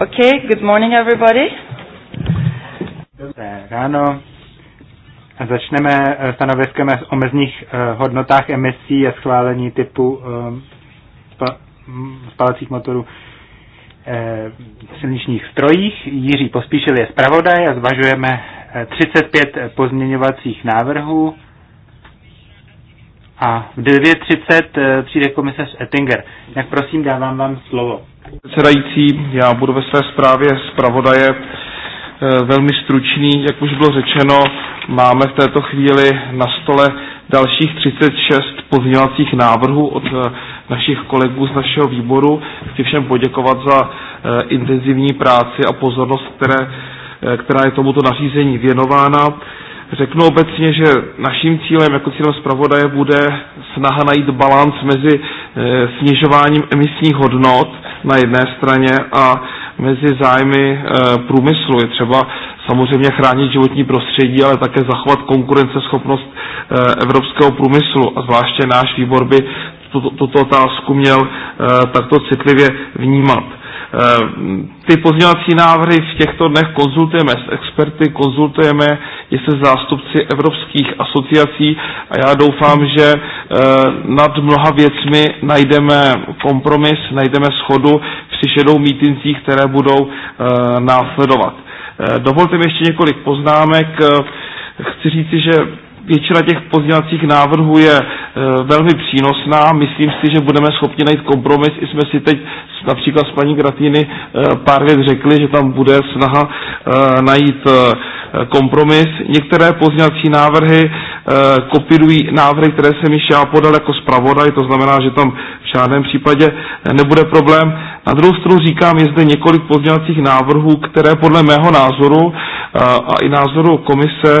Okay, good morning everybody. Dobré ráno. Začneme eh, stanoviskem o mezních eh, hodnotách emisí a schválení typu eh, mm, spalacích motorů v silničních strojích. Jiří Pospíšil je zpravodaj a zvažujeme 35 pozměňovacích návrhů a v 9.30 přijde komisař Ettinger. Tak prosím, dávám vám slovo. Předsedající, já budu ve své zprávě zpravodaje eh, velmi stručný. Jak už bylo řečeno, máme v této chvíli na stole dalších 36 pozměňovacích návrhů od eh, našich kolegů z našeho výboru. Chci všem poděkovat za eh, intenzivní práci a pozornost, které, která je tomuto nařízení věnována. Řeknu obecně, že naším cílem jako cílem zpravodaje bude snaha najít balans mezi eh, snižováním emisních hodnot na jedné straně a mezi zájmy eh, průmyslu. Je třeba samozřejmě chránit životní prostředí, ale také zachovat konkurenceschopnost eh, evropského průmyslu. A zvláště náš výbor by tuto, tuto otázku měl takto citlivě vnímat. Eh, ty pozdělací návrhy v těchto dnech konzultujeme s experty, konzultujeme i se zástupci evropských asociací a já doufám, že eh, nad mnoha věcmi najdeme kompromis, najdeme schodu při šedou mítincích, které budou eh, následovat. Dovolte mi ještě několik poznámek. Chci říci, že většina těch pozdělacích návrhů je e, velmi přínosná. Myslím si, že budeme schopni najít kompromis. I jsme si teď například s paní Gratýny e, pár věc řekli, že tam bude snaha e, najít e, kompromis. Některé pozdělací návrhy e, kopirují návrhy, které jsem již já podal jako zpravodaj, to znamená, že tam v žádném případě nebude problém. Na druhou stranu říkám, je zde několik pozdělacích návrhů, které podle mého názoru e, a i názoru komise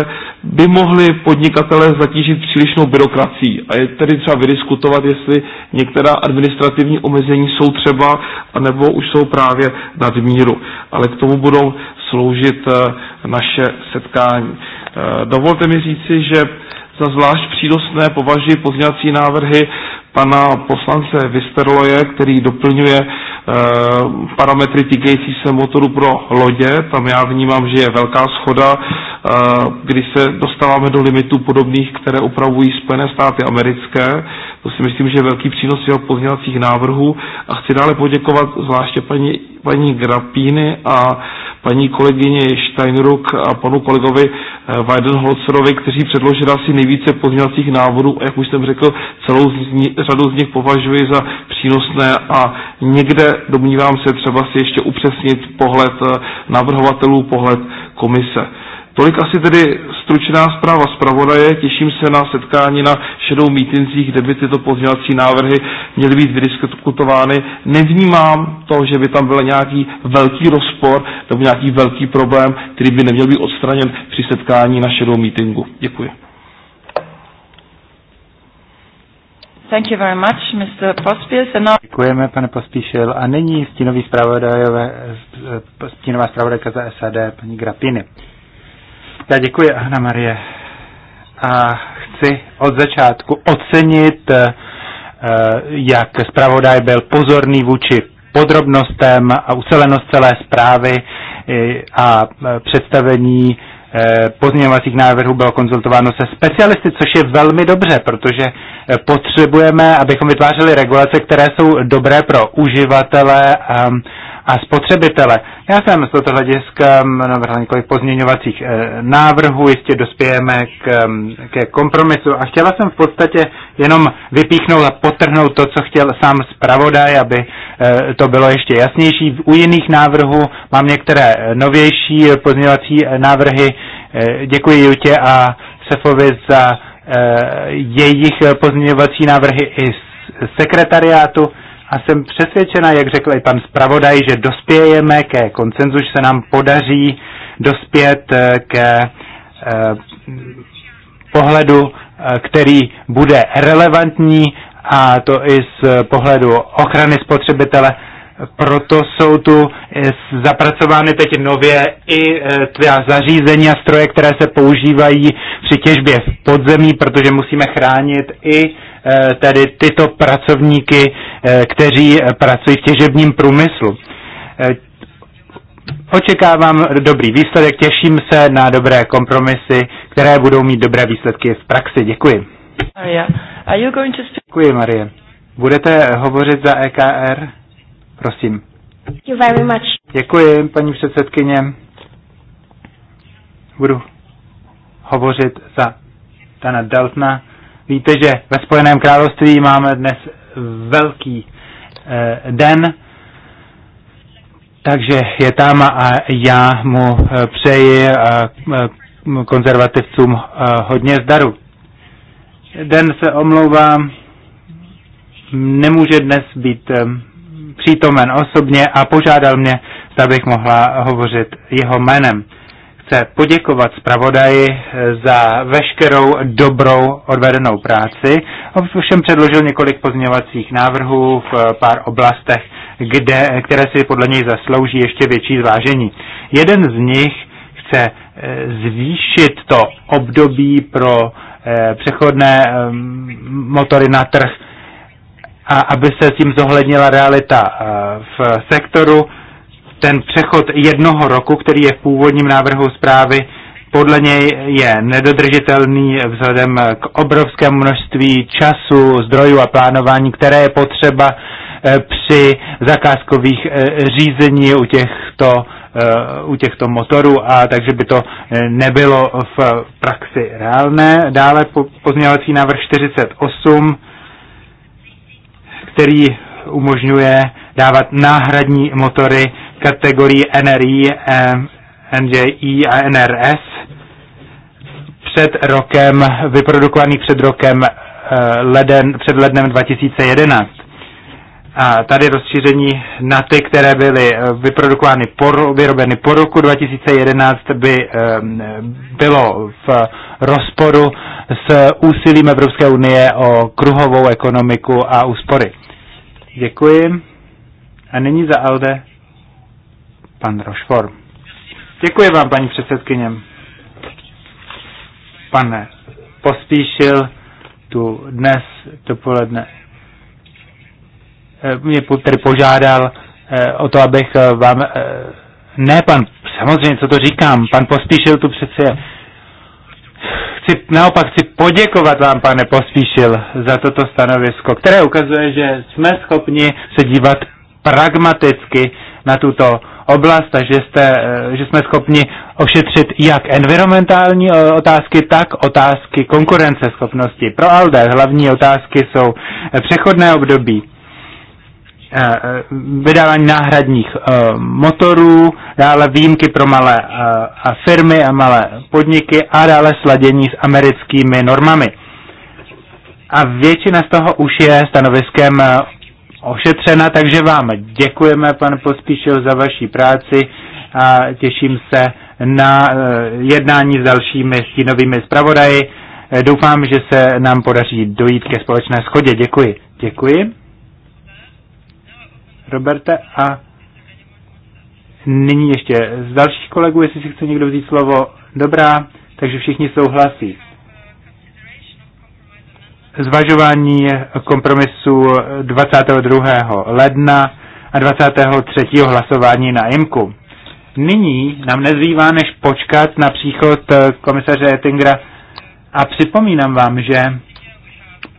by mohli podnikatele zatížit přílišnou byrokracií a je tedy třeba vydiskutovat, jestli některá administrativní omezení jsou třeba, anebo už jsou právě nadmíru. Ale k tomu budou sloužit eh, naše setkání. Eh, dovolte mi říci, že za zvlášť přínosné považuji pozněvací návrhy pana poslance Visterloje, který doplňuje e, parametry týkající se motoru pro lodě. Tam já vnímám, že je velká schoda, e, eh, kdy se dostáváme do limitů podobných, které upravují Spojené státy americké. To si myslím, že je velký přínos jeho pozměňovacích návrhů. A chci dále poděkovat zvláště paní paní Grapíny a paní kolegyně Steinruck a panu kolegovi eh, Weidenholzerovi, kteří předložili asi nejvíce pozměňovacích návodů a jak už jsem řekl, celou z ní, řadu z nich považuji za přínosné a někde domnívám se třeba si ještě upřesnit pohled eh, navrhovatelů, pohled komise. Tolik asi tedy stručná zpráva zpravodaje. Těším se na setkání na šedou mítincích, kde by tyto pozměňovací návrhy měly být vydiskutovány. Nevnímám to, že by tam byl nějaký velký rozpor nebo nějaký velký problém, který by neměl být odstraněn při setkání na šedou mítingu. Děkuji. Thank you very much, Mr. Now... Děkujeme, pane Pospíšil. A nyní stínový stínová zpravodajka za SAD, paní Grapiny. Já děkuji, Anna Marie. A chci od začátku ocenit, eh, jak zpravodaj byl pozorný vůči podrobnostem a ucelenost celé zprávy eh, a eh, představení pozměňovacích návrhů bylo konzultováno se specialisty, což je velmi dobře, protože potřebujeme, abychom vytvářeli regulace, které jsou dobré pro uživatele, a spotřebitele. Já jsem z toto hlediska mm, navrhl několik pozměňovacích eh, návrhů, jistě dospějeme k, mm, ke kompromisu a chtěla jsem v podstatě jenom vypíchnout a potrhnout to, co chtěl sám zpravodaj, aby eh, to bylo ještě jasnější. U jiných návrhů mám některé eh, novější pozměňovací návrhy. Děkuji Jutě a Sefovi za jejich pozměňovací návrhy i sekretariátu. A jsem přesvědčena, jak řekl i pan zpravodaj, že dospějeme ke koncenzu, že se nám podaří dospět eh, ke eh, pohledu, eh, který bude relevantní a to i z pohledu ochrany spotřebitele. Proto jsou tu zapracovány teď nově i tvá zařízení a stroje, které se používají při těžbě v podzemí, protože musíme chránit i Eh, tedy tyto pracovníky, eh, kteří pracují v těžebním průmyslu. Eh, očekávám dobrý výsledek, těším se na dobré kompromisy, které budou mít dobré výsledky v praxi. Děkuji. Děkuji, Marie. Budete hovořit za EKR? Prosím. Děkuji, paní předsedkyně. Budu hovořit za Dana Daltna, Víte, že ve Spojeném království máme dnes velký eh, den, takže je tam a já mu eh, přeji eh, eh, konzervativcům eh, hodně zdaru. Den se omlouvám, nemůže dnes být eh, přítomen osobně a požádal mě, abych mohla hovořit jeho jménem chce poděkovat zpravodaji eh, za veškerou dobrou odvedenou práci. Ovšem předložil několik pozměňovacích návrhů v eh, pár oblastech, kde, eh, které si podle něj zaslouží ještě větší zvážení. Jeden z nich chce zvýšit to období pro přechodné motory na trh, a aby se tím zohlednila realita v sektoru ten přechod jednoho roku, který je v původním návrhu zprávy, podle něj je nedodržitelný vzhledem k obrovskému množství času, zdrojů a plánování, které je potřeba eh, při zakázkových eh, řízení u těchto, eh, u těchto motorů a takže by to nebylo v praxi reálné. Dále pozměňovací návrh 48, který umožňuje dávat náhradní motory kategorii NRI, eh, NJI a NRS před rokem, vyprodukovaný před rokem eh, leden, před lednem 2011. A tady rozšíření na ty, které byly eh, vyprodukovány po, vyrobeny po roku 2011, by bylo v rozporu s úsilím Evropské unie o kruhovou ekonomiku a úspory. Děkuji. A nyní za Alde pan Rošfor. Děkuji vám, paní předsedkyně. Pane, pospíšil tu dnes dopoledne. Eh, mě tedy požádal eh, o to, abych eh, vám... Ne, pan, samozřejmě, co to říkám, pan pospíšil tu přece... Chci, naopak chci poděkovat vám, pane Pospíšil, za toto stanovisko, které ukazuje, že jsme schopni se dívat pragmaticky na tuto oblast a že, jste, eh, že jsme schopni ošetřit jak environmentální eh, otázky, tak otázky konkurenceschopnosti. Pro ALDE hlavní otázky jsou eh, přechodné období, vydávání náhradních motorů, dále výjimky pro malé firmy a malé podniky a dále sladění s americkými normami. A většina z toho už je stanoviskem ošetřena, takže vám děkujeme, pane Pospíšil, za vaší práci a těším se na eh, jednání s dalšími stínovými zpravodaji. Eh, doufám, že se nám podaří dojít ke společné schodě. Děkuji. Děkuji. Roberte a nyní ještě z dalších kolegů, jestli si chce někdo vzít slovo. Dobrá, takže všichni souhlasí zvažování kompromisu 22. ledna a 23. hlasování na IMKU. Nyní nám nezbývá, než počkat na příchod komisaře Ettingera a připomínám vám, že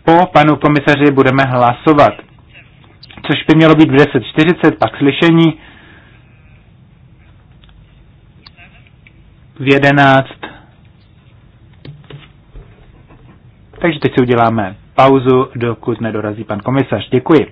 po panu komisaři budeme hlasovat, což by mělo být v 10.40, pak slyšení v 11 Takže teď si uděláme pauzu, dokud nedorazí pan komisař. Děkuji.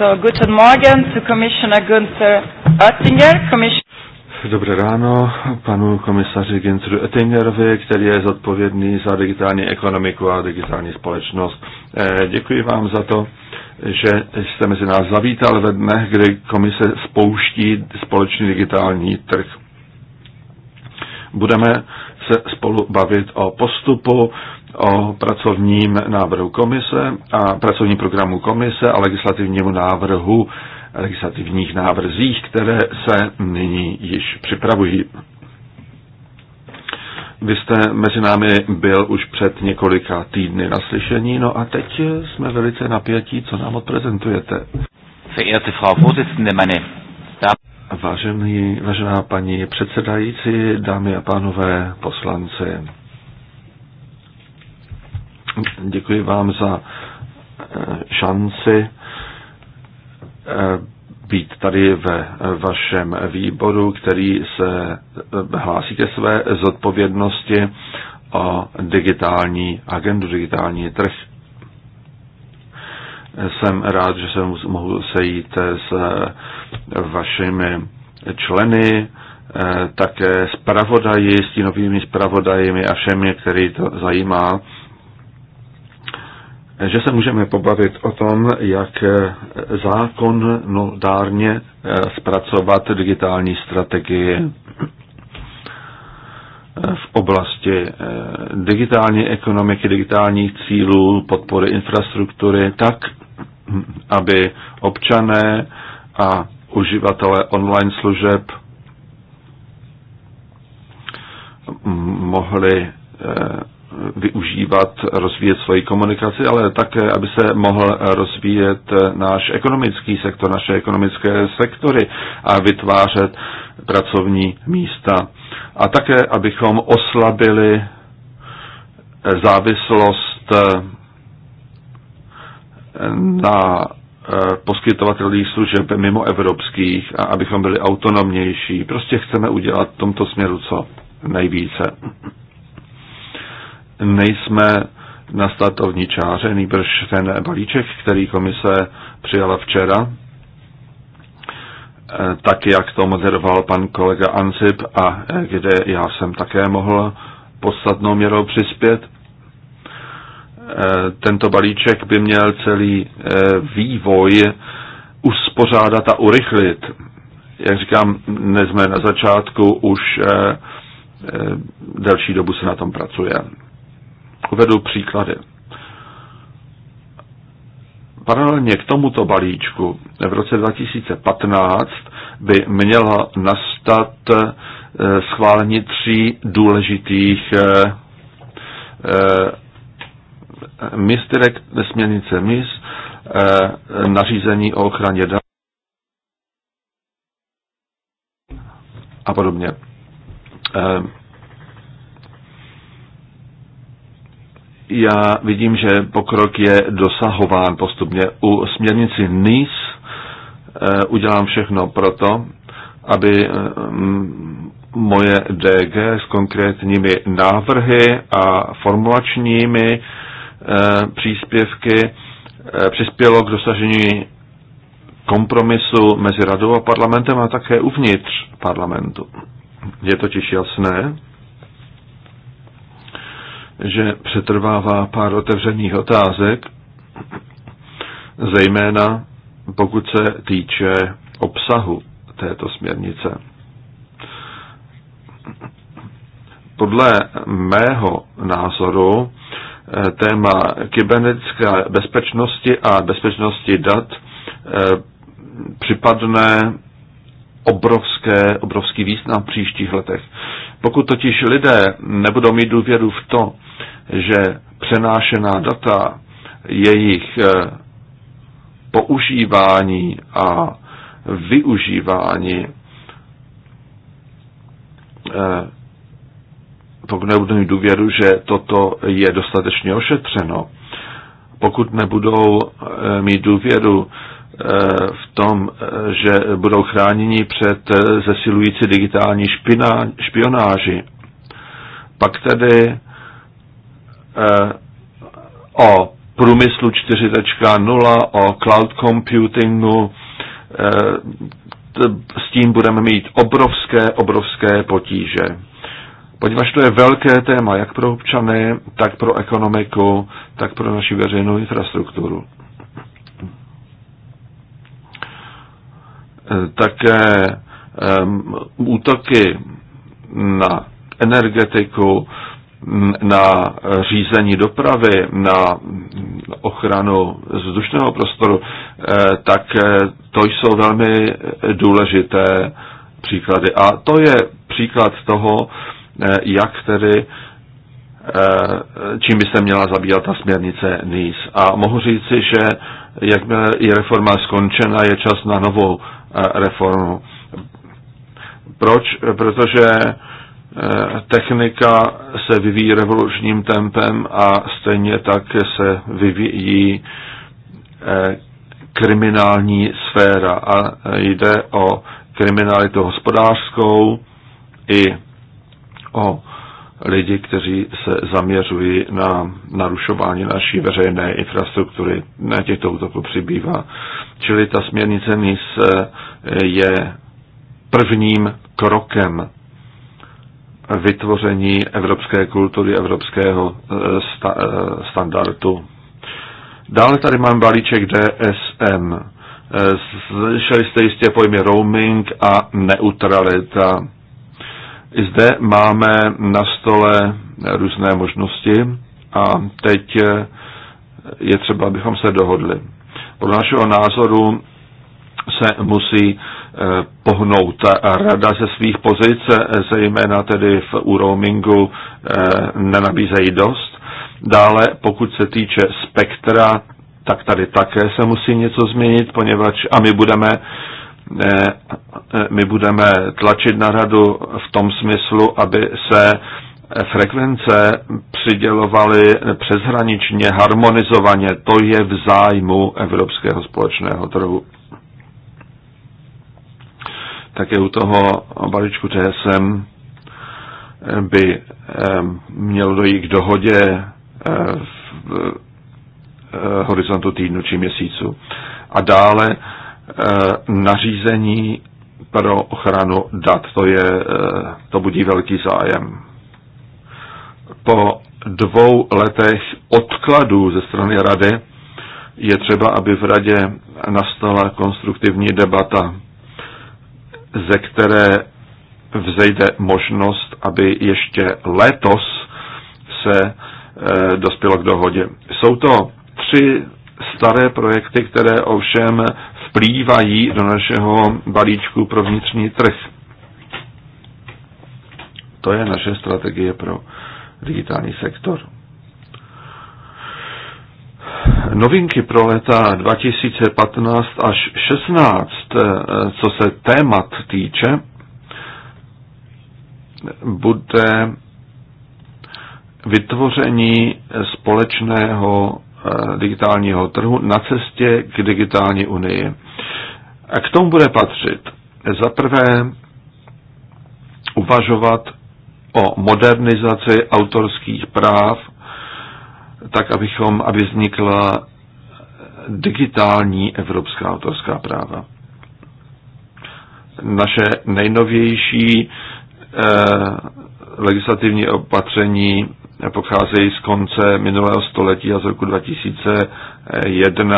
So, guten Morgen to Commissioner Günther Oettinger. Commission... Dobré ráno panu komisaři Ginteru Oettingerovi, který je zodpovědný za digitální ekonomiku a digitální společnost. Eh, děkuji vám za to, že jste mezi nás zavítal ve dnech, kdy komise spouští společný digitální trh. Budeme se spolu bavit o postupu, o pracovním návrhu komise a pracovním programu komise a legislativnímu návrhu legislativních návrzích, které se nyní již připravují. Vy jste mezi námi byl už před několika týdny na slyšení, no a teď jsme velice napětí, co nám odprezentujete. Verehrte Frau Vorsitzende, meine Vážený, vážená paní předsedající, dámy a pánové poslanci, Děkuji vám za eh, šanci eh, být tady ve vašem výboru, který se eh, hlásí ke své zodpovědnosti o digitální agendu, digitální trh. Jsem rád, že se mohu sejít s vašimi členy, také zpravodaji, s novými zpravodajemi a všemi, který to zajímá že se můžeme pobavit o tom, jak zákon no, dárně eh, zpracovat digitální strategii v oblasti eh, digitální ekonomiky, digitálních cílů, podpory infrastruktury, tak, aby občané a uživatelé online služeb mohli eh, využívat, rozvíjet svoji komunikaci, ale také, aby se mohl rozvíjet náš ekonomický sektor, naše ekonomické sektory a vytvářet pracovní místa. A také, abychom oslabili závislost eh, na eh, poskytovatelích služeb mimo evropských a abychom byli autonomnější. Prostě chceme udělat v tomto směru co nejvíce nejsme na startovní čáře, nejbrž ten balíček, který komise přijala včera, eh, tak jak to moderoval pan kolega Ansip a kde já jsem také mohl podstatnou měrou přispět. Eh, tento balíček by měl celý eh, vývoj uspořádat a urychlit. Jak říkám, dnes jsme na začátku, už delší dobu se na tom pracuje. Uvedu příklady. Paralelně k tomuto balíčku v roce 2015 by měla nastat eh, schválení tří důležitých eh, eh, MISTEREK směrnice MIS, nařízení o ochraně dat a podobně. já vidím, že pokrok je dosahován postupně. U směrnici NIS eh, udělám všechno proto, aby eh, moje DG s konkrétními návrhy a formulačními eh, příspěvky přispělo k dosažení kompromisu mezi radou a parlamentem a také uvnitř parlamentu. Je totiž jasné, že přetrvává pár otevřených otázek, zejména pokud se týče obsahu této směrnice. Podle mého názoru eh, téma kybernetické bezpečnosti a bezpečnosti dat eh, připadne obrovské, obrovský význam v příštích letech. Pokud totiž lidé nebudou mít důvěru v to, že přenášená data, jejich eh, používání a využívání, eh, pokud nebudou mít důvěru, že toto je dostatečně ošetřeno, pokud nebudou eh, mít důvěru, v tom, eh, že budou chráněni před eh, zesilující digitální špina, špionáži. Pak tedy eh, o průmyslu 4.0, o cloud computingu, s tím budeme mít obrovské, obrovské potíže. Podívejte, to je velké téma, jak pro občany, tak pro ekonomiku, tak pro naši veřejnou infrastrukturu. také útoky na energetiku, na řízení dopravy, na ochranu vzdušného prostoru, eh, tak eh, to jsou velmi důležité příklady. A to je příklad toho, eh, jak tedy čím by se měla zabývat ta směrnice NIS. A mohu říci, že jakmile je reforma skončena, je čas na novou reformu. Proč? Protože eh, technika se vyvíjí revolučním tempem a stejně tak se vyvíjí eh, kriminální sféra a eh, jde o kriminalitu hospodářskou i o lidi, kteří se zaměřují na narušování naší veřejné infrastruktury. Na těchto útoků přibývá. Čili ta směrnice NIS eh, je prvním krokem vytvoření evropské kultury, evropského eh, sta, eh, standardu. Dále tady mám balíček DSM. Slyšeli jste jistě pojmy roaming a neutralita. I zde máme na stole různé možnosti a teď je třeba, abychom se dohodli. Podle našeho názoru se musí eh, pohnout rada ze svých pozic, eh, zejména tedy v uroamingu roamingu eh, nenabízejí dost. Dále, pokud se týče spektra, tak tady také se musí něco změnit, poněvadž a my budeme E, my budeme tlačit na radu v tom smyslu, aby se frekvence přidělovaly přeshraničně, harmonizovaně. To je v zájmu evropského společného trhu. Také u toho balíčku TSM by e, mělo dojít k dohodě e, v horizontu týdnu či měsíců. A dále Eh, nařízení pro ochranu dat. To, je, eh, to budí velký zájem. Po dvou letech odkladů ze strany Rady je třeba, aby v Radě nastala konstruktivní debata, ze které vzejde možnost, aby ještě letos se eh, dospělo k dohodě. Jsou to tři staré projekty, které ovšem vplývají do našeho balíčku pro vnitřní trh. To je naše strategie pro digitální sektor. Novinky pro leta 2015 až 16, co se témat týče, bude vytvoření společného Eh, digitálního trhu na cestě k digitální unii. A k tomu bude patřit za prvé uvažovat o modernizaci autorských práv, tak abychom, aby vznikla digitální evropská autorská práva. Naše nejnovější eh, legislativní opatření pocházejí z konce minulého století a z roku 2001.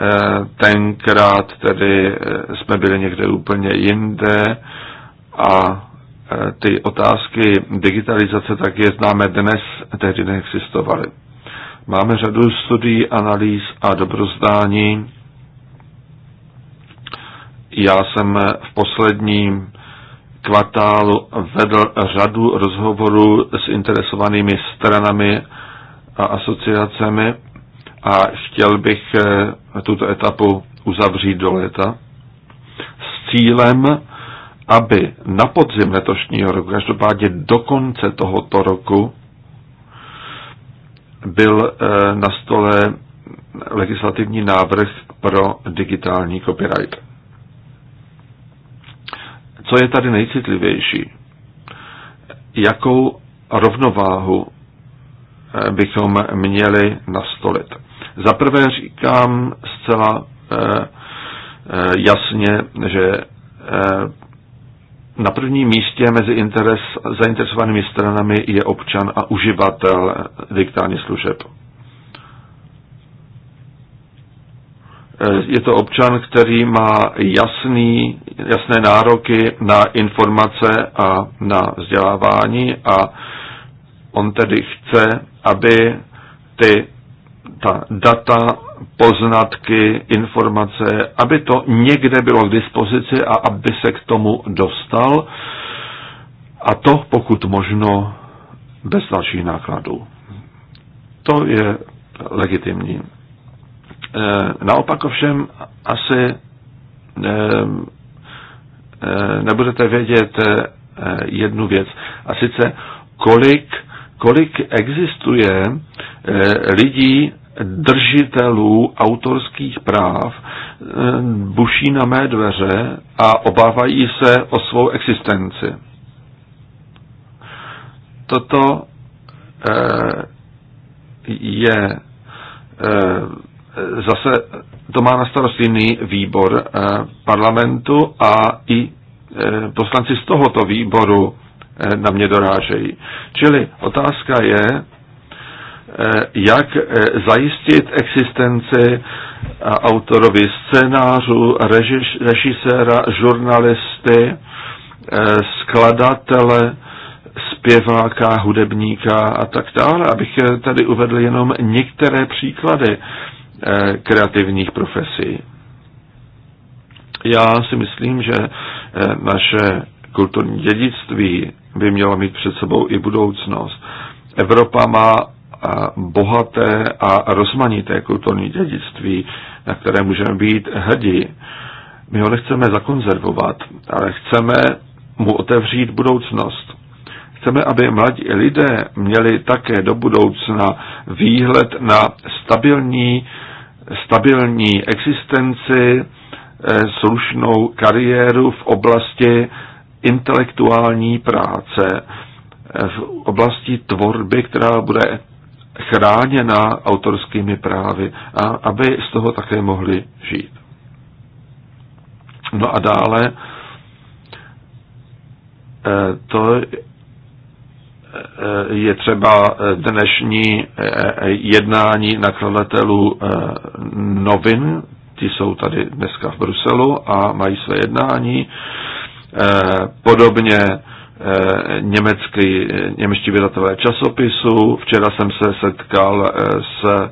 Eh, tenkrát tedy eh, jsme byli někde úplně jinde a eh, ty otázky digitalizace, tak je známe dnes, tehdy neexistovaly. Máme řadu studií, analýz a dobrozdání. Já jsem v posledním kvartálu vedl řadu rozhovorů s interesovanými stranami a asociacemi a chtěl bych eh, tuto etapu uzavřít do léta s cílem, aby na podzim letošního roku, každopádně do konce tohoto roku, byl eh, na stole legislativní návrh pro digitální copyright. Co je tady nejcitlivější? Jakou rovnováhu eh, bychom měli nastolit? Za prvé říkám zcela eh, eh, jasně, že na prvním místě mezi interes, zainteresovanými stranami je občan a uživatel digitálních služeb. Eh, je to občan, který má jasný, jasné nároky na informace a na vzdělávání a on tedy chce, aby ty ta data, poznatky, informace, aby to někde bylo k dispozici a aby se k tomu dostal. A to pokud možno bez dalších nákladů. To je legitimní. Eh, naopak ovšem asi ehm, eh, nebudete vědět eh, jednu věc. A sice kolik, kolik existuje lidí, držitelů autorských práv buší na mé dveře a obávají se o svou existenci. Toto je zase to má na starost jiný výbor eh, parlamentu a i eh, poslanci z tohoto výboru eh, na mě dorážejí. Čili otázka je, jak zajistit existenci autorovi scénářů, režiséra, žurnalisty, skladatele, zpěváka, hudebníka a tak dále. Abych tady uvedl jenom některé příklady. Eh, kreativních profesí. Já si myslím, že eh, naše kulturní dědictví by mělo mít před sebou i budoucnost. Evropa má eh, bohaté a rozmanité kulturní dědictví, na které můžeme být hrdí. My ho nechceme zakonzervovat, ale chceme mu otevřít budoucnost. Chceme, aby mladí lidé měli také do budoucna výhled na stabilní stabilní existenci, eh, slušnou kariéru v oblasti intelektuální práce, eh, v oblasti tvorby, která bude chráněna autorskými právy a aby z toho také mohli žít. No a dále eh, to Eh, je třeba eh, dnešní eh, jednání nakladatelů novin, ti jsou tady dneska v Bruselu a mají své jednání. Podobně německý, němečtí vydatové časopisu. Včera jsem se setkal s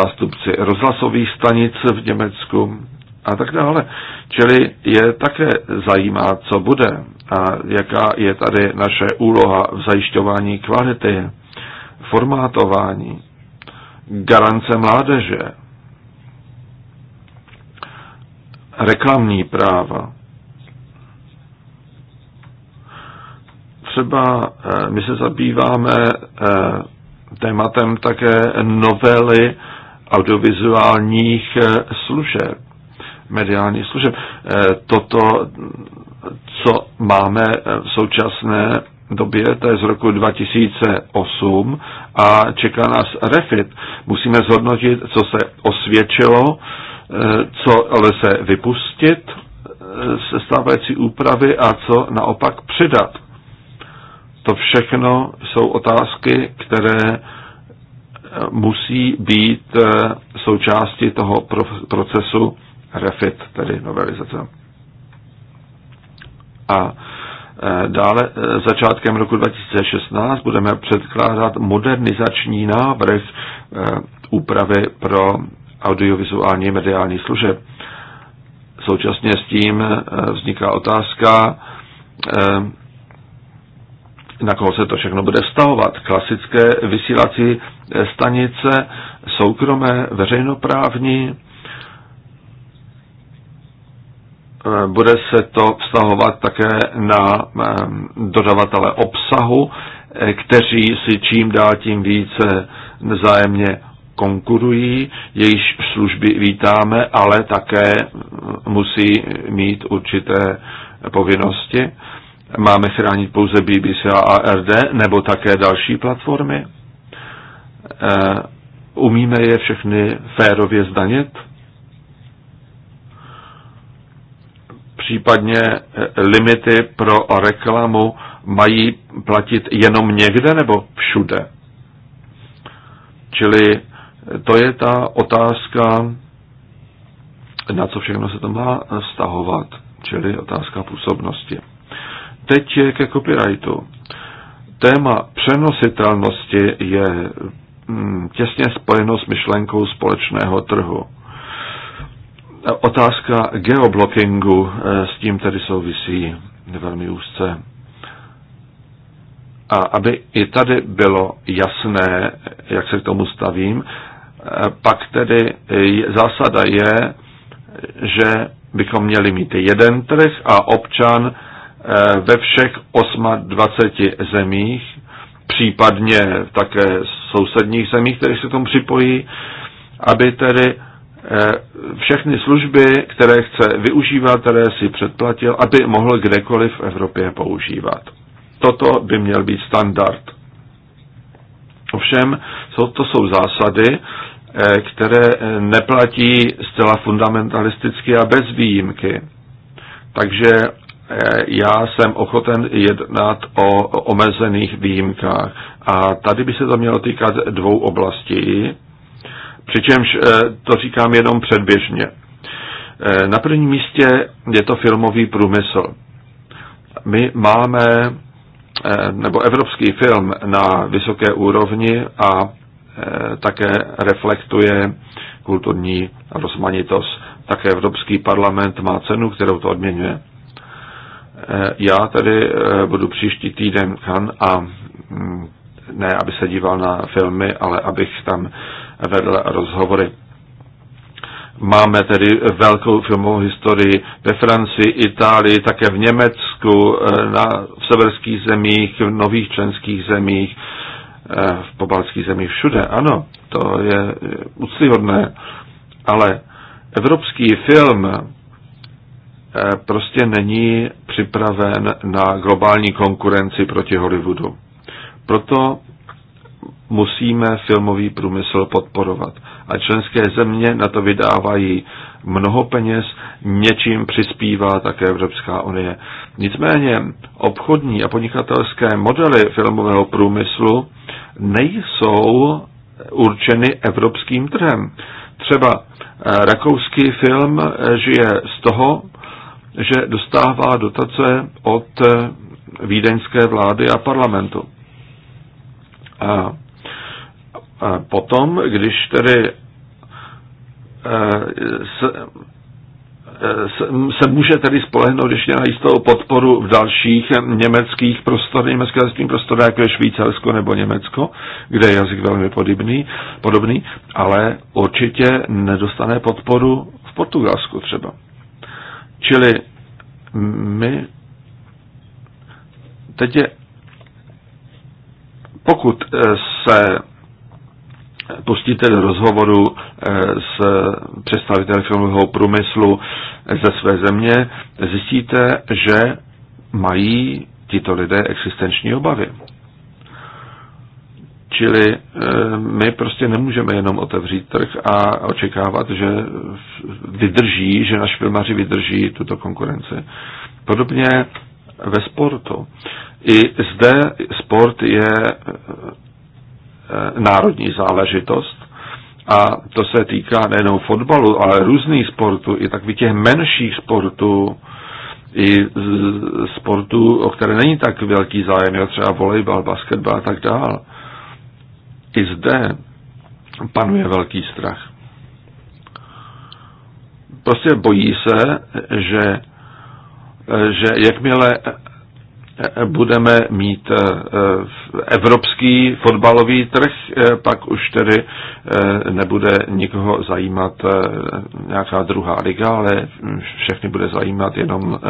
zástupci rozhlasových stanic v Německu a tak dále. Čili je také zajímá, co bude a jaká je tady naše úloha v zajišťování kvality, formátování, garance mládeže, reklamní práva. Třeba eh, my se zabýváme eh, tématem také novely audiovizuálních eh, služeb, mediálních služeb. Toto co máme eh, v současné době, to je z roku 2008 a čeká nás refit. Musíme zhodnotit, co se osvědčilo, eh, co ale se vypustit se eh, stávající úpravy a co naopak přidat. To všechno jsou otázky, které musí být součástí toho procesu refit, tedy novelizace. A e, dále e, začátkem roku 2016 budeme předkládat modernizační návrh e, úpravy pro audiovizuální mediální služeb. Současně s tím vzniká otázka, na koho se to všechno bude vztahovat. Klasické vysílací stanice, soukromé, veřejnoprávní, Eh, bude se to vztahovat také na eh, dodavatele obsahu, eh, kteří si čím dál tím více vzájemně konkurují, jejich služby vítáme, ale také musí mít určité povinnosti. Máme chránit pouze BBC a ARD nebo také další platformy? Umíme je všechny férově zdanit? případně eh, limity pro reklamu mají platit jenom někde nebo všude. Čili eh, to je ta otázka, na co všechno se to má stahovat, čili otázka působnosti. Teď je ke copyrightu. Téma přenositelnosti je mm, těsně spojeno s myšlenkou společného trhu. Otázka geoblockingu eh, s tím tedy souvisí velmi úzce. A aby i tady bylo jasné, jak se k tomu stavím, eh, pak tedy eh, zásada je, že bychom měli mít jeden trh a občan ve všech 28 zemích, případně také sousedních zemích, které se k tomu připojí, aby tedy Eh, všechny služby, které chce využívat, které si předplatil, aby mohl kdekoliv v Evropě používat. Toto by měl být standard. Ovšem, to jsou zásady, eh, které eh, neplatí zcela fundamentalisticky a bez výjimky. Takže já jsem ochoten jednat o omezených výjimkách. A tady by se to mělo týkat dvou oblastí. Přičemž eh, to říkám jenom předběžně. Eh, na prvním místě je to filmový průmysl. My máme, eh, nebo evropský film na vysoké úrovni a také reflektuje kulturní rozmanitost. Také Evropský parlament má cenu, kterou to odměňuje. Já tady budu příští týden kan a mm, ne, aby se díval na filmy, ale abych tam vedl rozhovory. Máme tedy velkou filmovou historii ve Francii, Itálii, také v Německu, eh, na, v severských zemích, v nových členských zemích, eh, v pobalských zemích, všude. Ano, to je eh, úctyhodné, ale evropský film prostě není připraven na globální konkurenci proti Hollywoodu. Proto musíme filmový průmysl podporovat. A členské země na to vydávají mnoho peněz, něčím přispívá také Evropská unie. Nicméně obchodní a podnikatelské modely filmového průmyslu nejsou určeny evropským trhem. Třeba eh, rakouský film eh, žije z toho, že dostává dotace od eh, vídeňské vlády a parlamentu. A potom, když tedy se, e, se může tedy spolehnout ještě na jistou podporu v dalších německých prostorech, německé jazyckým prostorech, jako je Švýcarsko nebo Německo, kde je jazyk velmi podobný, podobný, ale určitě nedostane podporu v Portugalsku třeba. Čili my teď je pokud eh, se pustíte do rozhovoru eh, s představiteli filmového průmyslu ze své země, zjistíte, že mají tito lidé existenční obavy. Čili eh, my prostě nemůžeme jenom otevřít trh a očekávat, že vydrží, že naši filmaři vydrží tuto konkurenci. Podobně ve sportu. I zde sport je eh, národní záležitost a to se týká nejenom fotbalu, ale různých sportů, i takových těch menších sportů, i sportů, o které není tak velký zájem, jako třeba volejbal, basketbal a tak dál. I zde panuje velký strach. Prostě bojí se, že že jakmile budeme mít eh, evropský fotbalový trh, eh, pak už tedy eh, nebude nikoho zajímat nějaká druhá liga, ale všechny bude zajímat jenom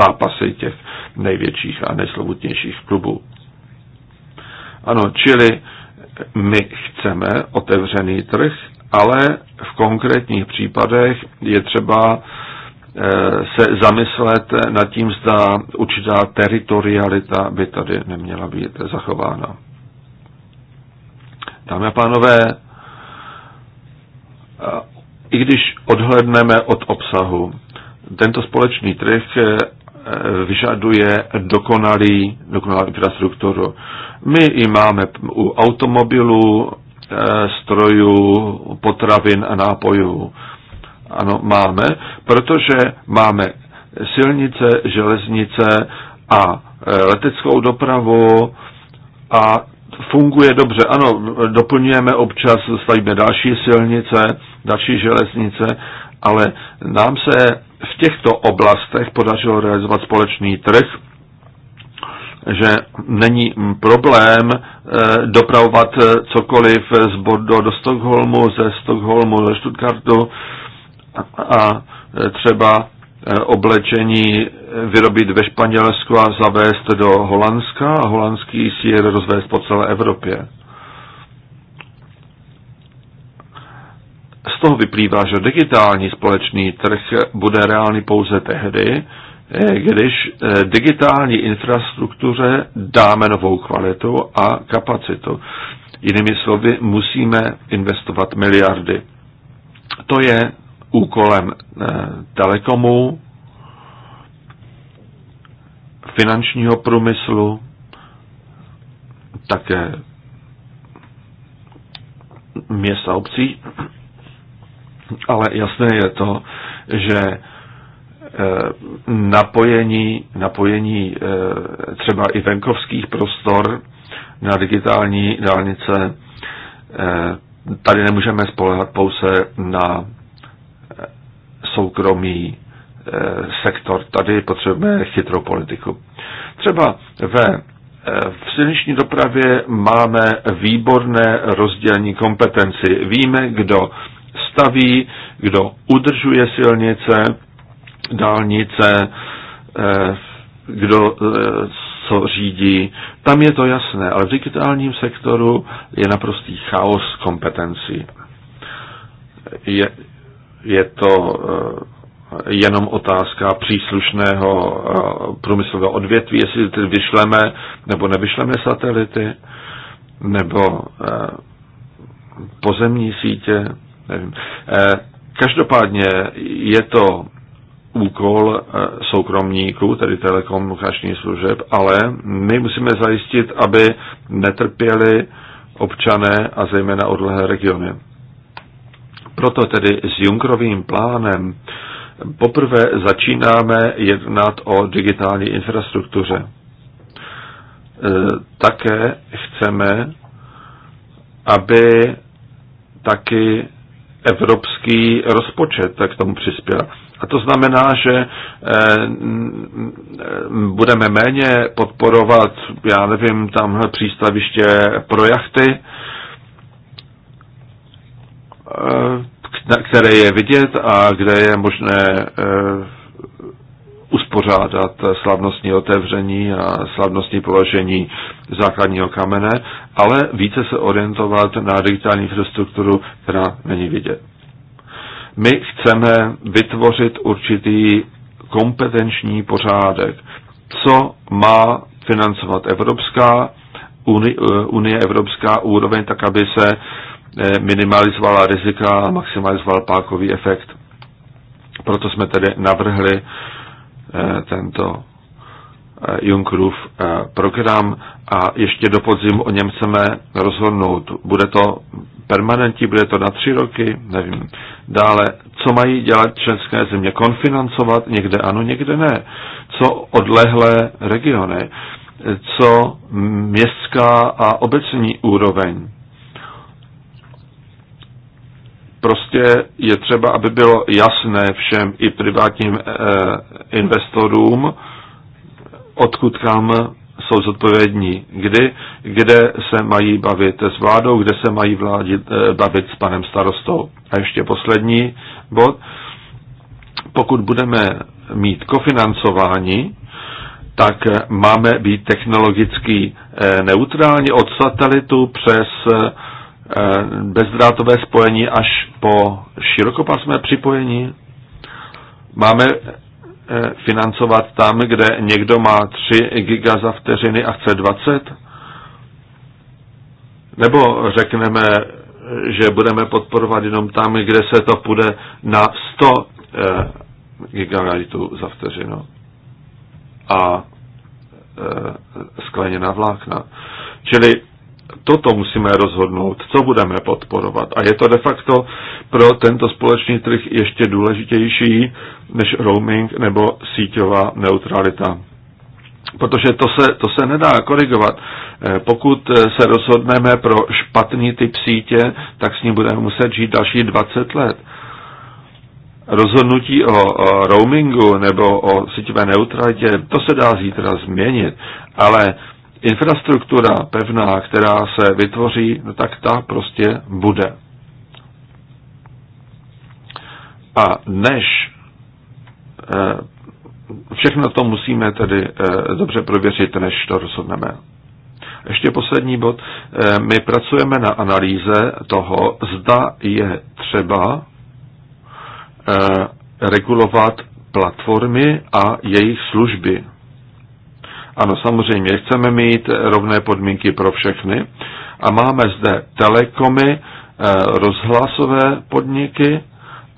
zápasy těch největších a nejslovutnějších klubů. Ano, čili my chceme otevřený trh, ale v konkrétních případech je třeba Eh, se zamyslet nad tím, zda určitá teritorialita by tady neměla být zachována. Dámy a pánové, eh, i když odhledneme od obsahu, tento společný trh eh, vyžaduje dokonalý, dokonalou infrastrukturu. My ji máme u automobilů, strojů, potravin a nápojů. Ano, máme, protože máme silnice, železnice a e, leteckou dopravu a funguje dobře. Ano, doplňujeme občas, stavíme další silnice, další železnice, ale nám se v těchto oblastech podařilo realizovat společný trh, že není problém e, dopravovat e, cokoliv z Bordeaux do Stockholmu, ze Stockholmu do Stuttgartu, a e, třeba e, oblečení e, vyrobit ve Španělsku a zavést do Holandska a holandský sír rozvést po celé Evropě. Z toho vyplývá, že digitální společný trh bude reálný pouze tehdy, když digitální infrastruktuře dáme novou kvalitu a kapacitu. Jinými slovy, musíme investovat miliardy. To je úkolem eh, telekomu, finančního průmyslu, také města obcí, ale jasné je to, že eh, napojení, napojení eh, třeba i venkovských prostor na digitální dálnice, tady nemůžeme spolehat pouze na soukromý eh, sektor. Tady potřebujeme chytrou politiku. Třeba ve eh, v silniční dopravě máme výborné rozdělení kompetenci. Víme, kdo staví, kdo udržuje silnice, dálnice, eh, kdo co řídí. Tam je to jasné, ale v digitálním sektoru je naprostý chaos kompetencí. Je, je to eh, jenom otázka příslušného eh, průmyslového odvětví, jestli vyšleme nebo nevyšleme satelity, nebo eh, pozemní sítě, nevím. Každopádně je to úkol soukromníků, tedy telekomunikačních služeb, ale my musíme zajistit, aby netrpěli občané a zejména odlehlé regiony. Proto tedy s Junkrovým plánem poprvé začínáme jednat o digitální infrastruktuře. E, také chceme, aby taky evropský rozpočet k tomu přispěl. A to znamená, že e, budeme méně podporovat, já nevím, tam přístaviště pro jachty, Eh, které je vidět a kde je možné eh, uspořádat slavnostní otevření a slavnostní položení základního kamene, ale více se orientovat na digitální infrastrukturu, která není vidět. My chceme vytvořit určitý kompetenční pořádek, co má financovat Evropská eh, unie, Evropská úroveň, tak aby se Eh, minimalizovala rizika a maximalizoval pákový efekt. Proto jsme tedy navrhli eh, tento eh, Junckerův program a ještě do podzimu o něm chceme rozhodnout. Bude to permanentní, bude to na tři roky, nevím. Dále, co mají dělat české země? Konfinancovat někde ano, někde ne. Co odlehlé regiony? Co městská a obecní úroveň? Prostě je třeba, aby bylo jasné všem i privátním eh, investorům, odkud kam jsou zodpovědní, kdy, kde se mají bavit s vládou, kde se mají vládit, eh, bavit s panem starostou. A ještě poslední bod. Pokud budeme mít kofinancování, tak eh, máme být technologicky neutrální od satelitu přes Eh, bezdrátové spojení až po širokopásmé připojení. Máme eh, financovat tam, kde někdo má 3 giga za vteřiny a chce 20? Nebo řekneme, že budeme podporovat jenom tam, kde se to půjde na 100 eh, gigabitů za vteřinu a skleněná vlákna. Čili toto musíme rozhodnout, co budeme podporovat. A je to de facto pro tento společný trh ještě důležitější než roaming nebo síťová neutralita. Protože to se, to se nedá korigovat. Eh, pokud eh, se rozhodneme pro špatný typ sítě, tak s ním budeme muset žít další 20 let rozhodnutí o, roamingu nebo o síťové neutralitě, to se dá zítra změnit, ale infrastruktura pevná, která se vytvoří, no tak ta prostě bude. A než eh, všechno to musíme tedy eh, dobře prověřit, než to rozhodneme. Ještě poslední bod. Eh, my pracujeme na analýze toho, zda je třeba regulovat platformy a jejich služby. Ano, samozřejmě, chceme mít rovné podmínky pro všechny a máme zde telekomy, eh, rozhlasové podniky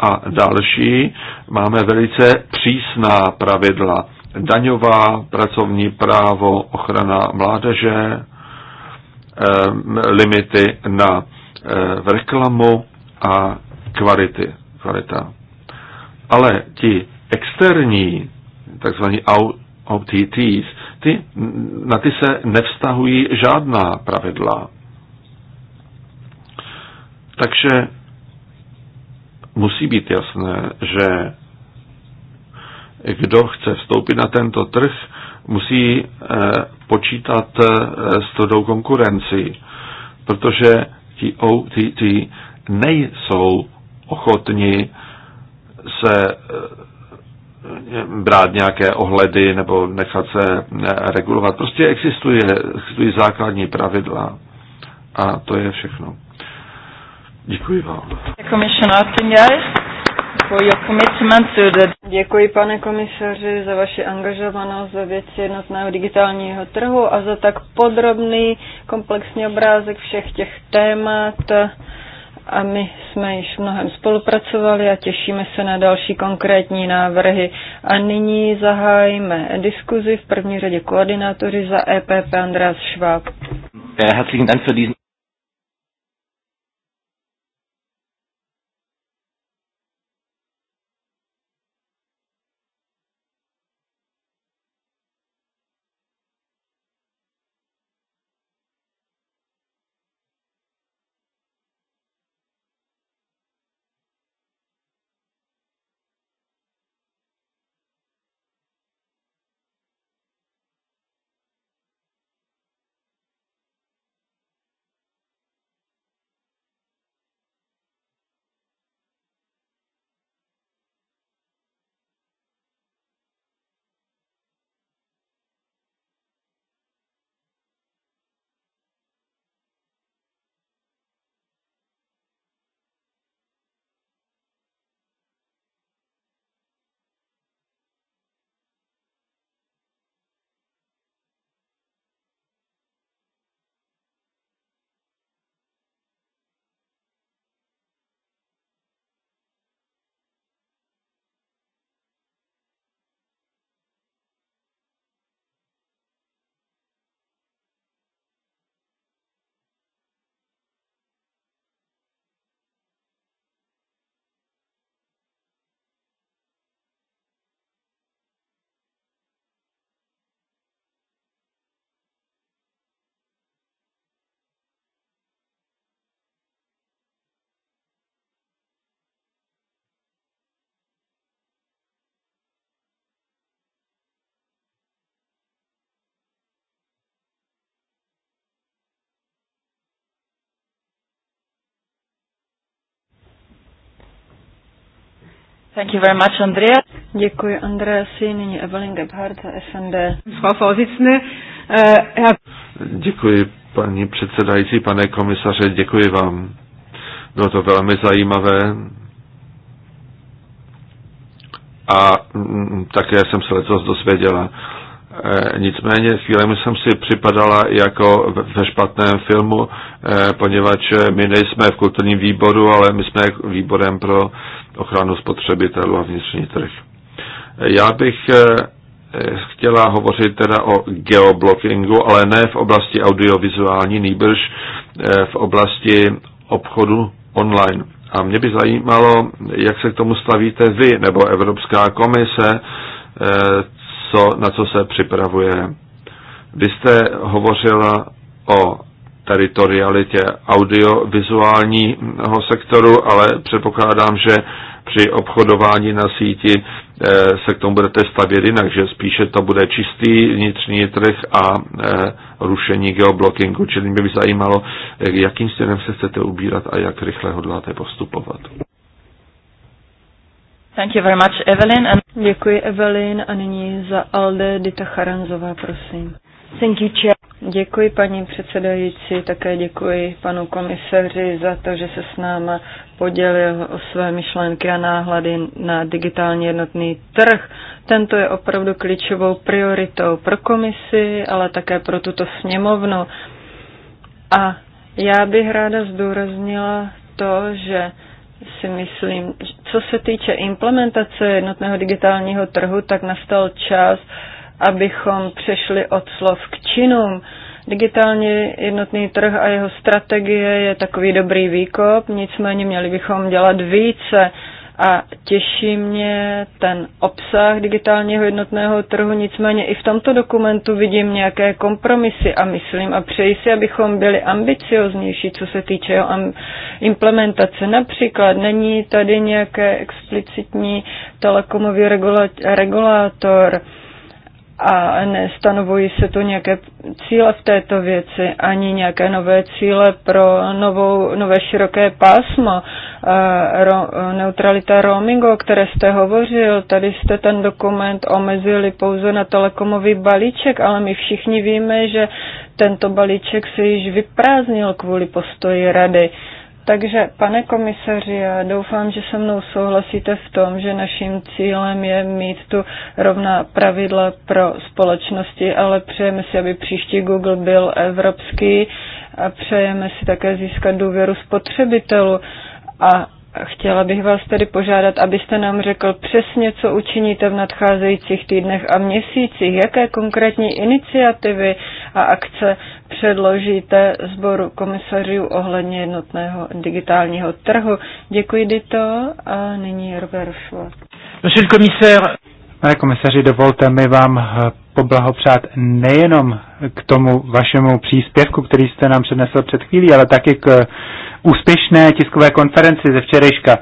a další. Máme velice přísná pravidla. Daňová, pracovní právo, ochrana mládeže, eh, limity na eh, reklamu a kvality, kvalita. Ale ti externí, takzvaní OTTs, ty, na ty se nevztahují žádná pravidla. Takže musí být jasné, že kdo chce vstoupit na tento trh, musí eh, počítat eh, s tvrdou konkurencí, protože ti OTT nejsou ochotni se eh, brát nějaké ohledy nebo nechat se eh, regulovat. Prostě existuje, existují základní pravidla a to je všechno. Děkuji vám. Děkuji, pane komisaři, za vaši angažovanost ve věci jednotného digitálního trhu a za tak podrobný komplexní obrázek všech těch témat a my jsme již mnohem spolupracovali a těšíme se na další konkrétní návrhy. A nyní zahájíme diskuzi v první řadě koordinátory za EPP András Schwab. Herzlichen Dank für diesen Thank you very much, Andrea. Děkuji, Si Nyní Evelyn Gebhardt, FND. Äh, děkuji, paní předsedající, pane komisaře, děkuji vám. Bylo to velmi zajímavé. A mm, také jsem se letos dozvěděla. Eh, nicméně chvílemi jsem si připadala jako ve špatném filmu, eh, poněvadž my nejsme v kulturním výboru, ale my jsme výborem pro ochranu spotřebitelů a vnitřní trh. Já bych eh, chtěla hovořit teda o geoblockingu, ale ne v oblasti audiovizuální, nýbrž eh, v oblasti obchodu online. A mě by zajímalo, jak se k tomu stavíte vy nebo Evropská komise, eh, co, na co se připravuje. Vy jste hovořila o teritorialitě audiovizuálního sektoru, ale předpokládám, že při obchodování na síti eh, se k tomu budete stavět jinak, že spíše to bude čistý vnitřní trh a eh, rušení geoblockingu. Čili mě by zajímalo, eh, jakým směrem se chcete ubírat a jak rychle hodláte postupovat. Thank you very much, Evelyn. And... Děkuji, Evelyn. A nyní za Alde Dita Charanzová, prosím. Thank you, Chair. Děkuji paní předsedající, také děkuji panu komisaři za to, že se s náma podělil o své myšlenky a náhlady na digitálně jednotný trh. Tento je opravdu klíčovou prioritou pro komisi, ale také pro tuto sněmovnu. A já bych ráda zdůraznila to, že si myslím, co se týče implementace jednotného digitálního trhu, tak nastal čas, abychom přešli od slov k činům. Uh, Digitálně jednotný trh a jeho strategie je takový dobrý výkop, nicméně měli bychom dělat více a těší mě ten obsah digitálního jednotného trhu, nicméně i v tomto dokumentu vidím nějaké kompromisy a myslím a přeji si, abychom byli ambicioznější, co se týče implementace. Například není tady nějaké explicitní telekomový regulátor, a nestanovují se tu nějaké cíle v této věci, ani nějaké nové cíle pro novou, nové široké pásmo. Ro, neutralita roamingu, o které jste hovořil, tady jste ten dokument omezili pouze na telekomový balíček, ale my všichni víme, že tento balíček se již vyprázdnil kvůli postoji rady. E, takže, pane komisaři, já doufám, že se mnou souhlasíte v tom, že naším cílem je mít tu rovná pravidla pro společnosti, ale přejeme si, aby příští Google byl evropský a přejeme si také získat důvěru spotřebitelů. A chtěla bych vás tedy požádat, abyste nám řekl přesně, co učiníte v nadcházejících týdnech a měsících, jaké konkrétní iniciativy a akce předložíte sboru komisařů ohledně jednotného digitálního trhu. Děkuji, Dito, a nyní Robert Schwartz. Monsieur le commissaire. Pane komisaři, dovolte mi vám eh, poblahopřát nejenom k tomu vašemu příspěvku, který jste nám přednesl před chvílí, ale taky k eh, úspěšné tiskové konferenci ze včerejška.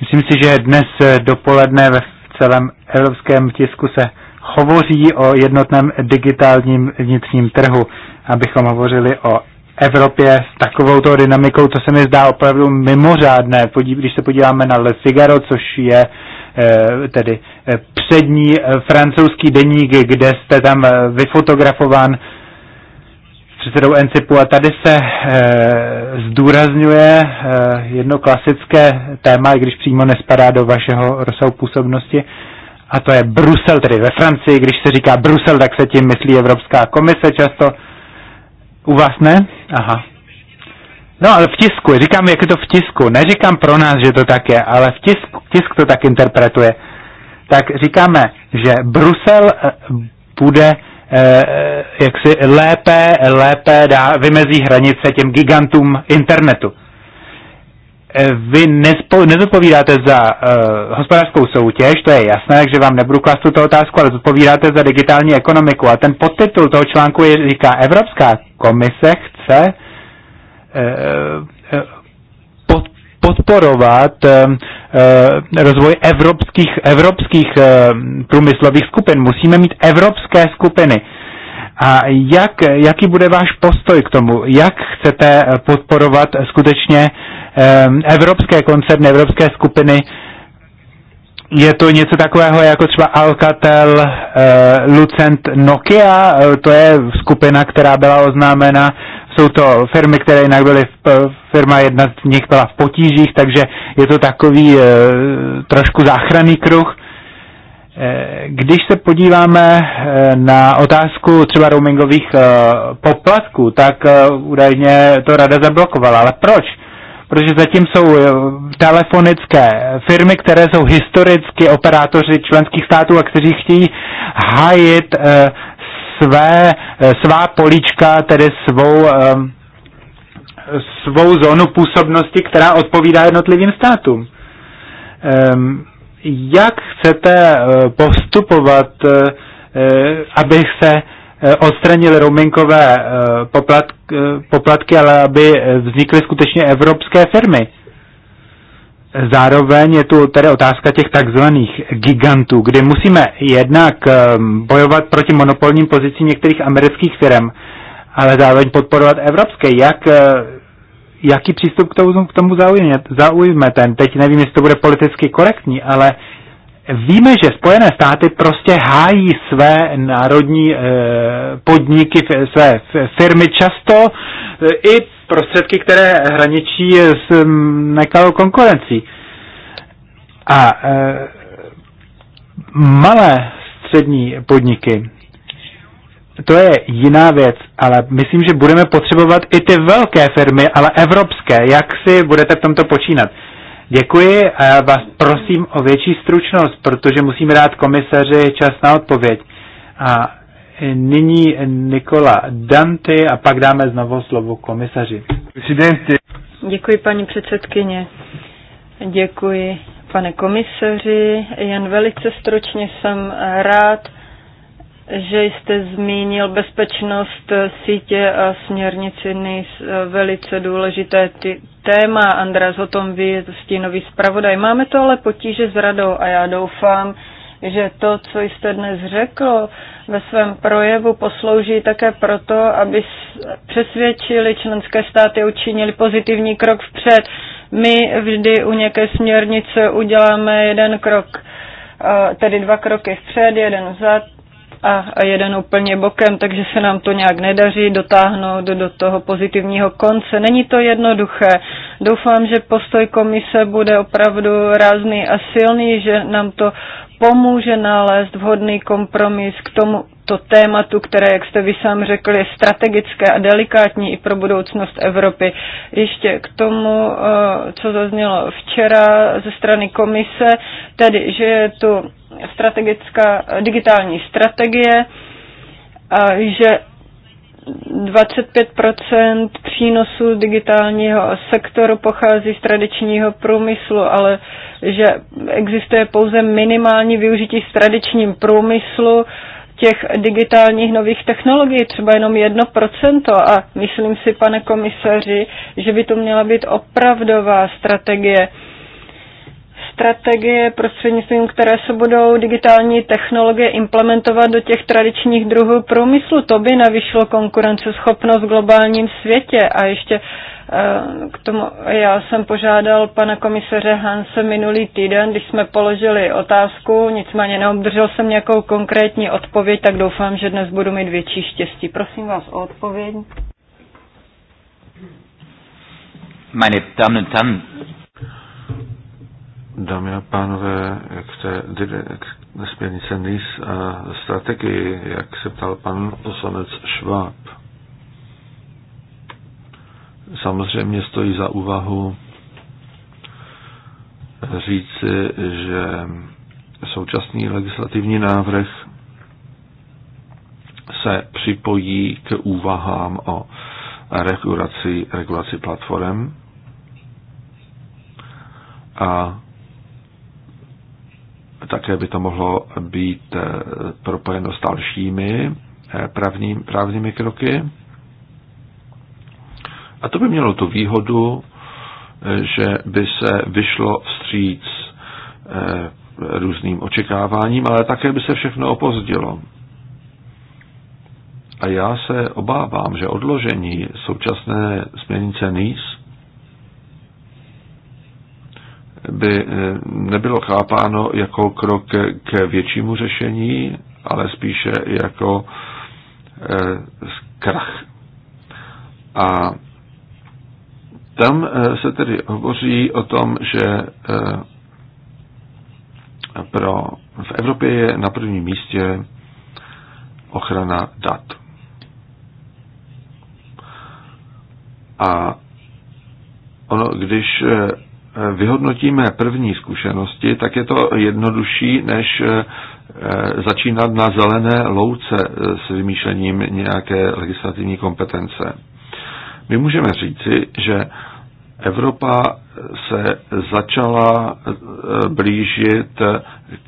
Myslím si, že dnes eh, dopoledne ve celém evropském tisku se hovoří o jednotném digitálním vnitřním trhu abychom hovořili o Evropě s takovou dynamikou, co se mi zdá opravdu mimořádné. Když se podíváme na Le Figaro, což je eh, tedy eh, přední eh, francouzský deník, kde jste tam vyfotografován s předsedou Encipu a tady se zdůrazňuje jedno klasické téma, i když přímo nespadá do vašeho rozsahu působnosti, a to je Brusel, tedy ve Francii, když se říká Brusel, tak se tím myslí Evropská komise často, u vás ne? Aha. No ale v tisku, říkám, jak je to v tisku. Neříkám pro nás, že to tak je, ale v tisku, tisk to tak interpretuje. Tak říkáme, že Brusel eh, bude eh, jaksi lépe, lépe dá, vymezí hranice těm gigantům internetu. Eh, vy nespo, nezodpovídáte za uh, hospodářskou soutěž, to je jasné, takže vám nebudu klást tuto otázku, ale zodpovídáte za digitální ekonomiku. A ten podtitul toho článku je, říká, Evropská komise chce eh, podporovat rozvoj evropských, evropských průmyslových skupin. Musíme mít evropské skupiny. A jak, jaký bude váš postoj k tomu? Jak chcete podporovat skutečně ehm, evropské koncerny, evropské skupiny? Je to něco takového jako třeba Alcatel, eh, Lucent, Nokia, to je skupina, která byla oznámena. Jsou to firmy, které jinak byly, eh, firma jedna z nich byla v potížích, takže je to takový eh, trošku záchranný kruh. Eh, když se podíváme eh, na otázku třeba roamingových eh, poplatků, tak údajně to rada zablokovala. Ale proč? Protože zatím jsou telefonické firmy, které jsou historicky operátoři členských států a kteří chtějí hajit své, svá políčka, tedy svou, svou zónu působnosti, která odpovídá jednotlivým státům. Um, jak chcete eh, postupovat, eh, eh, aby se odstranily roamingové poplatky, ale aby vznikly skutečně evropské firmy. Zároveň je tu tedy otázka těch takzvaných gigantů, kdy musíme jednak bojovat proti monopolním pozicím některých amerických firm, ale zároveň podporovat evropské. Jak jaký přístup k tomu, k tomu zaujme, zaujme ten. Teď nevím, jestli to bude politicky korektní, ale víme, že Spojené státy prostě hájí své národní eh, podniky, své firmy často eh, i prostředky, které hraničí s mm, nekalou konkurencí. A eh, malé střední podniky to je jiná věc, ale myslím, že budeme potřebovat i ty velké firmy, ale evropské. Jak si budete v tomto počínat? Děkuji a já vás prosím o větší stručnost, protože musíme dát komisaři čas na odpověď. A nyní Nikola Dante a pak dáme znovu slovo komisaři. Děkuji paní předsedkyně. Děkuji pane komisaři. Jen velice stručně jsem rád, že jste zmínil bezpečnost sítě a směrnici NIS, eh, velice důležité ty téma. Andreas, o tom ví, je to stínový zpravodaj. Máme to ale potíže s radou a já doufám, že to, co jste dnes řekl ve svém projevu, poslouží také proto, aby přesvědčili členské státy a učinili pozitivní krok vpřed. My vždy u nějaké směrnice uděláme jeden krok, eh, tedy dva kroky vpřed, jeden vzad a jeden úplně bokem, takže se nám to nějak nedaří dotáhnout do toho pozitivního konce. Není to jednoduché. Doufám, že postoj komise bude opravdu rázný a silný, že nám to pomůže nalézt vhodný kompromis k tomu to tématu, které, jak jste vy sám řekl, je strategické a delikátní i pro budoucnost Evropy. Ještě k tomu, eh, co zaznělo včera ze strany komise, tedy, že je tu strategická digitální strategie, a že 25 přínosu digitálního sektoru pochází z tradičního průmyslu, ale že existuje pouze minimální využití v tradičním průmyslu těch digitálních nových technologií, třeba jenom 1%. A myslím si, pane komisaři, že by to měla být opravdová strategie strategie, prostřednictvím které se budou digitální technologie implementovat do těch tradičních druhů průmyslu. To by navyšlo konkurenceschopnost v globálním světě. A ještě Eh, k tomu já jsem požádal pana komisaře Hanse minulý týden, když jsme položili otázku, nicméně neobdržel jsem nějakou konkrétní odpověď, tak doufám, že dnes budu mít větší štěstí. Prosím vás o odpověď. Meine Damen und Herren. Dámy a pánové, k té směrnice NIS a strategii, jak se ptal pan poslanec Schwab. Samozřejmě stojí za úvahu říci, že současný legislativní návrh se připojí k úvahám o regulaci, regulaci platform a také by to mohlo být propojeno s dalšími eh, právními kroky. A to by mělo tu výhodu, eh, že by se vyšlo vstříc eh, různým očekáváním, ale také by se všechno opozdilo. A já se obávám, že odložení současné směrnice NIS by eh, nebylo chápáno jako krok k většímu řešení, ale spíše jako krach. A tam eh, se tedy hovoří o tom, že eh, pro, v Evropě je na prvním místě ochrana dat. A ono, když eh, vyhodnotíme první zkušenosti, tak je to jednodušší, než začínat na zelené louce s vymýšlením nějaké legislativní kompetence. My můžeme říci, že Evropa se začala eh, blížit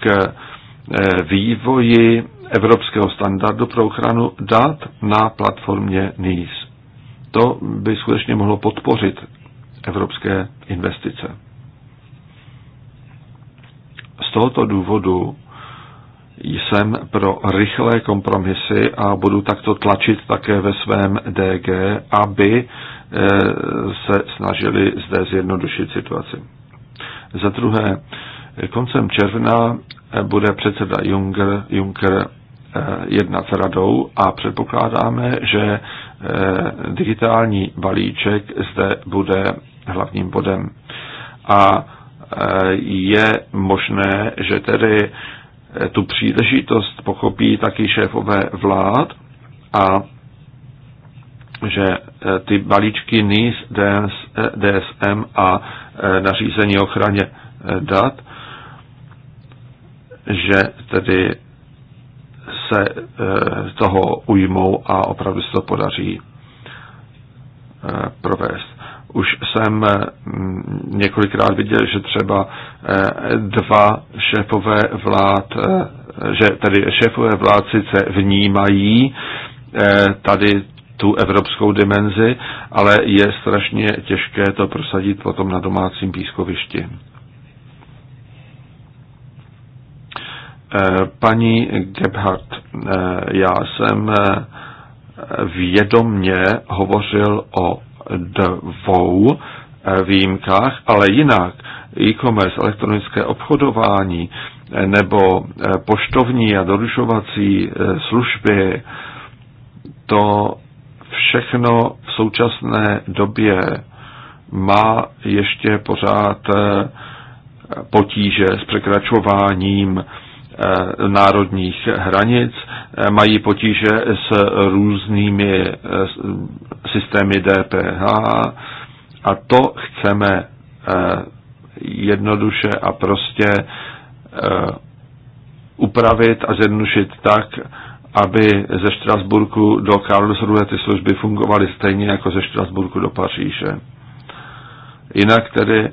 k eh, vývoji evropského standardu pro ochranu dat na platformě NIS. To by skutečně mohlo podpořit evropské investice. Z tohoto důvodu jsem pro rychlé kompromisy a budu takto tlačit také ve svém DG, aby eh, se snažili zde zjednodušit situaci. Za druhé, koncem června eh, bude předseda Juncker, Juncker eh, jednat s radou a předpokládáme, že digitální balíček zde bude hlavním bodem. A je možné, že tedy tu příležitost pochopí taky šéfové vlád a že eh, ty balíčky NIS, DS, eh, DSM a eh, nařízení ochraně dat, že tedy se toho ujmou a opravdu se to podaří provést. Už jsem eh, několikrát viděl, že třeba eh, dva šéfové vlád, eh, že tady šéfové vlád sice vnímají tady tu evropskou dimenzi, ale je strašně těžké to prosadit potom na domácím pískovišti. Paní Gebhardt, já jsem vědomně hovořil o dvou eh, výjimkách, ale jinak e-commerce, elektronické obchodování eh, nebo eh, poštovní a doručovací služby, to všechno v současné době má ještě pořád potíže s překračováním Eh, národních hranic, eh, mají potíže s různými eh, systémy DPH a to chceme jednoduše a prostě upravit a zjednodušit tak, aby ze Štrasburku do Karlsruhe ty služby fungovaly stejně jako ze Štrasburku do Paříže. Jinak tedy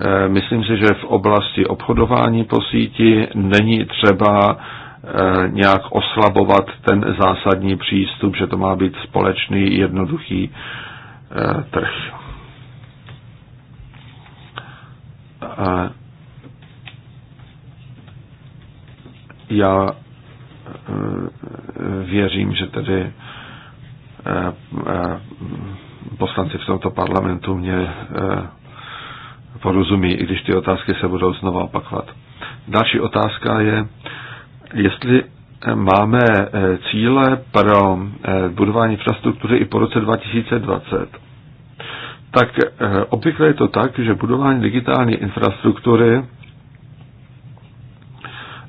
Eh, myslím si, že v oblasti obchodování po síti není třeba eh, nějak oslabovat ten zásadní přístup, že to má být společný, jednoduchý eh, trh. Já věřím, že tedy poslanci v tomto parlamentu mě porozumí, i když ty otázky se budou znovu opakovat. Další otázka je, jestli máme eh, cíle pro eh, budování infrastruktury i po roce 2020. Tak eh, obvykle je to tak, že budování digitální infrastruktury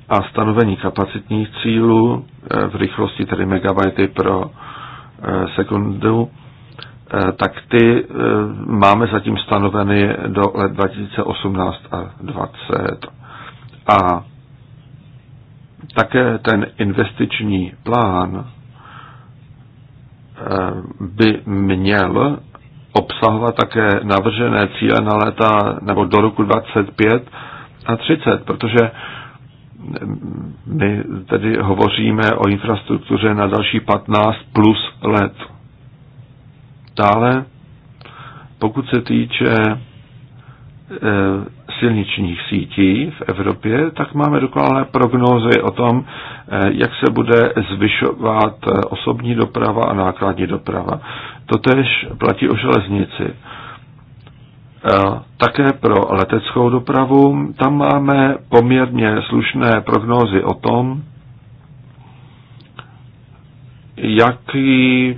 a stanovení kapacitních cílů v rychlosti tedy megabajty pro sekundu Eh, tak ty eh, máme zatím stanoveny do let 2018 a 2020. A také ten investiční plán eh, by měl obsahovat také navržené cíle na léta nebo do roku 25 a 30, protože my tedy hovoříme o infrastruktuře na další 15 plus let. Dále, pokud se týče e, silničních sítí v Evropě, tak máme dokonalé prognózy o tom, e, jak se bude zvyšovat e, osobní doprava a nákladní doprava. Totež platí o železnici. Také pro leteckou dopravu, tam máme poměrně slušné prognózy o tom, jaký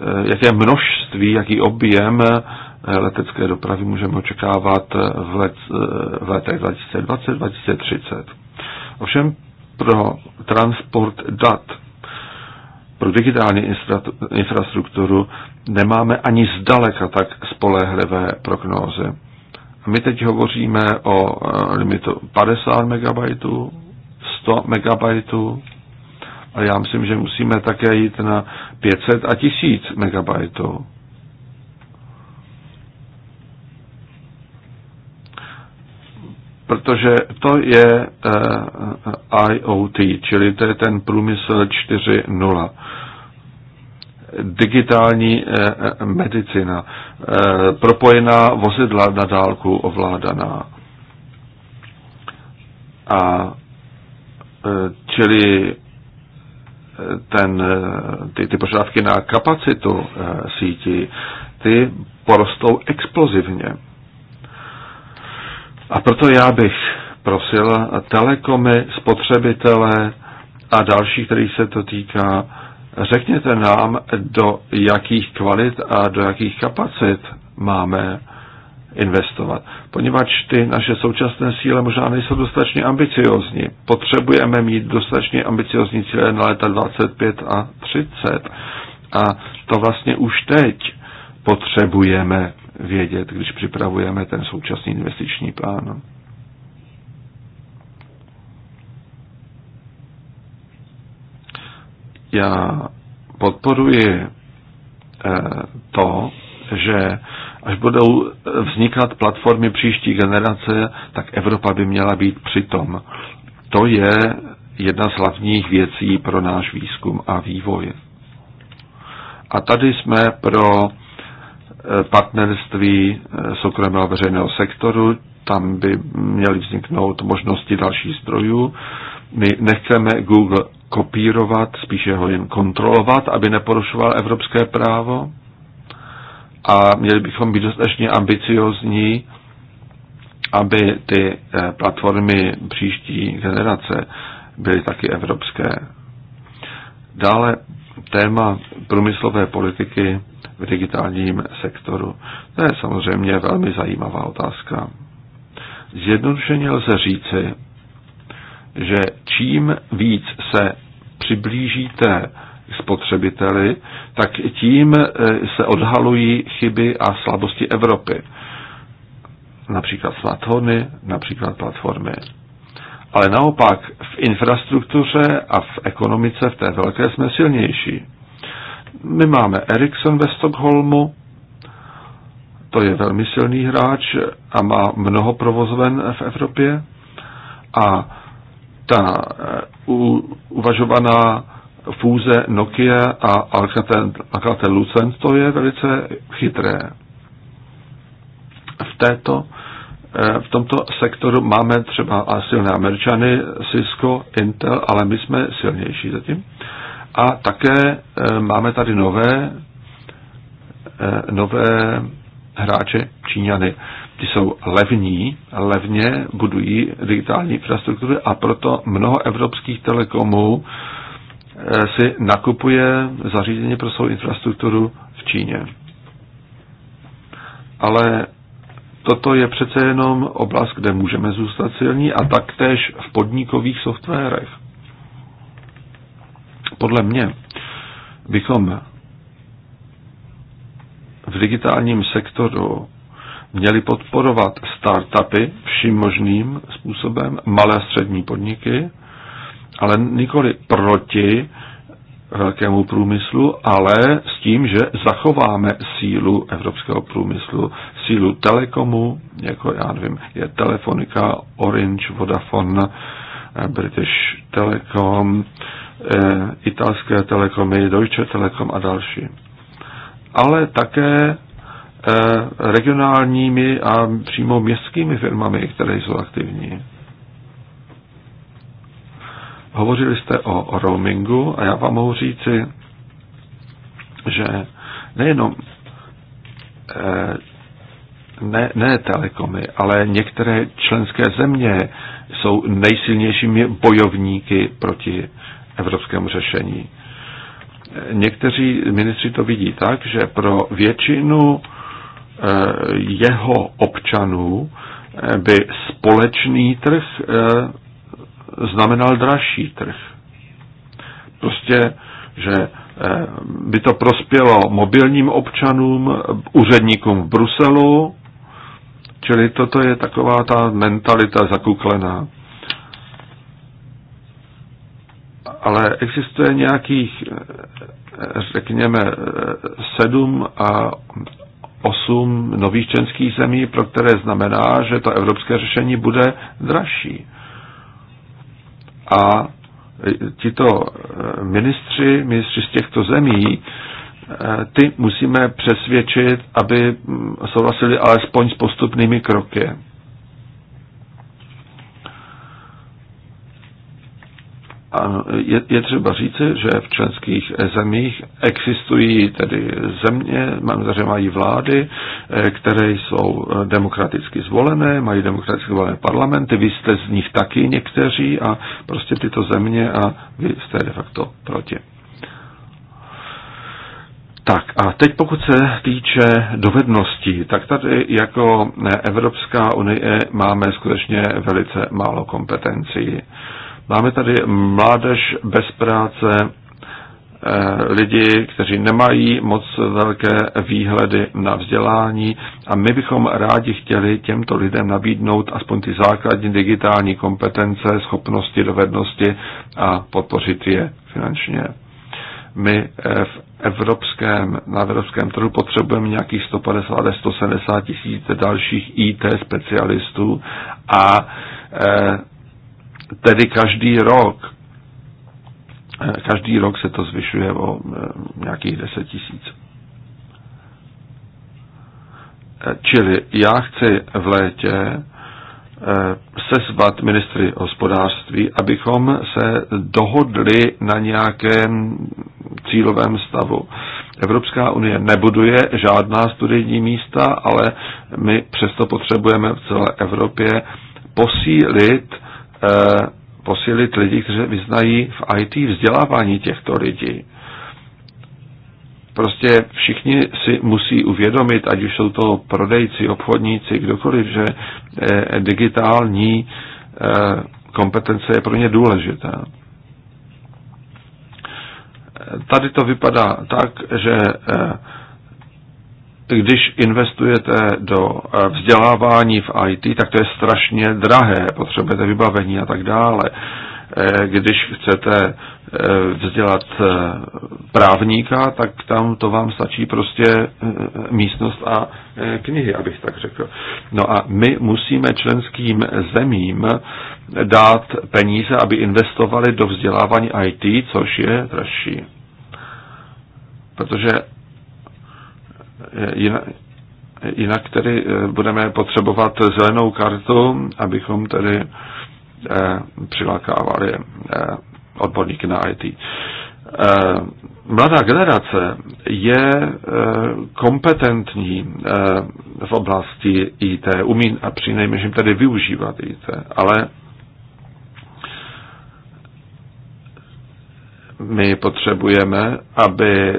Eh, jaké množství, jaký objem eh, letecké dopravy můžeme očekávat v, let, eh, v letech 2020-2030. Ovšem pro transport dat, pro digitální infrastrukturu nemáme ani zdaleka tak spolehlivé prognózy. My teď hovoříme o limitu 50 MB, 100 MB, a já myslím, že musíme také jít na 500 a 1000 megabajtů. Protože to je eh, eh, IoT, čili to je ten průmysl 4.0 digitální eh, medicina, propojená vozidla na dálku ovládaná. A čili ten, eh, ty, ty požadavky na kapacitu eh, sítí, ty porostou explozivně. A proto já bych prosil telekomy, spotřebitele a další, který se to týká, řekněte nám, do jakých kvalit a do jakých kapacit máme investovat, poněvadž ty naše současné síle možná nejsou dostatečně ambiciozní. Potřebujeme mít dostatečně ambiciozní cíle na léta 25 a 30. A to vlastně už teď potřebujeme vědět, když připravujeme ten současný investiční plán. Já podporuji eh, to, že až budou vznikat platformy příští generace, tak Evropa by měla být přitom. To je jedna z hlavních věcí pro náš výzkum a vývoj. A tady jsme pro eh, partnerství eh, soukromého veřejného sektoru, tam by měly vzniknout možnosti dalších zdrojů. My nechceme Google kopírovat, spíše ho jen kontrolovat, aby neporušoval evropské právo a měli bychom být dostatečně ambiciozní, aby ty eh, platformy příští generace byly taky evropské. Dále téma průmyslové politiky v digitálním sektoru. To je samozřejmě velmi zajímavá otázka. Zjednodušeně lze říci, že čím víc se přiblížíte spotřebiteli, tak tím eh, se odhalují chyby a slabosti Evropy. Například smartfony, například platformy. Ale naopak v infrastruktuře a v ekonomice, v té velké, jsme silnější. My máme Ericsson ve Stockholmu, to je velmi silný hráč a má mnoho provozoven v Evropě. A ta eh, uvažovaná fůze Nokia a Alcatel Lucent, to je velice chytré. V této eh, v tomto sektoru máme třeba silné Američany, Cisco, Intel, ale my jsme silnější zatím. A také eh, máme tady nové, eh, nové hráče Číňany. Ty jsou levní, levně budují digitální infrastruktury a proto mnoho evropských telekomů Eh, si nakupuje zařízení pro svou infrastrukturu v Číně. Ale toto je přece jenom oblast, kde můžeme zůstat silní a taktéž v podnikových softwarech. Podle mě bychom v digitálním sektoru měli podporovat startupy vším možným způsobem, malé a střední podniky, ale nikoli proti eh, velkému průmyslu, ale s tím, že zachováme sílu evropského průmyslu, sílu telekomu, jako já nevím, je Telefonika, Orange, Vodafone, eh, British Telecom, eh, italské telekomy, Deutsche Telekom a další. Ale také regionálními a přímo městskými firmami, které jsou aktivní. Hovořili jste o roamingu a já vám mohu říci, že nejenom eh, ne, ne telekomy, ale některé členské země jsou nejsilnějšími bojovníky proti evropskému řešení. Někteří ministři to vidí tak, že pro většinu eh, jeho občanů eh, by společný trh znamenal dražší trh. Prostě, že eh, by to prospělo mobilním občanům, úředníkům v Bruselu, čili toto je taková ta mentalita zakuklená. Ale existuje nějakých, eh, řekněme, eh, sedm a osm nových členských zemí, pro které znamená, že to evropské řešení bude dražší a e, tito e, ministři, ministři z těchto zemí, e, ty musíme přesvědčit, aby mm, souhlasili alespoň s postupnými kroky. je, je třeba říci, že v členských zemích existují tedy země, které mají vlády, eh, které jsou eh, demokraticky zvolené, mají demokraticky zvolené parlamenty, vy jste z nich taky někteří a prostě tyto země a vy jste de facto proti. Tak a teď pokud se týče dovedností, tak tady jako eh, Evropská unie máme skutečně velice málo kompetencí. Máme tady mládež bez práce, eh, lidi, kteří nemají moc velké výhledy na vzdělání a my bychom rádi chtěli těmto lidem nabídnout aspoň ty základní digitální kompetence, schopnosti, dovednosti a podpořit je finančně. My eh, v evropském, na evropském trhu potřebujeme nějakých 150 až 170 tisíc dalších IT specialistů a eh, tedy každý rok. Eh, každý rok se to zvyšuje o eh, nějakých 10 tisíc. Eh, čili já chci v létě sezvat ministry hospodářství, abychom se dohodli na nějakém cílovém stavu. Evropská unie nebuduje žádná studijní místa, ale my přesto potřebujeme v celé Evropě posílit Eh, posílit lidi, kteří vyznají v IT vzdělávání těchto lidí. Prostě všichni si musí uvědomit, ať už jsou to prodejci, obchodníci, kdokoliv, že eh, digitální eh, kompetence je pro ně důležitá. Tady to vypadá tak, že když investujete do eh, vzdělávání v IT, tak to je strašně drahé, potřebujete vybavení a tak dále. Eh, když chcete eh, vzdělat právníka, tak tam to vám stačí prostě místnost a knihy, abych tak řekl. No a my musíme členským zemím dát peníze, aby investovali do vzdělávání IT, což je dražší. Protože jinak, tedy eh, budeme potřebovat zelenou kartu, abychom tedy eh, přilákávali eh, odborníky na IT. Mladá generace je kompetentní v oblasti IT, umí a přinejmenším tedy využívat IT, ale My potřebujeme, aby eh,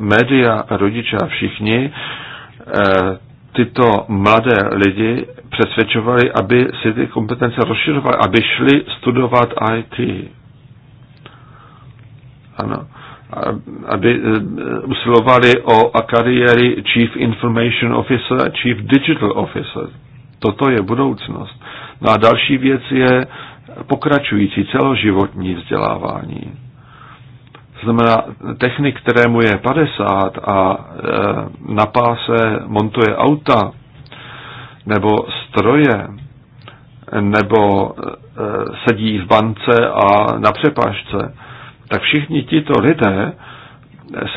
média, rodiče a všichni eh, tyto mladé lidi přesvědčovali, aby si ty kompetence rozšiřovali, aby šli studovat IT. Ano. Aby eh, usilovali o a kariéry Chief Information Officer, Chief Digital Officer. Toto je budoucnost. No a další věc je pokračující celoživotní vzdělávání. To znamená, technik, kterému je 50 a e, na páse montuje auta, nebo stroje, nebo e, sedí v bance a na přepážce, tak všichni tito lidé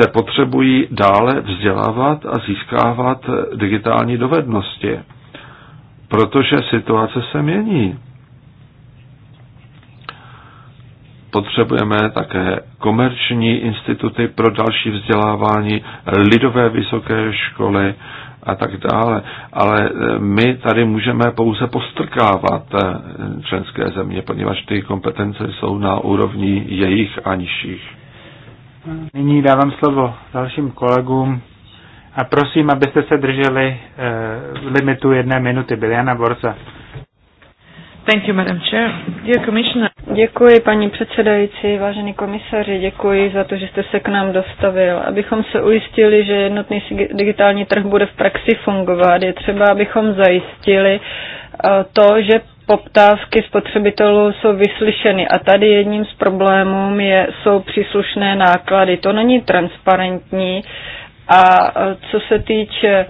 se potřebují dále vzdělávat a získávat digitální dovednosti, protože situace se mění. potřebujeme také komerční instituty pro další vzdělávání, lidové vysoké školy a tak dále. Ale eh, my tady můžeme pouze postrkávat eh, členské země, poněvadž ty kompetence jsou na úrovni jejich a nižších. Nyní dávám slovo dalším kolegům a prosím, abyste se drželi eh, limitu jedné minuty. Biliana Borsa. Thank you, Madam Chair. Dear Commissioner. Děkuji, paní předsedající, vážený komisaři, děkuji za to, že jste se k nám dostavil. Abychom se ujistili, že jednotný digitální trh bude v praxi fungovat, je třeba, abychom zajistili eh, to, že poptávky spotřebitelů jsou vyslyšeny a tady jedním z problémů je, jsou příslušné náklady. To není transparentní a eh, co se týče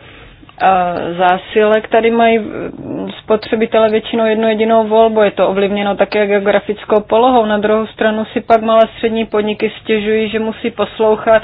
zásilek. Tady mají spotřebitele většinou jednu jedinou volbu. Je to ovlivněno také geografickou polohou. Na druhou stranu si pak malé střední podniky stěžují, že musí poslouchat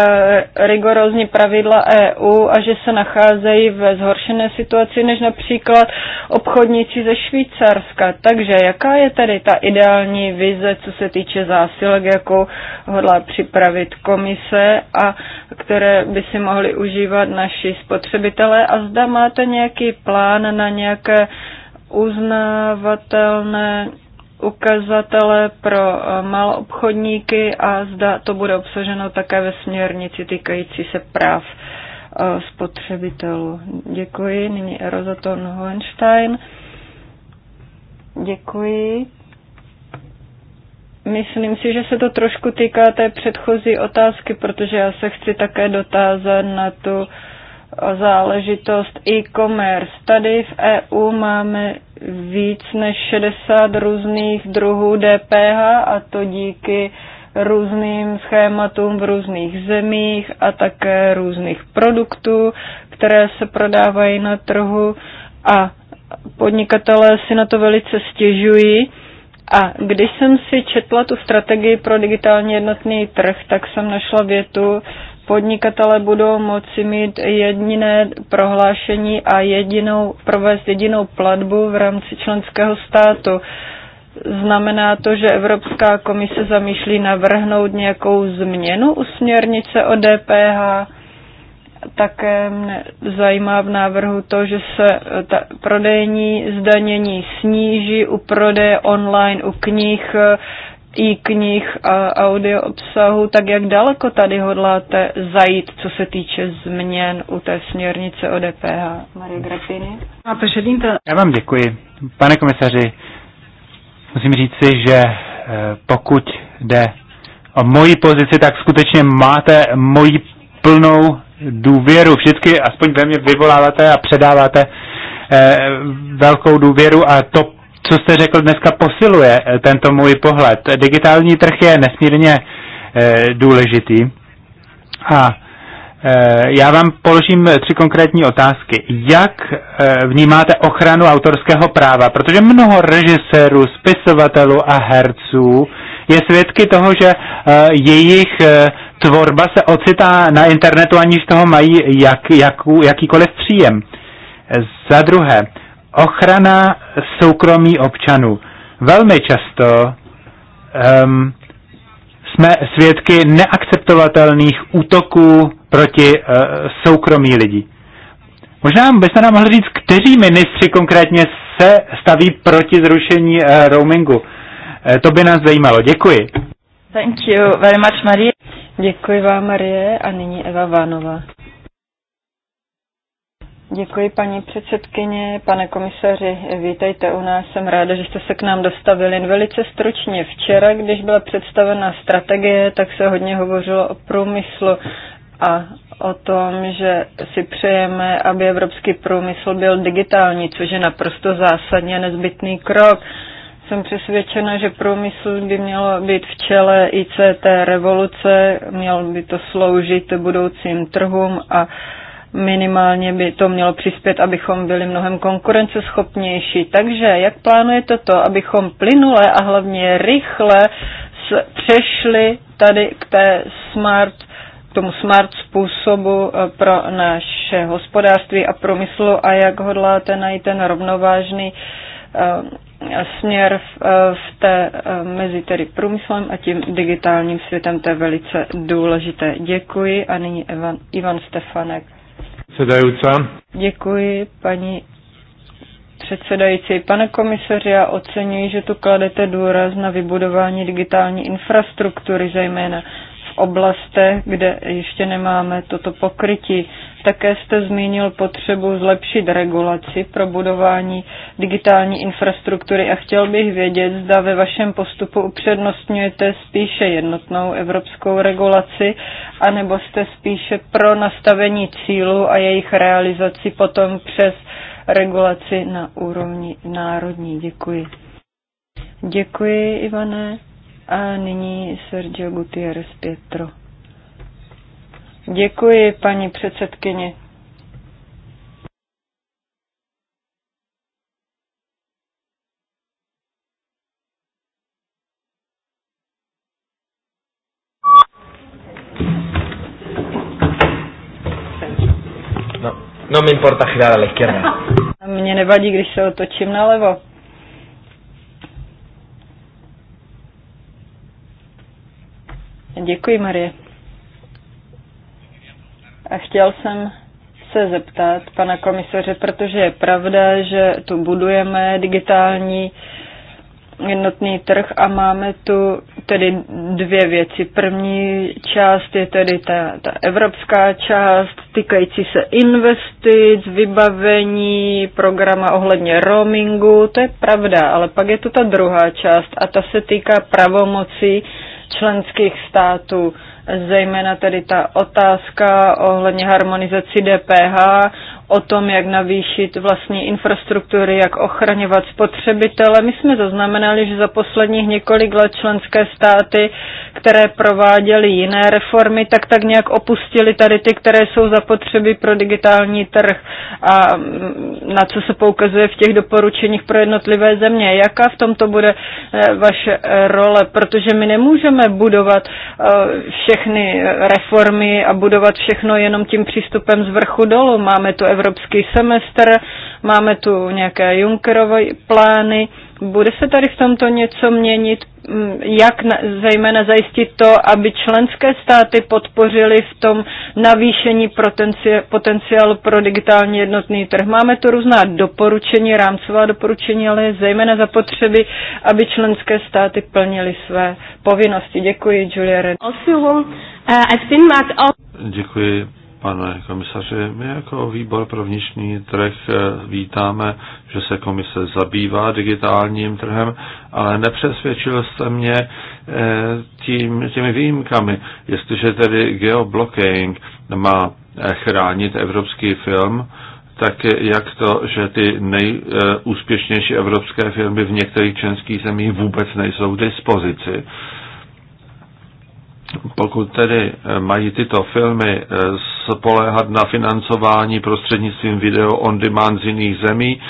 eh, rigorózní pravidla EU a že se nacházejí ve zhoršené situaci než například obchodníci ze Švýcarska. Takže jaká je tedy ta ideální vize, co se týče zásilek, jakou hodlá připravit komise a které by si mohli užívat naši spotřebitelé? učitele a zda máte nějaký plán na nějaké uznávatelné ukazatele pro eh, maloobchodníky a zda to bude obsaženo také ve směrnici týkající se práv eh, spotřebitelů. Děkuji. Nyní Erozaton Hohenstein. Děkuji. Myslím si, že se to trošku týká té předchozí otázky, protože já se chci také dotázat na tu záležitost e-commerce. Tady v EU máme víc než 60 různých druhů DPH a to díky různým schématům v různých zemích a také různých produktů, které se prodávají na trhu a podnikatelé si na to velice stěžují. A když jsem si četla tu strategii pro digitálně jednotný trh, tak jsem našla větu, podnikatele budou moci mít jediné prohlášení a jedinou, provést jedinou platbu v rámci členského státu. Znamená to, že Evropská komise zamýšlí navrhnout nějakou změnu u směrnice o DPH. Také mě zajímá v návrhu to, že se e, ta prodejní zdanění sníží u prodeje online, u knih, e, e-knih a audio obsahu, tak jak daleko tady hodláte zajít, co se týče změn u té směrnice o DPH? Marie Grappini. Já vám děkuji. Pane komisaři, musím říci, že eh, pokud jde o moji pozici, tak skutečně máte moji plnou důvěru. Vždycky aspoň ve mně vyvoláváte a předáváte eh, velkou důvěru a to co jste řekl dneska, posiluje eh, tento můj pohled. Digitální trh je nesmírně eh, důležitý. A eh, já vám položím tři konkrétní otázky. Jak vnímáte ochranu autorského práva? Protože mnoho režisérů, spisovatelů a herců je svědky toho, že jejich tvorba se ocitá na internetu, aniž toho mají jak, jak, jakýkoliv příjem. Za druhé, ochrana soukromí občanů. Velmi často um, jsme svědky neakceptovatelných útoků proti uh, soukromí lidí. Možná byste nám mohli říct, kteří ministři konkrétně se staví proti zrušení uh, roamingu. Uh, to by nás zajímalo. Děkuji. Thank you very much, Marie. Děkuji vám, Marie. A nyní Eva Vánová. Děkuji, paní předsedkyně. Pane komisaři, vítejte u nás. Jsem ráda, že jste se k nám dostavili. Velice stručně včera, když byla představena strategie, tak se hodně hovořilo o průmyslu a o tom, že si přejeme, aby evropský průmysl byl digitální, což je naprosto zásadně nezbytný krok. Jsem přesvědčena, že průmysl by mělo být v čele ICT revoluce, měl by to sloužit budoucím trhům a uh, Minimálně by to mělo přispět, abychom byli mnohem konkurenceschopnější. Takže jak plánujete to, abychom plynule a hlavně rychle přešli tady k té smart tomu smart způsobu eh, pro naše hospodářství a průmyslu a jak hodláte najít ten rovnovážný eh, směr v, eh, v té, mezi tedy průmyslem a tím digitálním světem, to je velice důležité. Děkuji a nyní Ivan, Ivan Stefanek předsedajúca. Děkuji, paní předsedající. Pane komisaři, já oceňuji, že tu kladete důraz na vybudování digitální infrastruktury, zejména v oblastech, kde ještě nemáme toto pokrytí. Také jste zmínil potřebu zlepšit regulaci pro budování digitální infrastruktury a chtěl bych vědět, zda ve vašem postupu upřednostňujete spíše jednotnou evropskou regulaci, anebo jste spíše pro nastavení cílů a jejich realizaci potom přes regulaci na úrovni národní. Děkuji. Děkuji, Ivane. A nyní Sergio Gutierrez Pietro. Děkuji, paní předsedkyně. No No, importa girar a la izquierda. Mně nevadí, když se otočím levo. Děkuji, Marie. A chtěl jsem se zeptat pana komisaře, protože je pravda, že tu budujeme digitální jednotný trh a máme tu tedy dvě věci. První část je tedy ta, ta evropská část týkající se investic, vybavení, programa ohledně roamingu, to je pravda, ale pak je tu ta druhá část a ta se týká pravomocí členských států zejména tedy ta otázka ohledně harmonizaci DPH o tom, jak navýšit vlastní infrastruktury, jak ochraňovat spotřebitele. My jsme zaznamenali, že za posledních několik let členské státy, které prováděly jiné reformy, tak tak nějak opustili tady ty, které jsou zapotřeby pro digitální trh a mm, na co se poukazuje v těch doporučeních pro jednotlivé země. Jaká v tomto bude eh, vaše eh, role? Protože my nemůžeme budovat eh, všechny reformy a budovat všechno jenom tím přístupem z vrchu dolů. Máme tu evropský semestr, máme tu nějaké Junckerové plány. Bude se tady v tomto něco měnit? Mm, jak na, zejména zajistit to, aby členské státy podpořily v tom navýšení potenciál, potenciál pro digitální jednotný trh? Máme tu různá doporučení, rámcová doporučení, ale zejména za potřeby, aby členské státy plnily své povinnosti. Děkuji, Julia Red. Děkuji. Pane komisaři, my jako výbor pro vnitřní trh eh, vítáme, že se komise zabývá digitálním trhem, ale nepřesvědčil jste mě eh, tím, těmi výjimkami. Jestliže tedy geoblocking má eh, chránit evropský film, tak jak to, že ty nejúspěšnější evropské firmy v některých členských zemích vůbec nejsou k dispozici pokud tedy eh, mají tyto filmy eh, spoléhat na financování prostřednictvím video on demand z jiných zemí,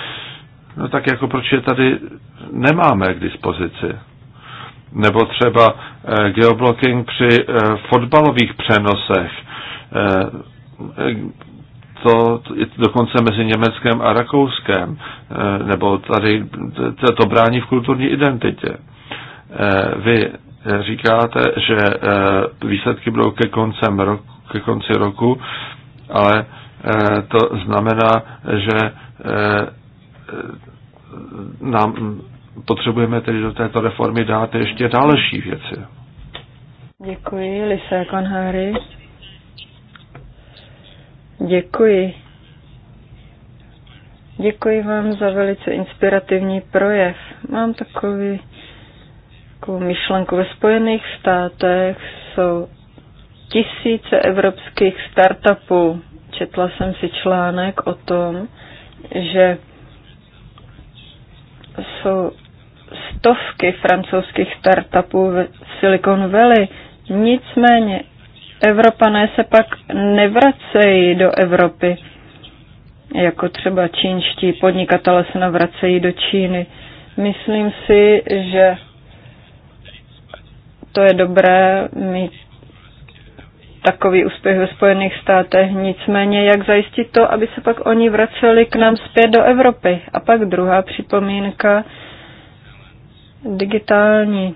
no tak jako proč je tady nemáme k dispozici? Nebo třeba eh, geoblocking při fotbalových přenosech. To dokonce mezi Německem a Rakouskem, nebo tady to brání v kulturní identitě. Vy říkáte, že eh, výsledky budou ke, koncem roku, ke konci roku, ale eh, to znamená, že eh, nám potřebujeme tedy do této reformy dát ještě další věci. Děkuji, Lise Konhary. Děkuji. Děkuji vám za velice inspirativní projev. Mám takový takovou myšlenku. Ve Spojených státech jsou tisíce evropských startupů. Četla jsem si článek o tom, že jsou stovky francouzských startupů v Silicon Valley. Nicméně Evropané se pak nevracejí do Evropy, jako třeba čínští podnikatele se navracejí do Číny. Myslím si, že to je dobré mít takový úspěch ve Spojených státech. Nicméně, jak zajistit to, aby se pak oni vraceli k nám zpět do Evropy? A pak druhá připomínka, digitální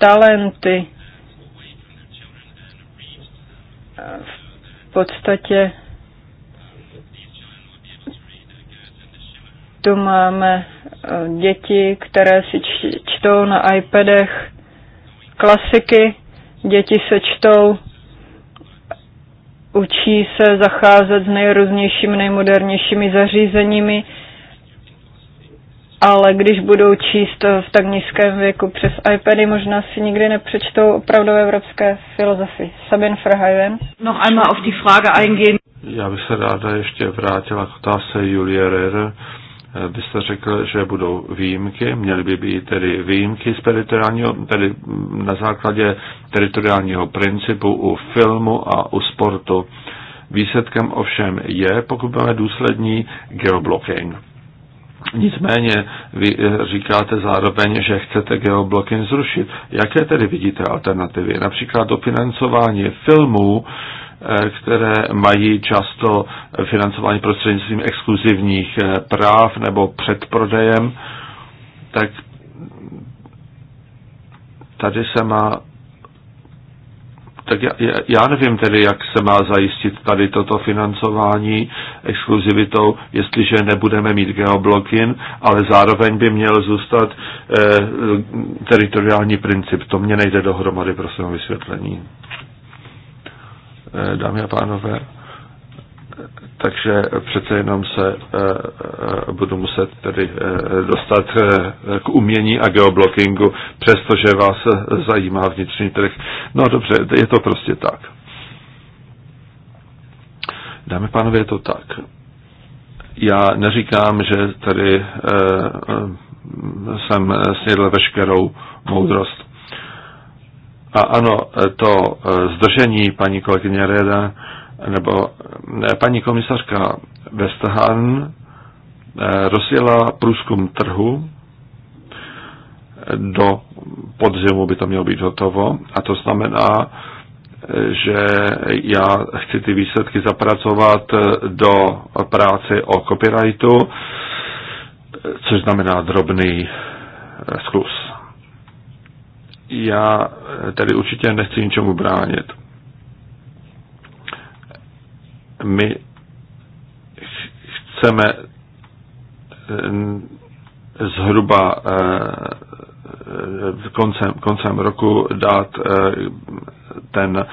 talenty. V podstatě tu máme eh, děti, které si čtou na iPadech klasiky, děti se čtou, učí se zacházet s nejrůznějšími, nejmodernějšími zařízeními, ale když budou číst v tak nízkém věku přes iPady, možná si nikdy nepřečtou opravdu evropské filozofy. Sabin Verheyen. No, einmal auf die Frage eingehen. Já bych se ráda ještě vrátila k otázce Julie Rere byste řekl, že budou výjimky, měly by být tedy výjimky z teritoriálního, tedy na základě teritoriálního principu u filmu a u sportu. Výsledkem ovšem je, pokud budeme důslední, geoblocking. Nicméně vy eh, říkáte zároveň, že chcete geoblocking zrušit. Jaké tedy vidíte alternativy? Například dofinancování filmů, Eh, které mají často financování prostřednictvím exkluzivních eh, práv nebo předprodejem, tak tady se má tak já, já nevím tedy, jak se má zajistit tady toto financování exkluzivitou, jestliže nebudeme mít geoblokin, ale zároveň by měl zůstat eh, teritoriální princip. To mě nejde dohromady, prosím o vysvětlení. Eh, dámy a pánové. Takže přece jenom se eh, eh, budu muset tedy dostat k umění a geoblockingu, přestože vás zajímá vnitřní trh. No dobře, je to prostě tak. Dámy a pánové, je to tak. Já neříkám, že tady jsem snědl veškerou moudrost a ano, to e, zdržení paní kolegyně Reda, nebo ne, paní komisařka Vestahan e, rozjela průzkum trhu do podzimu by to mělo být hotovo a to znamená, e, že já chci ty výsledky zapracovat do práce o copyrightu, což znamená drobný zkus já eh, tedy určitě nechci ničemu bránit. My chceme eh, zhruba eh, koncem, koncem roku dát ten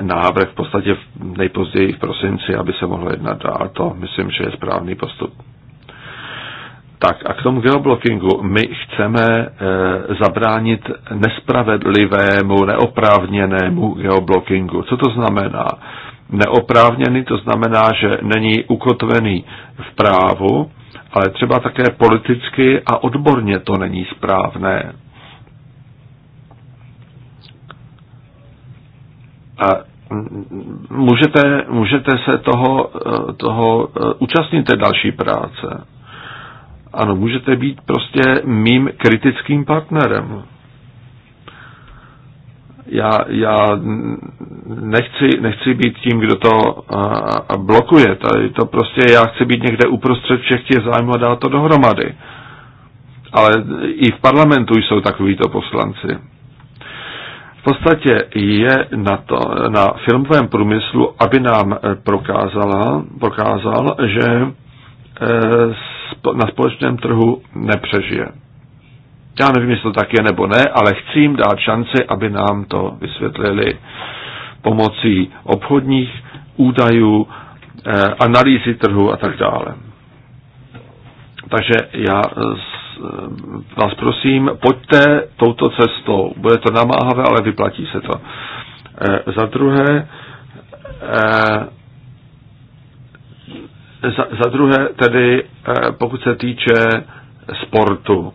návrh v podstatě nejpozději v prosinci, aby se mohlo jednat dál. To myslím, že je správný postup. Tak a k tomu geoblockingu. My chceme e, zabránit nespravedlivému, neoprávněnému geoblockingu. Co to znamená? Neoprávněný to znamená, že není ukotvený v právu, ale třeba také politicky a odborně to není správné. A můžete, můžete se toho, eh, toho eh, účastnit té další práce. Ano, můžete být prostě mým kritickým partnerem. Já, já nechci, nechci být tím, kdo to a, a blokuje. Tady to prostě já chci být někde uprostřed všech těch zájmů a dát to dohromady. Ale i v parlamentu jsou takovýto poslanci. V podstatě je na, to, na filmovém průmyslu, aby nám prokázala, prokázal, že eh, na společném trhu nepřežije. Já nevím, jestli to tak je nebo ne, ale chci jim dát šanci, aby nám to vysvětlili pomocí obchodních údajů, eh, analýzy trhu a tak dále. Takže já eh, vás prosím, pojďte touto cestou. Bude to namáhavé, ale vyplatí se to. Eh, za druhé, za, za druhé tedy, eh, pokud se týče sportu.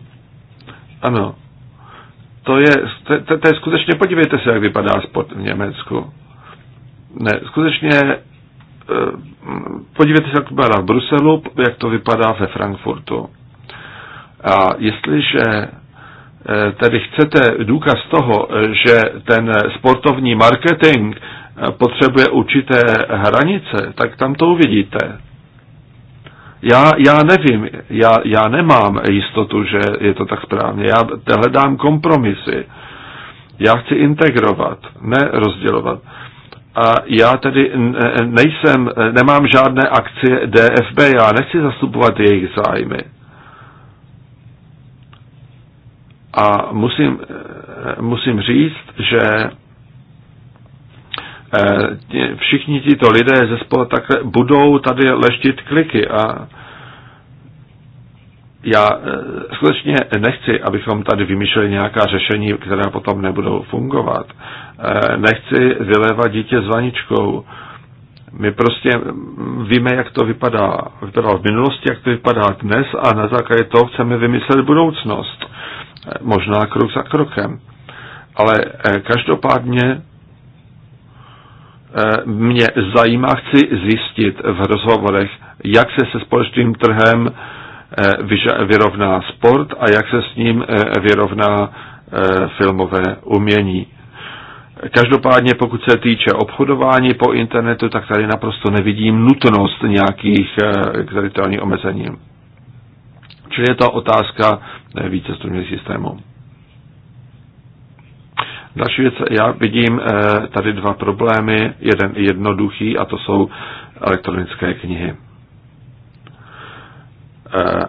Ano, to je, to, to, to je skutečně, podívejte se, jak vypadá sport v Německu. Ne, skutečně, eh, podívejte se, jak to vypadá v Bruselu, jak to vypadá ve Frankfurtu. A jestliže eh, tedy chcete důkaz toho, že ten sportovní marketing potřebuje určité hranice, tak tam to uvidíte. Já, já nevím, já, já nemám jistotu, že je to tak správně. Já hledám kompromisy. Já chci integrovat, ne rozdělovat. A já tedy nejsem, nemám žádné akcie DFB, já nechci zastupovat jejich zájmy. A musím, musím říct, že Eh, všichni tito lidé ze spola takhle budou tady leštit kliky a já eh, skutečně nechci, abychom tady vymýšleli nějaká řešení, která potom nebudou fungovat. Eh, nechci vylévat dítě s vaničkou. My prostě víme, jak to vypadá. Vypadalo v minulosti, jak to vypadá dnes a na základě toho chceme vymyslet budoucnost. Možná krok za krokem. Ale každopádně Eh, mě zajímá, chci zjistit v rozhovorech, jak se se společným trhem eh, vyrovná sport a jak se s ním eh, vyrovná filmové umění. Každopádně pokud se týče obchodování po internetu, tak tady naprosto nevidím nutnost nějakých teritoriálních omezení. Čili je to otázka více systémů. Další věc, já vidím eh, tady dva problémy. Jeden jednoduchý a to jsou elektronické knihy. Eh,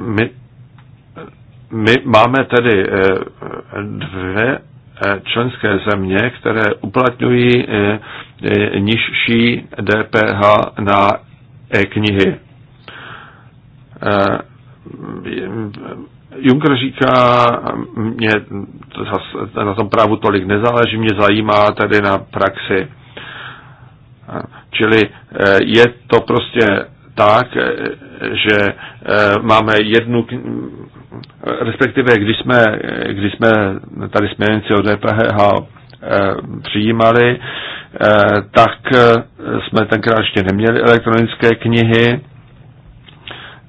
my, my máme tedy eh, dvě členské země, které uplatňují nižší DPH na e-knihy Juncker říká, mě na tom právu tolik nezáleží, mě zajímá tady na praxi. Čili eh, je to prostě tak, eh, že eh, máme jednu, respektive když jsme, když jsme tady směrnici od DPH přijímali, tak jsme tenkrát ještě neměli elektronické knihy,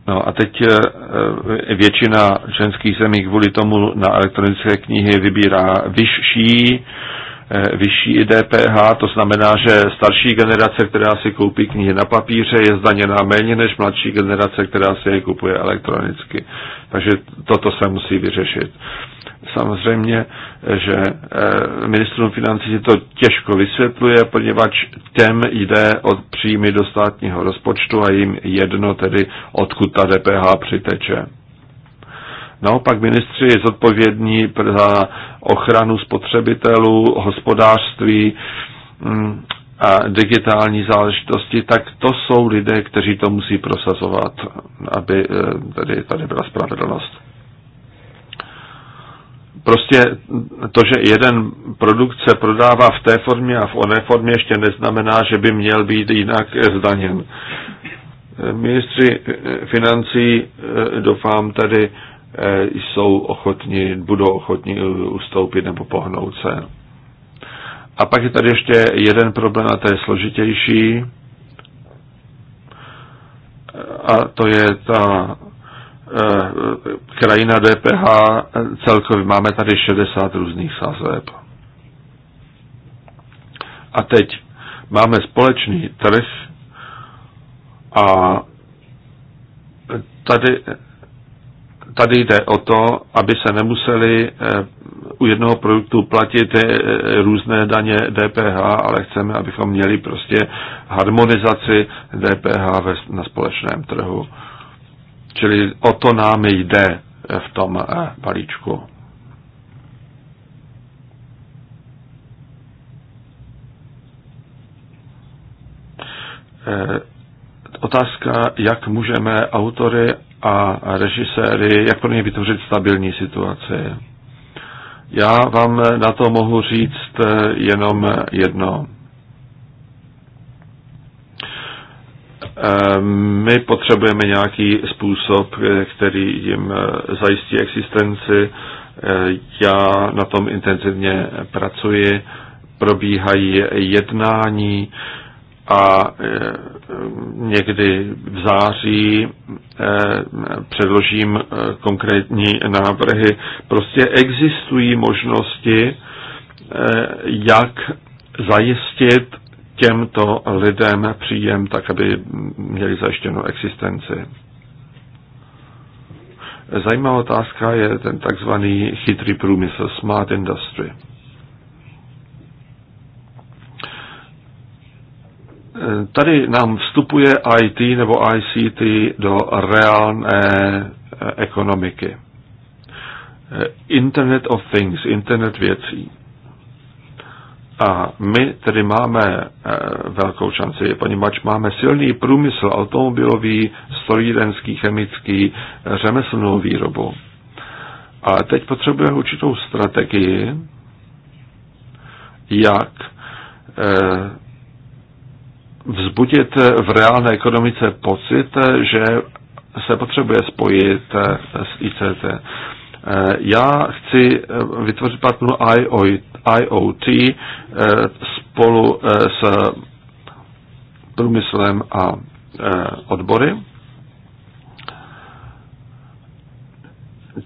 No a teď eh, eh, většina členských zemí kvůli tomu na elektronické knihy vybírá vyšší, eh, vyšší DPH, to znamená, že starší generace, která si koupí knihy na papíře, je zdaněná méně než mladší generace, která si je kupuje elektronicky. Takže toto se musí vyřešit. Samozřejmě že eh, ministrům financí se to těžko vysvětluje, poněvadž těm jde od příjmy do státního rozpočtu a jim jedno tedy, odkud ta DPH přiteče. Naopak ministři zodpovědní za ochranu spotřebitelů, hospodářství mm, a digitální záležitosti, tak to jsou lidé, kteří to musí prosazovat, aby eh, tady, tady byla spravedlnost. Prostě to, že jeden produkt se prodává v té formě a v oné formě, ještě neznamená, že by měl být jinak zdaněn. Ministři financí, eh, doufám, tady eh, jsou ochotni, budou ochotni eh, ustoupit nebo pohnout se. A pak je tady ještě jeden problém, a to je složitější, a to je ta Eh, krajina DPH eh, celkově. Máme tady 60 různých sazeb. A teď máme společný trh a tady, tady jde o to, aby se nemuseli eh, u jednoho produktu platit různé daně DPH, ale chceme, abychom měli prostě harmonizaci DPH na společném trhu. Čili o to nám jde v tom eh, balíčku. Eh, otázka, jak můžeme autory a režiséry, jak pro ně vytvořit stabilní situaci. Já vám na to mohu říct eh, jenom jedno. Ehm, my potřebujeme nějaký způsob, eh, který jim eh, zajistí existenci. Eh, já na tom intenzivně pracuji, probíhají jednání a někdy v září předložím konkrétní návrhy. Prostě existují možnosti, jak zajistit těmto lidem příjem, tak aby měli zajištěnou existenci. Zajímavá otázka je ten takzvaný chytrý průmysl, smart industry. Tady nám vstupuje IT nebo ICT do reálné eh, ekonomiky. Eh, internet of Things, internet věcí. A my tedy máme eh, velkou šanci, poněvadž máme silný průmysl automobilový, strojírenský, chemický, řemeslnou výrobu. A teď potřebujeme určitou strategii, jak eh, vzbudit v reálné ekonomice pocit, že se potřebuje spojit eh, s ICT. Eh, já chci eh, vytvořit partneru IoT eh, spolu s průmyslem a odbory,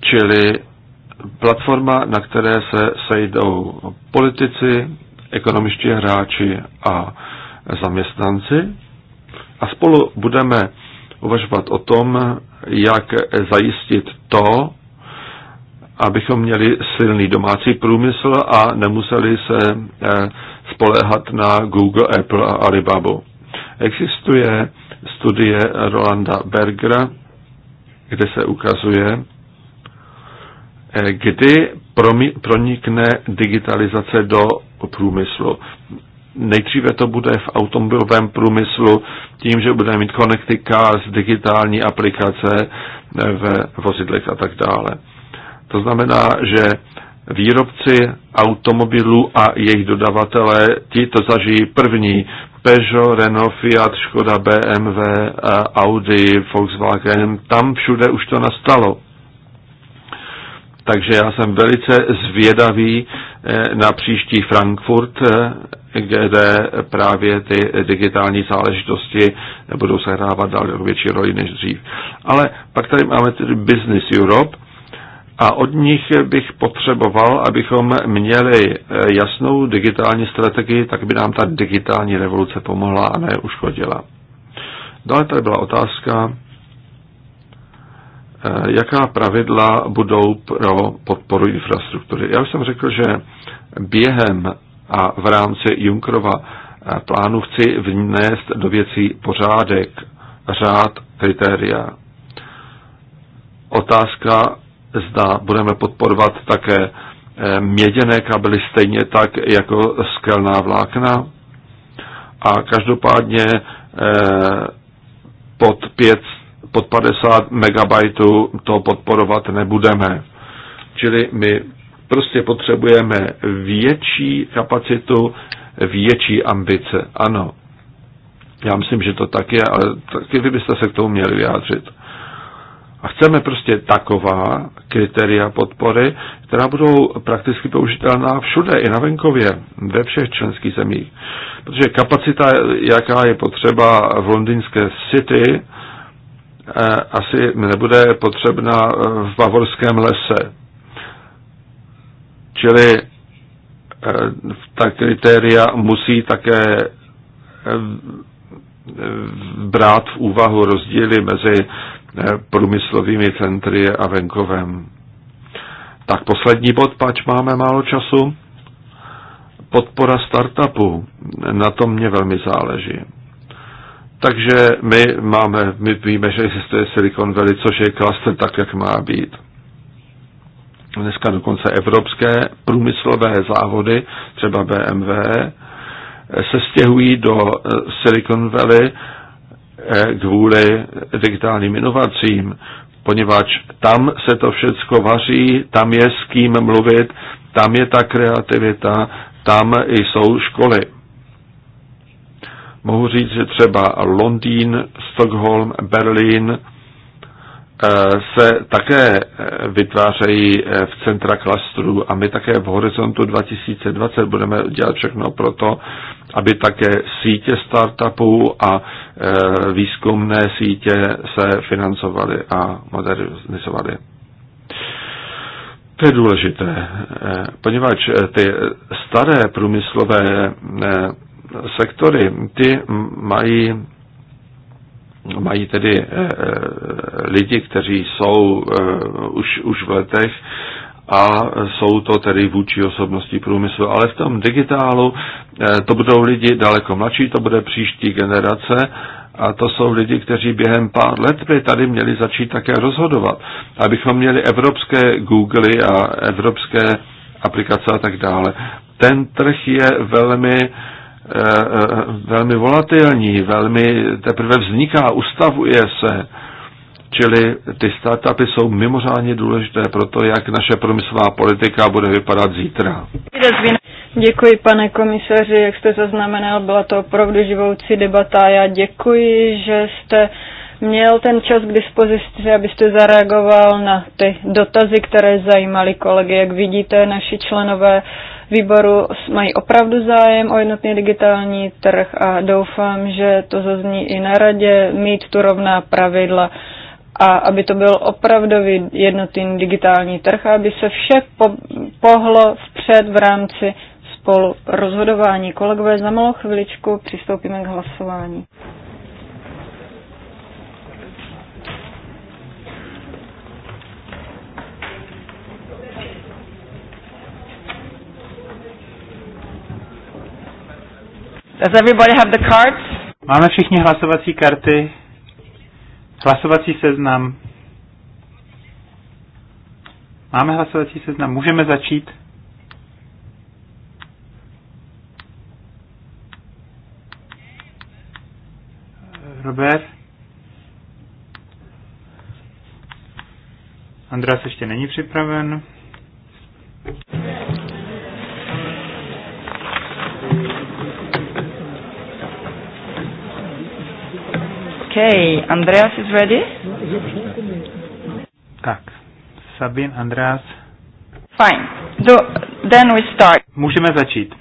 čili platforma, na které se sejdou politici, ekonomičtí hráči a zaměstnanci a spolu budeme uvažovat o tom, jak zajistit to, abychom měli silný domácí průmysl a nemuseli se eh, spoléhat na Google, Apple a Alibaba. Existuje studie Rolanda Bergera, kde se ukazuje, eh, kdy pronikne digitalizace do průmyslu. Nejdříve to bude v automobilovém průmyslu tím, že budeme mít Connected Cars, digitální aplikace eh, ve vozidlech a tak dále. To znamená, že výrobci automobilů a jejich dodavatelé, ti to zažijí první. Peugeot, Renault, Fiat, Škoda, BMW, eh, Audi, Volkswagen, tam všude už to nastalo. Takže já jsem velice zvědavý eh, na příští Frankfurt, eh, kde právě ty digitální záležitosti budou sehrávat daleko větší roli než dřív. Ale pak tady máme tedy Business Europe, a od nich bych potřeboval, abychom měli eh, jasnou digitální strategii, tak by nám ta digitální revoluce pomohla a ne uškodila. Dále tady byla otázka, eh, jaká pravidla budou pro podporu infrastruktury. Já už jsem řekl, že během a v rámci Junkrova eh, plánu chci vnést do věcí pořádek, řád, kritéria. Otázka zda budeme podporovat také eh, měděné kabely stejně tak jako skelná vlákna. A každopádně eh, pod, 5, pod 50 MB to podporovat nebudeme. Čili my prostě potřebujeme větší kapacitu, větší ambice. Ano, já myslím, že to tak je, ale taky vy byste se k tomu měli vyjádřit. A chceme prostě taková kritéria podpory, která budou prakticky použitelná všude, i na venkově, ve všech členských zemích. Protože kapacita, jaká je potřeba v londýnské city, eh, asi nebude potřebná eh, v bavorském lese. Čili eh, ta kritéria musí také brát v úvahu rozdíly mezi průmyslovými centry a venkovem. Tak poslední bod, pač máme málo času. Podpora startupu, na tom mě velmi záleží. Takže my máme, my víme, že existuje Silicon Valley, což je klaster tak, jak má být. Dneska dokonce evropské průmyslové závody, třeba BMW, se stěhují do eh, Silicon Valley kvůli eh, digitálním inovacím, poněvadž tam se to všecko vaří, tam je s kým mluvit, tam je ta kreativita, tam jsou školy. Mohu říct, že třeba Londýn, Stockholm, Berlín Eh, se také eh, vytvářejí eh, v centra klastru a my také v horizontu 2020 budeme dělat všechno pro to, aby také sítě startupů a výzkumné sítě se financovaly a modernizovaly. To je důležité, poněvadž ty staré průmyslové sektory, ty mají mají tedy eh, eh, lidi, kteří jsou eh, už, už v letech a jsou to tedy vůči osobnosti průmyslu. Ale v tom digitálu to budou lidi daleko mladší, to bude příští generace a to jsou lidi, kteří během pár let by tady měli začít také rozhodovat, abychom měli evropské Google a evropské aplikace a tak dále. Ten trh je velmi eh, Eh, eh, velmi volatilní, velmi teprve vzniká, ustavuje se. Čili ty startupy jsou mimořádně důležité pro to, jak naše průmyslová politika bude vypadat zítra. Děkuji, pane komisaři, jak jste zaznamenal, byla to opravdu živoucí debata. Já děkuji, že jste měl ten čas k dispozici, abyste zareagoval na ty dotazy, které zajímaly kolegy. Jak vidíte, naši členové výboru mají opravdu zájem o jednotný digitální trh a doufám, že to zazní i na radě, mít tu rovná pravidla a aby to byl opravdový jednotný digitální trh, aby se vše po, pohlo vpřed v rámci spolu rozhodování. Kolegové, za malou chviličku přistoupíme k hlasování. Does everybody have the cards? Máme všichni hlasovací karty, hlasovací seznam. Máme hlasovací seznam, můžeme začít. Robert? Andreas ještě není připraven. Okay, Andreas is ready? Tak, Sabin, Andreas. Fine. Do, then we start. Můžeme začít.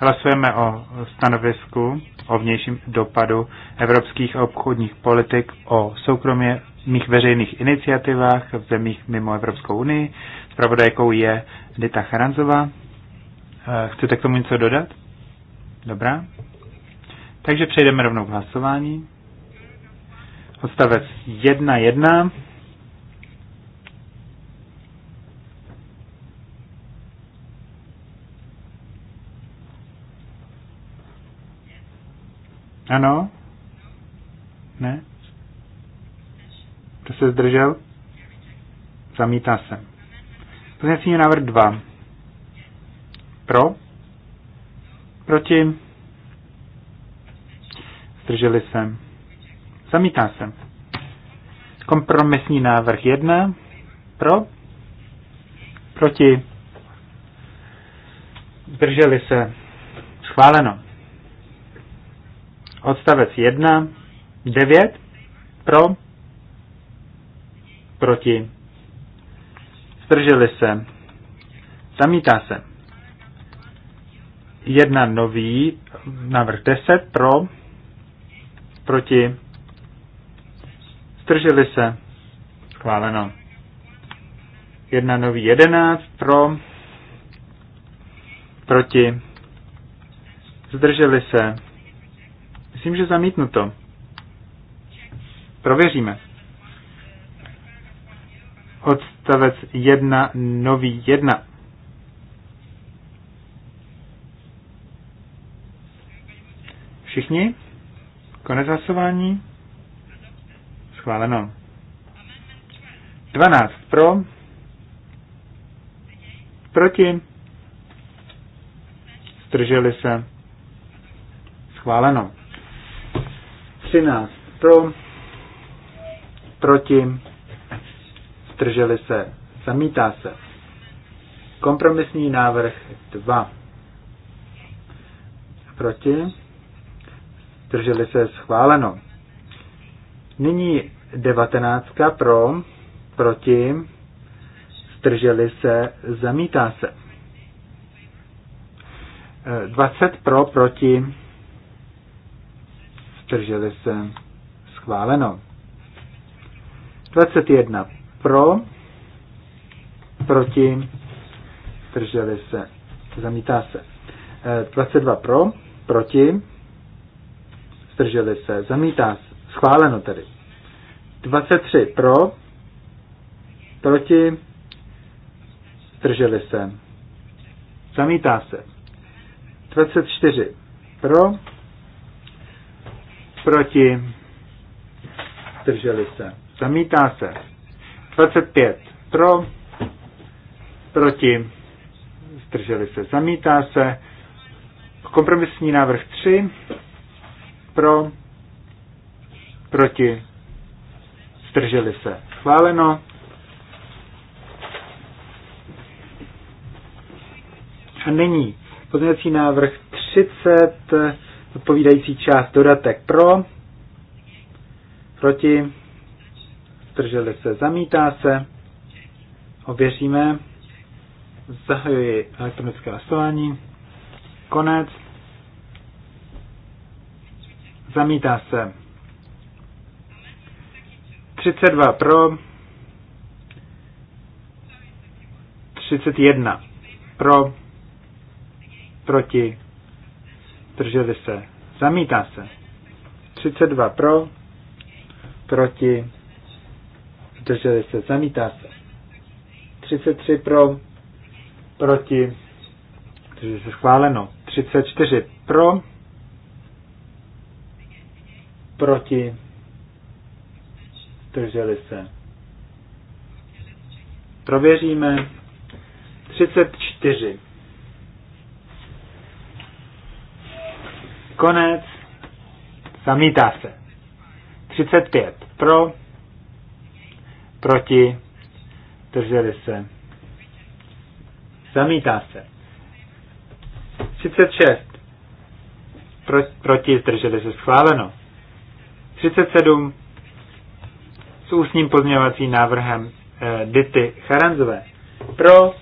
Hlasujeme o stanovisku o vnějším dopadu evropských obchodních politik o soukromě mých veřejných iniciativách v zemích mimo Evropskou unii. Spravodajkou je Dita Charanzová. Eh, chcete k tomu něco dodat? Dobrá. Takže přejdeme rovnou k hlasování. Odstavec 1.1. Ano? Ne? Kdo se zdržel? Zamítá se. Pozměňovací návrh 2. Pro? Proti? Zdrželi se. Zamítá se. Kompromisní návrh 1. Pro. Proti. Zdrželi se. Schváleno. Odstavec 1. 9. Pro. Proti. Zdrželi se. Zamítá se. Jedna nový, návrh 10 pro, proti zdrželi se, Chváleno. 1 nový 11 pro, proti, zdrželi se, myslím, že zamítnuto. Prověříme. Odstavec 1 nový 1. Všichni? Konec hlasování schváleno. 12 pro, proti, zdrželi se, schváleno. 13 pro, proti, zdrželi se, zamítá se. Kompromisní návrh 2 proti, zdrželi se, schváleno. Nyní Devatenáctka pro, proti, strželi se, zamítá se. 20 e, pro, proti, strželi se, schváleno. 21 pro, proti, strželi se, zamítá se. 22 e, pro, proti, strželi se, zamítá se, schváleno tedy. 23 pro, proti, zdrželi se. Zamítá se. 24 pro, proti, zdrželi se. Zamítá se. 25 pro, proti, zdrželi se. Zamítá se. Kompromisní návrh 3 pro, proti, zdrželi se. Schváleno. A nyní pozměňovací návrh 30, odpovídající část dodatek pro, proti, zdrželi se, zamítá se, ověříme, zahajuji elektronické hlasování, konec, zamítá se. 32 pro, 31 pro, proti, drželi se, zamítá se. 32 pro, proti, drželi se, zamítá se. 33 pro, proti, drželi se, schváleno. 34 pro, proti, Drželi se. Prověříme. 34. Konec. Zamítá se. 35. Pro. Proti. Drželi se. Zamítá se. 36. Pro, proti. Zdrželi se. Schváleno. 37 s ústním pozměňovacím návrhem e, Dity Charanzové. Pro,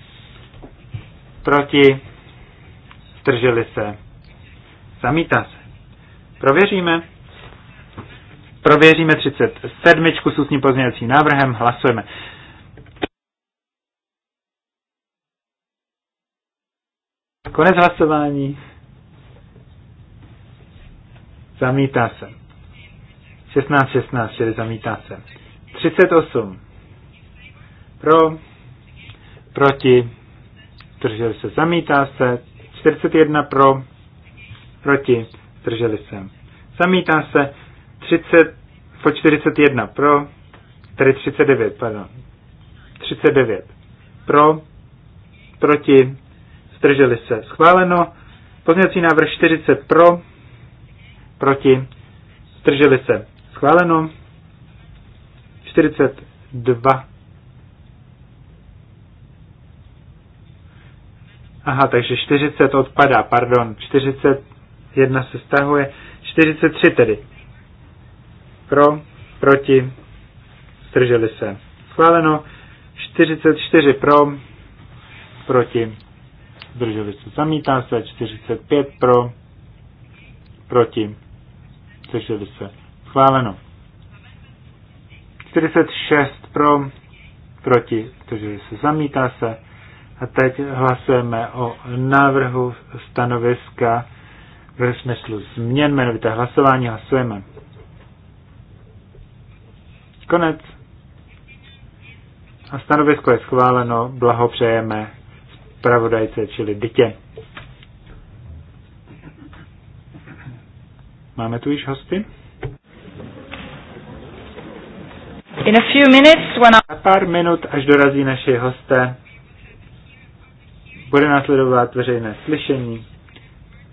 proti, zdrželi se, zamítá se. Prověříme. Prověříme 37 s ústním pozměňovacím návrhem, hlasujeme. Konec hlasování. Zamítá se. 16, 16, čili zamítá se. 38. Pro, proti, drželi se, zamítá se. 41 pro, proti, drželi se. Zamítá se 30, po 41 pro, tedy 39, pardon. 39 pro, proti, zdrželi se. Schváleno. Pozměňovací návrh 40 pro, proti, zdrželi se. Schváleno. 42. Aha, takže 40 odpadá, pardon. 41 se stahuje. 43 tedy. Pro, proti, strželi se. Schváleno. 44 pro, proti, zdrželi se. Zamítá se. 45 pro, proti, strželi se. Schváleno. 46 pro, proti, protože se zamítá se. A teď hlasujeme o návrhu stanoviska v smyslu změn jmenovité hlasování. Hlasujeme. Konec. A stanovisko je schváleno. Blahopřejeme zpravodajce, čili dítě. Máme tu již hosty? In a few minutes, when I... pár minut, až dorazí naši hosté, bude následovat veřejné slyšení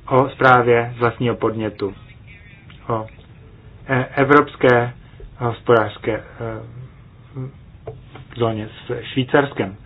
o zprávě z vlastního podnětu, o e, evropské hospodářské e, zóně s Švýcarskem.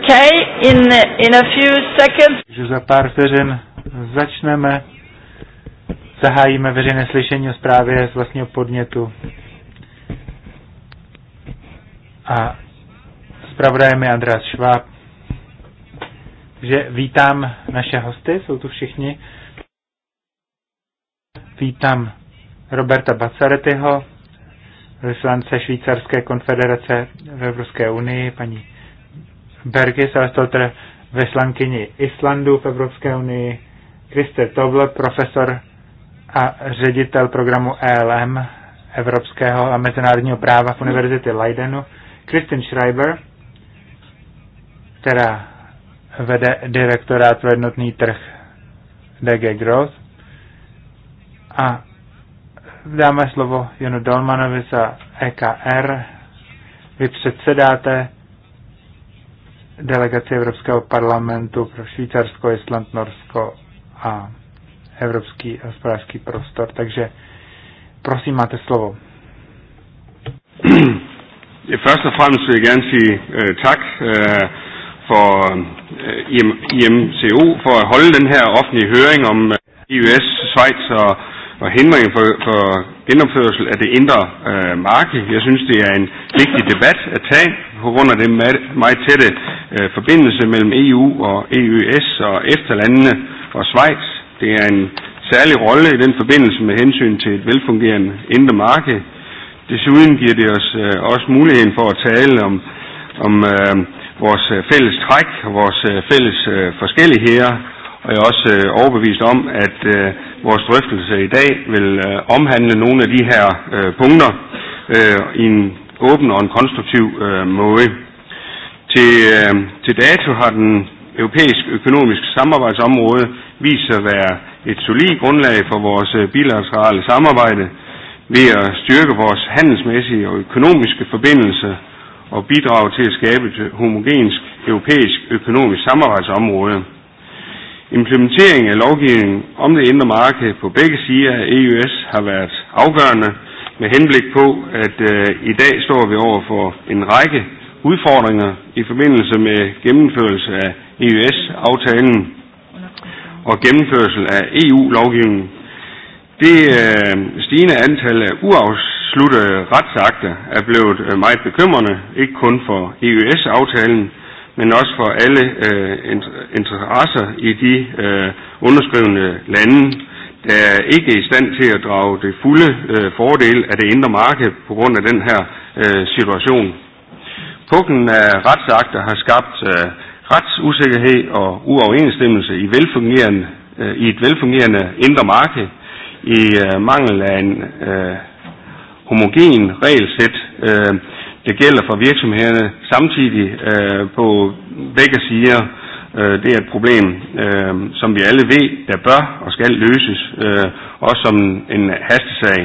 Okay, in, in a few seconds. Že za pár vteřin začneme. Zahájíme veřejné slyšení o zprávě z vlastního podnětu. A zpravodajem je Andreas Schwab. Takže vítám naše hosty, jsou tu všichni. Vítám Roberta Bacaretyho, vyslance Švýcarské konfederace v Evropské unii, paní Bergis, ale Stolter, veslankyni Islandu v Evropské unii, Kriste Tovl, profesor a ředitel programu ELM Evropského a mezinárodního práva v Univerzitě Leidenu, Kristin Schreiber, která vede direktorát pro jednotný trh DG Growth. A dáme slovo Janu Dolmanovi za EKR. Vy předsedáte delegaci Evropského parlamentu pro Švýcarsko, Island, Norsko a Evropský hospodářský prostor. Takže prosím, máte slovo. First of all, vil jeg gerne sige øh, tak øh, for øh, IMCO for at holde den her offentlige høring om EUS, øh, Schweiz og, og hindringen for, for genopførsel af det indre øh, marked. Jeg synes, det er en vigtig debat at tage på grund af den meget tætte øh, forbindelse mellem EU og EØS og efterlandene og Schweiz. Det er en særlig rolle i den forbindelse med hensyn til et velfungerende indre marked. Desuden giver det os øh, også muligheden for at tale om, om øh, vores øh, fælles træk og vores øh, fælles øh, forskelligheder. Og jeg er også øh, overbevist om, at øh, vores drøftelse i dag vil øh, omhandle nogle af de her øh, punkter øh, i en åben og en konstruktiv øh, måde. Til, øh, til dato har den europæiske økonomiske samarbejdsområde vist sig at være et solidt grundlag for vores øh, bilaterale samarbejde ved at styrke vores handelsmæssige og økonomiske forbindelser og bidrage til at skabe et homogensk europæisk økonomisk samarbejdsområde. Implementering af lovgivningen om det indre marked på begge sider af EUS har været afgørende med henblik på, at øh, i dag står vi over for en række udfordringer i forbindelse med gennemførelse af EØS-aftalen og gennemførelse af EU-lovgivningen. Det øh, stigende antal af uafsluttede retsakter er blevet øh, meget bekymrende, ikke kun for EØS-aftalen, men også for alle øh, interesser i de øh, underskrivende lande der ikke er i stand til at drage det fulde øh, fordel af det indre marked på grund af den her øh, situation. Pukken af retsakter har skabt øh, retsusikkerhed og uoverensstemmelse i, velfungerende, øh, i et velfungerende indre marked i øh, mangel af en øh, homogen regelsæt, øh, der gælder for virksomhederne samtidig øh, på begge sider Øh, det er et problem, øh, som vi alle ved, der bør og skal løses, øh, også som en hastesag.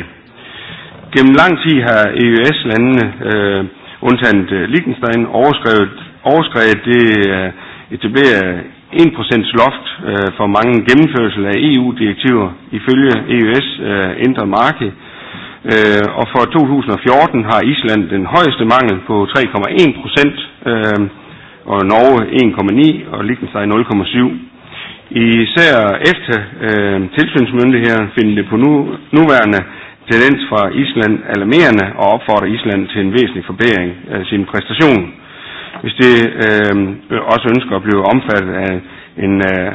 Gennem lang tid har EØS-landene, øh, undtagen øh, Liechtenstein, overskrevet, overskrevet det øh, etablerede 1% loft øh, for mange gennemførsel af EU-direktiver ifølge EØS øh, indre marked. Øh, og for 2014 har Island den højeste mangel på 3,1 procent. Øh, og Norge 1,9 og Liechtenstein 0,7. Især efter øh, tilsynsmyndighederne finder det på nu, nuværende tendens fra Island alarmerende og opfordrer Island til en væsentlig forbedring af sin præstation. Hvis det øh, også ønsker at blive omfattet af en øh,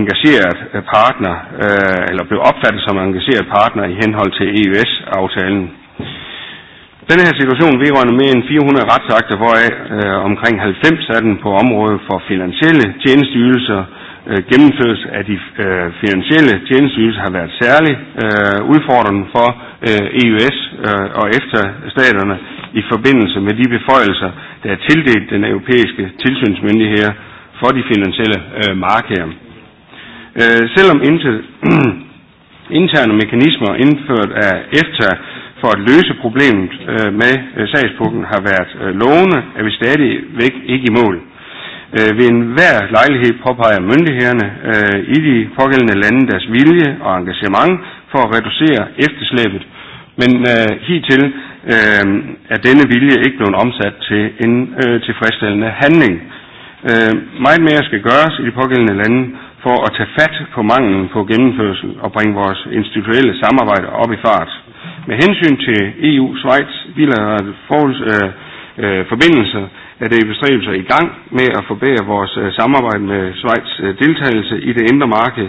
engageret partner, øh, eller blive opfattet som en engageret partner i henhold til EUS aftalen Den her situation vedrørende mere end 400 retsakter, hvoraf øh, omkring 90 af dem på området for finansielle tjenesteydelser øh, gennemføres af de øh, finansielle tjenesteydelser har været særlig øh, udfordrende for øh, EUS øh, og efterstaterne i forbindelse med de beføjelser, der er tildelt den europæiske tilsynsmyndighed for de finansielle øh, markeder. Øh, selvom intet interne mekanismer indført af EFTA for at løse problemet øh, med øh, sagspunkten har været øh, lovende, er vi stadigvæk ikke i mål. Øh, ved enhver lejlighed påpeger myndighederne øh, i de pågældende lande deres vilje og engagement for at reducere efterslæbet, men øh, hittil øh, er denne vilje ikke blevet omsat til en øh, tilfredsstillende handling. Øh, meget mere skal gøres i de pågældende lande for at tage fat på manglen på gennemførsel og bringe vores institutionelle samarbejde op i fart. Med hensyn til EU-Schweiz bilaterale forholds, øh, øh, forbindelser er det bestræbelser i gang med at forbedre vores øh, samarbejde med Schweiz øh, deltagelse i det indre marked.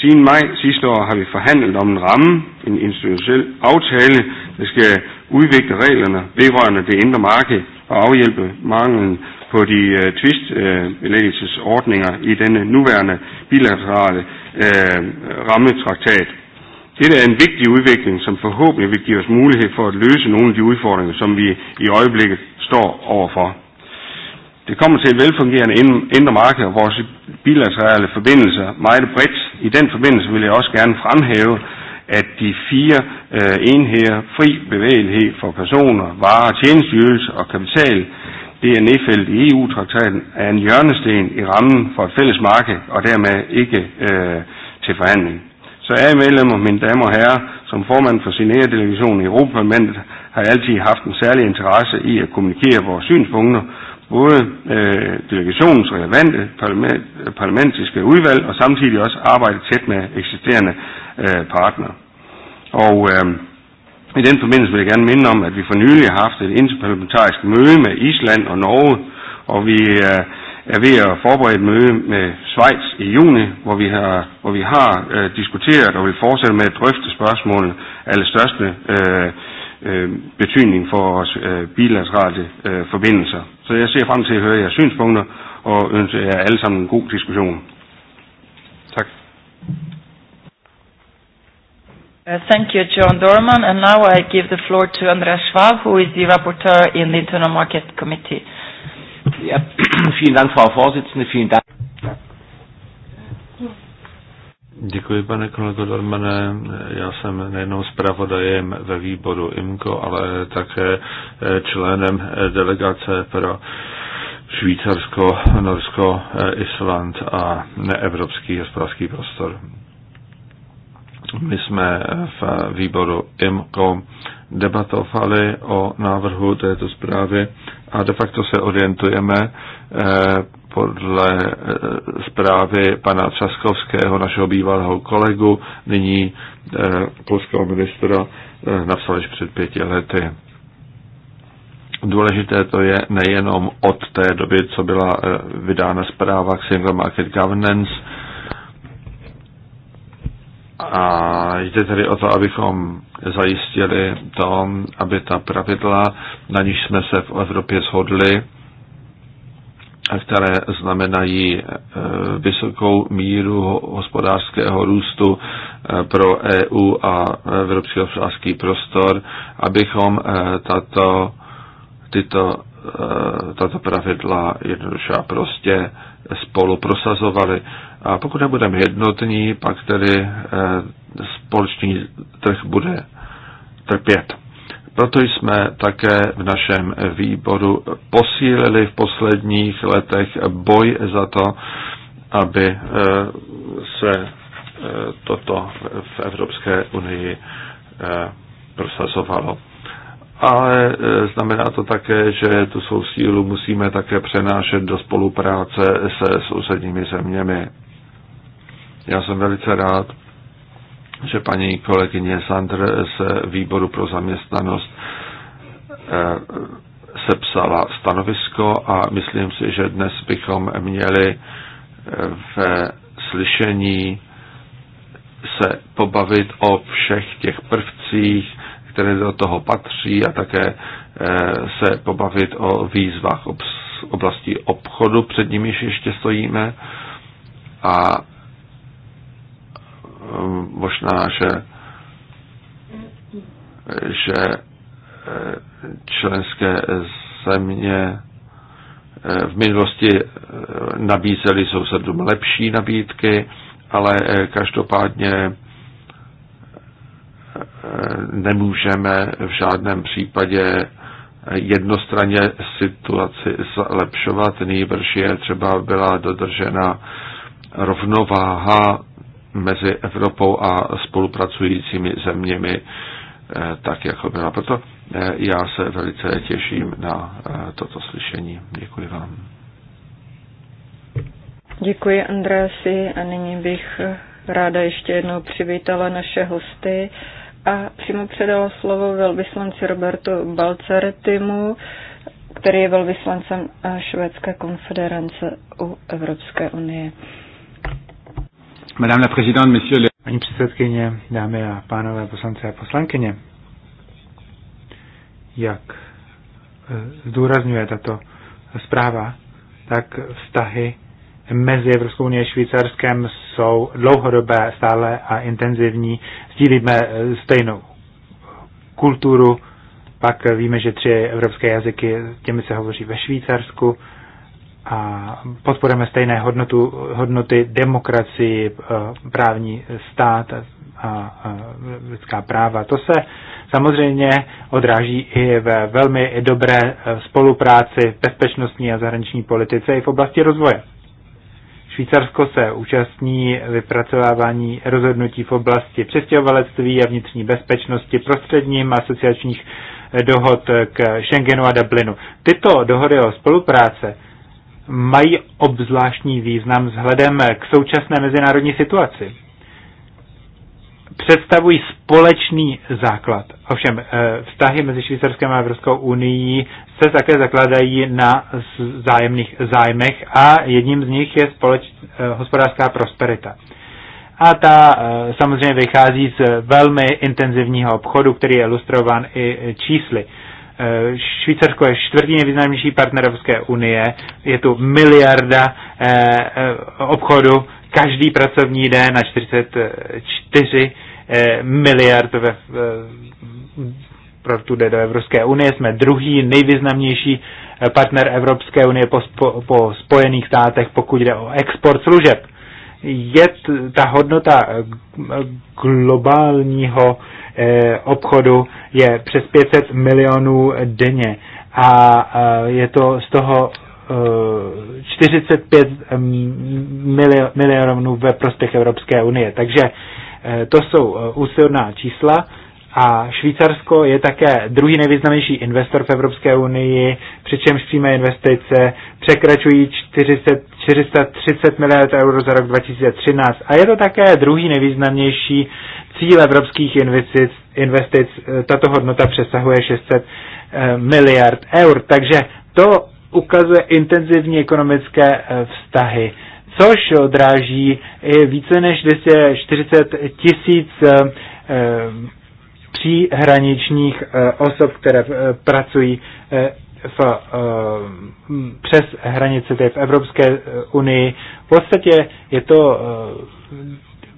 Siden maj sidste år har vi forhandlet om en ramme, en institutionel aftale, der skal udvikle reglerne vedrørende det indre marked og afhjælpe manglen på de øh, tvistbelæggelsesordninger øh, i denne nuværende bilaterale øh, rammetraktat. Dette er en vigtig udvikling, som forhåbentlig vil give os mulighed for at løse nogle af de udfordringer, som vi i øjeblikket står overfor. Det kommer til et velfungerende indre marked og vores bilaterale forbindelser meget bredt. I den forbindelse vil jeg også gerne fremhæve, at de fire øh, enheder fri bevægelighed for personer, varer, tjenestyrelse og kapital, det er nedfældet i EU-traktaten, er en hjørnesten i rammen for et fælles marked og dermed ikke øh, til forhandling. Så er medlemmer, mine damer og herrer, som formand for delegation i Europaparlamentet, har altid haft en særlig interesse i at kommunikere vores synspunkter, både øh, delegationens relevante parlament, parlamentiske udvalg og samtidig også arbejde tæt med eksisterende øh, partnere. Og øh, i den forbindelse vil jeg gerne minde om, at vi for nylig har haft et interparlamentarisk møde med Island og Norge, og vi øh, er ved at forberede et møde med Schweiz i juni, hvor vi har, hvor vi har øh, diskuteret og vil fortsætte med at drøfte spørgsmålet af det største øh, øh, betydning for vores øh, bilaterale øh, forbindelser. Så jeg ser frem til at høre jeres synspunkter og ønsker jer alle sammen en god diskussion. Tak. Uh, thank you, John Dorman. And now I give the floor to Andreas Schwab, who is the rapporteur in the Internal Market Committee. Ja, vielen Dank, Frau Vorsitzende, vielen Dank. Děkuji, pane kolego Dormane. Já jsem nejenom zpravodajem ve výboru IMCO, ale také eh, členem eh, delegace pro Švýcarsko, Norsko, eh, Island a neevropský hospodářský prostor. My jsme v výboru IMCO debatovali o návrhu této zprávy a de facto se orientujeme eh, podle eh, zprávy pana Časkovského, našeho bývalého kolegu, nyní eh, polského ministra, napsal již před pěti lety. Důležité to je nejenom od té doby, co byla vydána zpráva k Single Market Governance, a jde tedy o to, abychom zajistili to, aby ta pravidla, na níž jsme se v Evropě shodli, a které znamenají e, vysokou míru hospodářského růstu e, pro EU a Evropský hospodářský prostor, abychom e, tato, tyto, tato pravidla jednoduše a prostě spolu prosazovali. A pokud nebudeme jednotní, pak tedy eh, společný trh bude trpět. Proto jsme také v našem výboru posílili v posledních letech boj za to, aby eh, se eh, toto v Evropské unii prosazovalo. Ale znamená to také, že tu svou sílu musíme také přenášet do spolupráce se sousedními zeměmi. Já jsem velice rád, že paní kolegyně Sandr z výboru pro zaměstnanost eh, sepsala stanovisko a myslím si, že dnes bychom měli eh, v slyšení se pobavit o všech těch prvcích, které do toho patří a také eh, se pobavit o výzvách oblasti obchodu, před nimiž ještě stojíme a možná, že, že eh, členské země eh, v minulosti eh, nabízely sousedům lepší nabídky, ale každopádně nemůžeme v žádném případě jednostranně situaci zlepšovat, nejbrž je třeba byla dodržena rovnováha mezi Evropou a spolupracujícími zeměmi, eh, tak jako byla. Proto eh, já se velice těším na eh, toto slyšení. Děkuji vám. Děkuji, Andrési. a nyní bych ráda ještě jednou přivítala naše hosty a přímo předala slovo velvyslanci Robertu Balceretimu, který je velvyslancem Švédské konfederace u Evropské unie. Madame la présidente, monsieur le... Paní předsedkyně, dámy a pánové poslanci a poslankyně, jak eh, zdůrazňuje tato zpráva, tak vztahy mezi Evropskou unii a Švýcarskem jsou dlouhodobé, stále a intenzivní. Sdílíme eh, stejnou kulturu, pak víme, že tři evropské jazyky, těmi se hovoří ve Švýcarsku, a podporujeme stejné hodnotu, hodnoty demokracii, eh, právní stát a, a lidská práva. To se samozřejmě odráží i ve velmi dobré eh, spolupráci v bezpečnostní a zahraniční politice i v oblasti rozvoje. Švýcarsko se účastní vypracovávání rozhodnutí v oblasti přestěhovalectví a vnitřní bezpečnosti prostředním asociačních eh, dohod k Schengenu a Dublinu. Tyto dohody o spolupráce mají obzvláštní význam vzhledem k současné mezinárodní situaci. Představují společný základ. Ovšem, eh, vztahy mezi Švýcarskem a Evropskou unii se také zakládají na zájemných zájmech a jedním z nich je společ, eh, hospodářská prosperita. A ta eh, samozřejmě vychází z velmi intenzivního obchodu, který je ilustrován i čísly. Švýcarsko je čtvrtý nejvýznamnější partner Evropské unie, je tu miliarda eh, eh, obchodu každý pracovní den na 44 eh, miliard ve, produktů jde do Evropské unie. Jsme druhý nejvýznamnější partner Evropské unie po, po Spojených státech, pokud jde o export služeb. Je ta hodnota globálního Eh, obchodu je přes 500 milionů denně a eh, je to z toho 45 eh, milionů ve prospěch Evropské unie. Takže to jsou úsilná čísla a Švýcarsko je také druhý nejvýznamnější investor v Evropské unii, přičemž přímé investice překračují 40, 430 miliard euro za rok 2013 a je to také druhý nejvýznamnější cíl evropských investic, investic eh, tato hodnota přesahuje 600 eh, miliard eur. Takže to ukazuje intenzivní ekonomické eh, vztahy, což odráží i více než 240 tisíc příhraničních osob, které pracují v, přes hranice v Evropské unii. V podstatě je to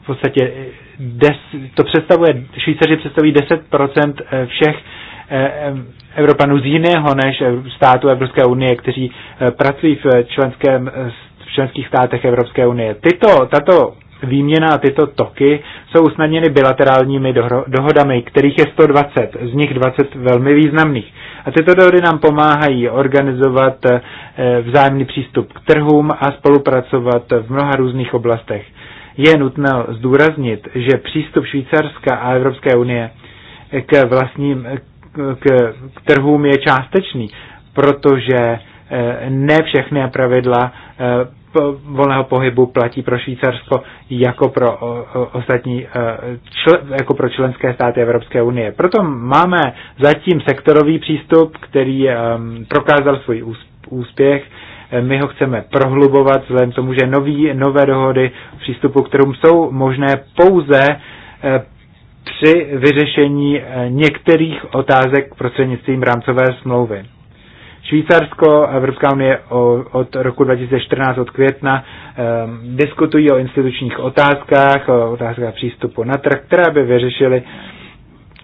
v podstatě des, to představuje, Švýcaři představují 10% eh, všech eh, Evropanů z jiného než států Evropské unie, kteří eh, pracují v, členském, v členských státech Evropské unie. Tyto, tato výměna a tyto toky jsou usnadněny bilaterálními dohodami, kterých je 120, z nich 20 velmi významných. A tyto dohody nám pomáhají organizovat vzájemný přístup k trhům a spolupracovat v mnoha různých oblastech. Je nutno zdůraznit, že přístup Švýcarska a Evropské unie k vlastním k, k trhům je částečný, protože e, ne všechny pravidla e, volného pohybu platí pro Švýcarsko jako pro ostatní e, čl, jako pro členské státy Evropské unie. Proto máme zatím sektorový přístup, který prokázal svůj úspěch my ho chceme prohlubovat vzhledem tomu, že nový, nové dohody přístupu, kterým jsou možné pouze eh, při vyřešení eh, některých otázek prostřednictvím rámcové smlouvy. Švýcarsko, Evropská unie od roku 2014, od května, eh, diskutují o institučních otázkách, o otázkách přístupu na trh, které by vyřešily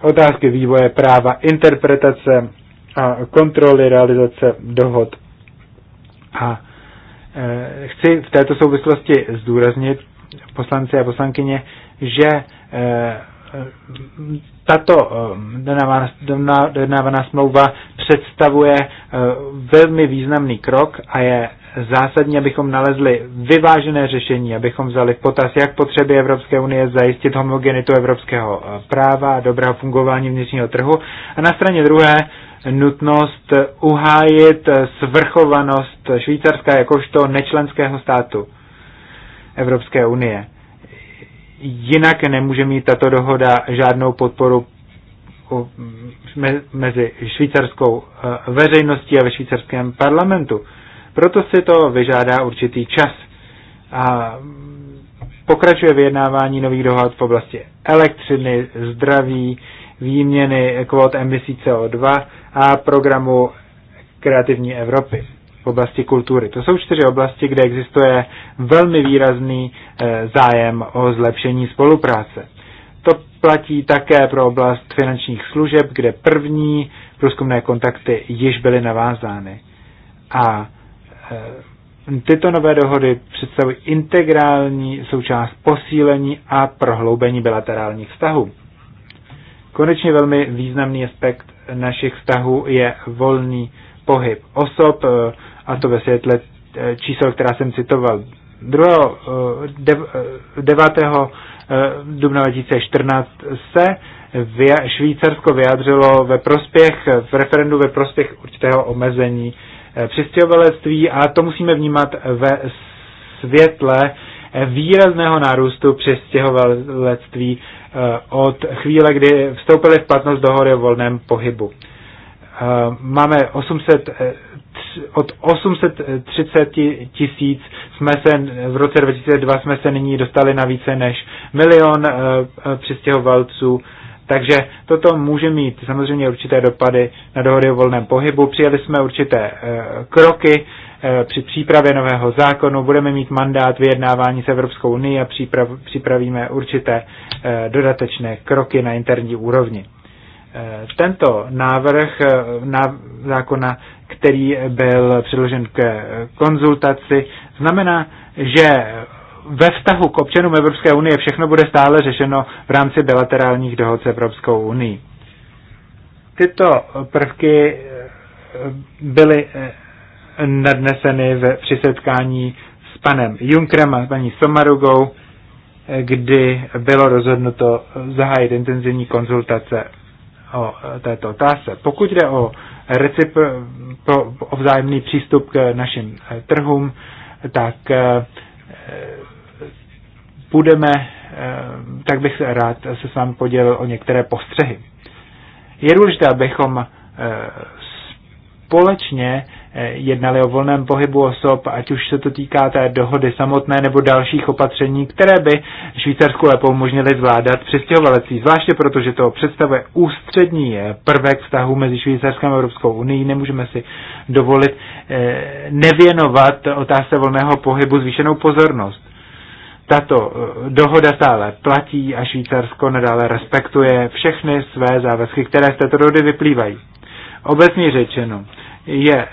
otázky vývoje práva, interpretace a kontroly realizace dohod. A e, chci v této souvislosti zdůraznit poslanci a poslankyně, že e, tato e, dojednávaná smlouva představuje velmi významný krok a je zásadní, abychom nalezli vyvážené řešení, abychom vzali v potaz jak potřeby Evropské unie zajistit homogenitu evropského eh, práva a dobrého fungování vnitřního trhu a na straně druhé nutnost uhájit eh, svrchovanost Švýcarska jakožto nečlenského státu Evropské unie. Jinak nemůže mít tato dohoda žádnou podporu mezi švýcarskou eh, veřejností a ve švýcarském parlamentu. Proto si to vyžádá určitý čas. A pokračuje vyjednávání nových dohod v oblasti elektřiny, zdraví, výměny kvót emisí CO2 a programu kreativní Evropy v oblasti kultury. To jsou čtyři oblasti, kde existuje velmi výrazný eh, zájem o zlepšení spolupráce. To platí také pro oblast finančních služeb, kde první průzkumné kontakty již byly navázány. A Eh, tyto nové dohody představují integrální součást posílení a prohloubení bilaterálních vztahů. Konečně velmi významný aspekt našich vztahů je volný pohyb osob, eh, a to ve světle eh, čísel, která jsem citoval. 2. 9. dubna 2014 se Švýcarsko vyjádřilo ve prospěch, v referendu ve prospěch určitého omezení přistěhovalectví a to musíme vnímat ve světle výrazného nárůstu přistěhovalectví eh, od chvíle, kdy vstoupili v platnost dohody o volném pohybu. Eh, máme 800, eh, od 830 tisíc jsme se v roce 2002 jsme se nyní dostali na více než milion přistěhovalců takže toto může mít samozřejmě určité dopady na dohody o volném pohybu. Přijali jsme určité eh, kroky eh, při přípravě nového zákonu, budeme mít mandát vyjednávání s Evropskou unii a připrav, připravíme určité eh, dodatečné kroky na interní úrovni. Tento návrh na zákona, který byl předložen k konzultaci, znamená, že ve vztahu k občanům Evropské unie všechno bude stále řešeno v rámci bilaterálních dohod s Evropskou unii. Tyto prvky eh, byly eh, nadneseny ve, přisetkání s panem Junkrem a paní Somarugou, eh, kdy bylo rozhodnuto zahájit intenzivní konzultace o této otázce. Pokud jde o, recipro, o vzájemný přístup k našim trhům, tak půjdeme, eh, tak bych se rád se s vámi podělil o některé postřehy. Je důležité, abychom eh, společně eh, jednali o volném pohybu osob, ať už se to týká té dohody samotné nebo dalších opatření, které by Švýcarsku lepou umožnili zvládat přistěhovalecí, zvláště proto, že to představuje ústřední prvek vztahu mezi Švýcarskem a Evropskou unii. Nemůžeme si dovolit nevěnovat otázce volného pohybu zvýšenou pozornost. Tato eh, dohoda stále platí a Švýcarsko nadále respektuje všechny své závazky, které z této dohody vyplývají. Obecně řečeno je eh,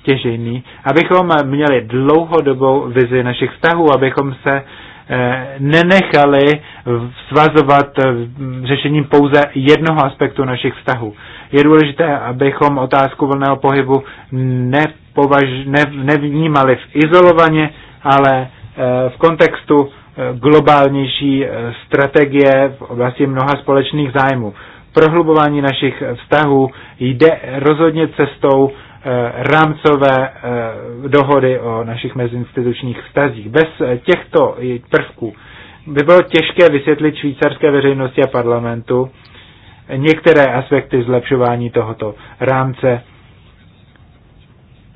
stěžejný, abychom měli dlouhodobou vizi našich vztahů, abychom se eh, nenechali svazovat řešením pouze jednoho aspektu našich vztahů. Je důležité, abychom otázku volného pohybu nepovaž, ne, nevnímali v izolovaně, ale v kontextu eh, globálnější eh, strategie v oblasti mnoha společných zájmů. Prohlubování našich vztahů jde rozhodně cestou eh, rámcové dohody o našich mezinstitučních vztazích. Bez těchto prvků by bylo těžké vysvětlit švýcarské veřejnosti a parlamentu některé aspekty zlepšování tohoto rámce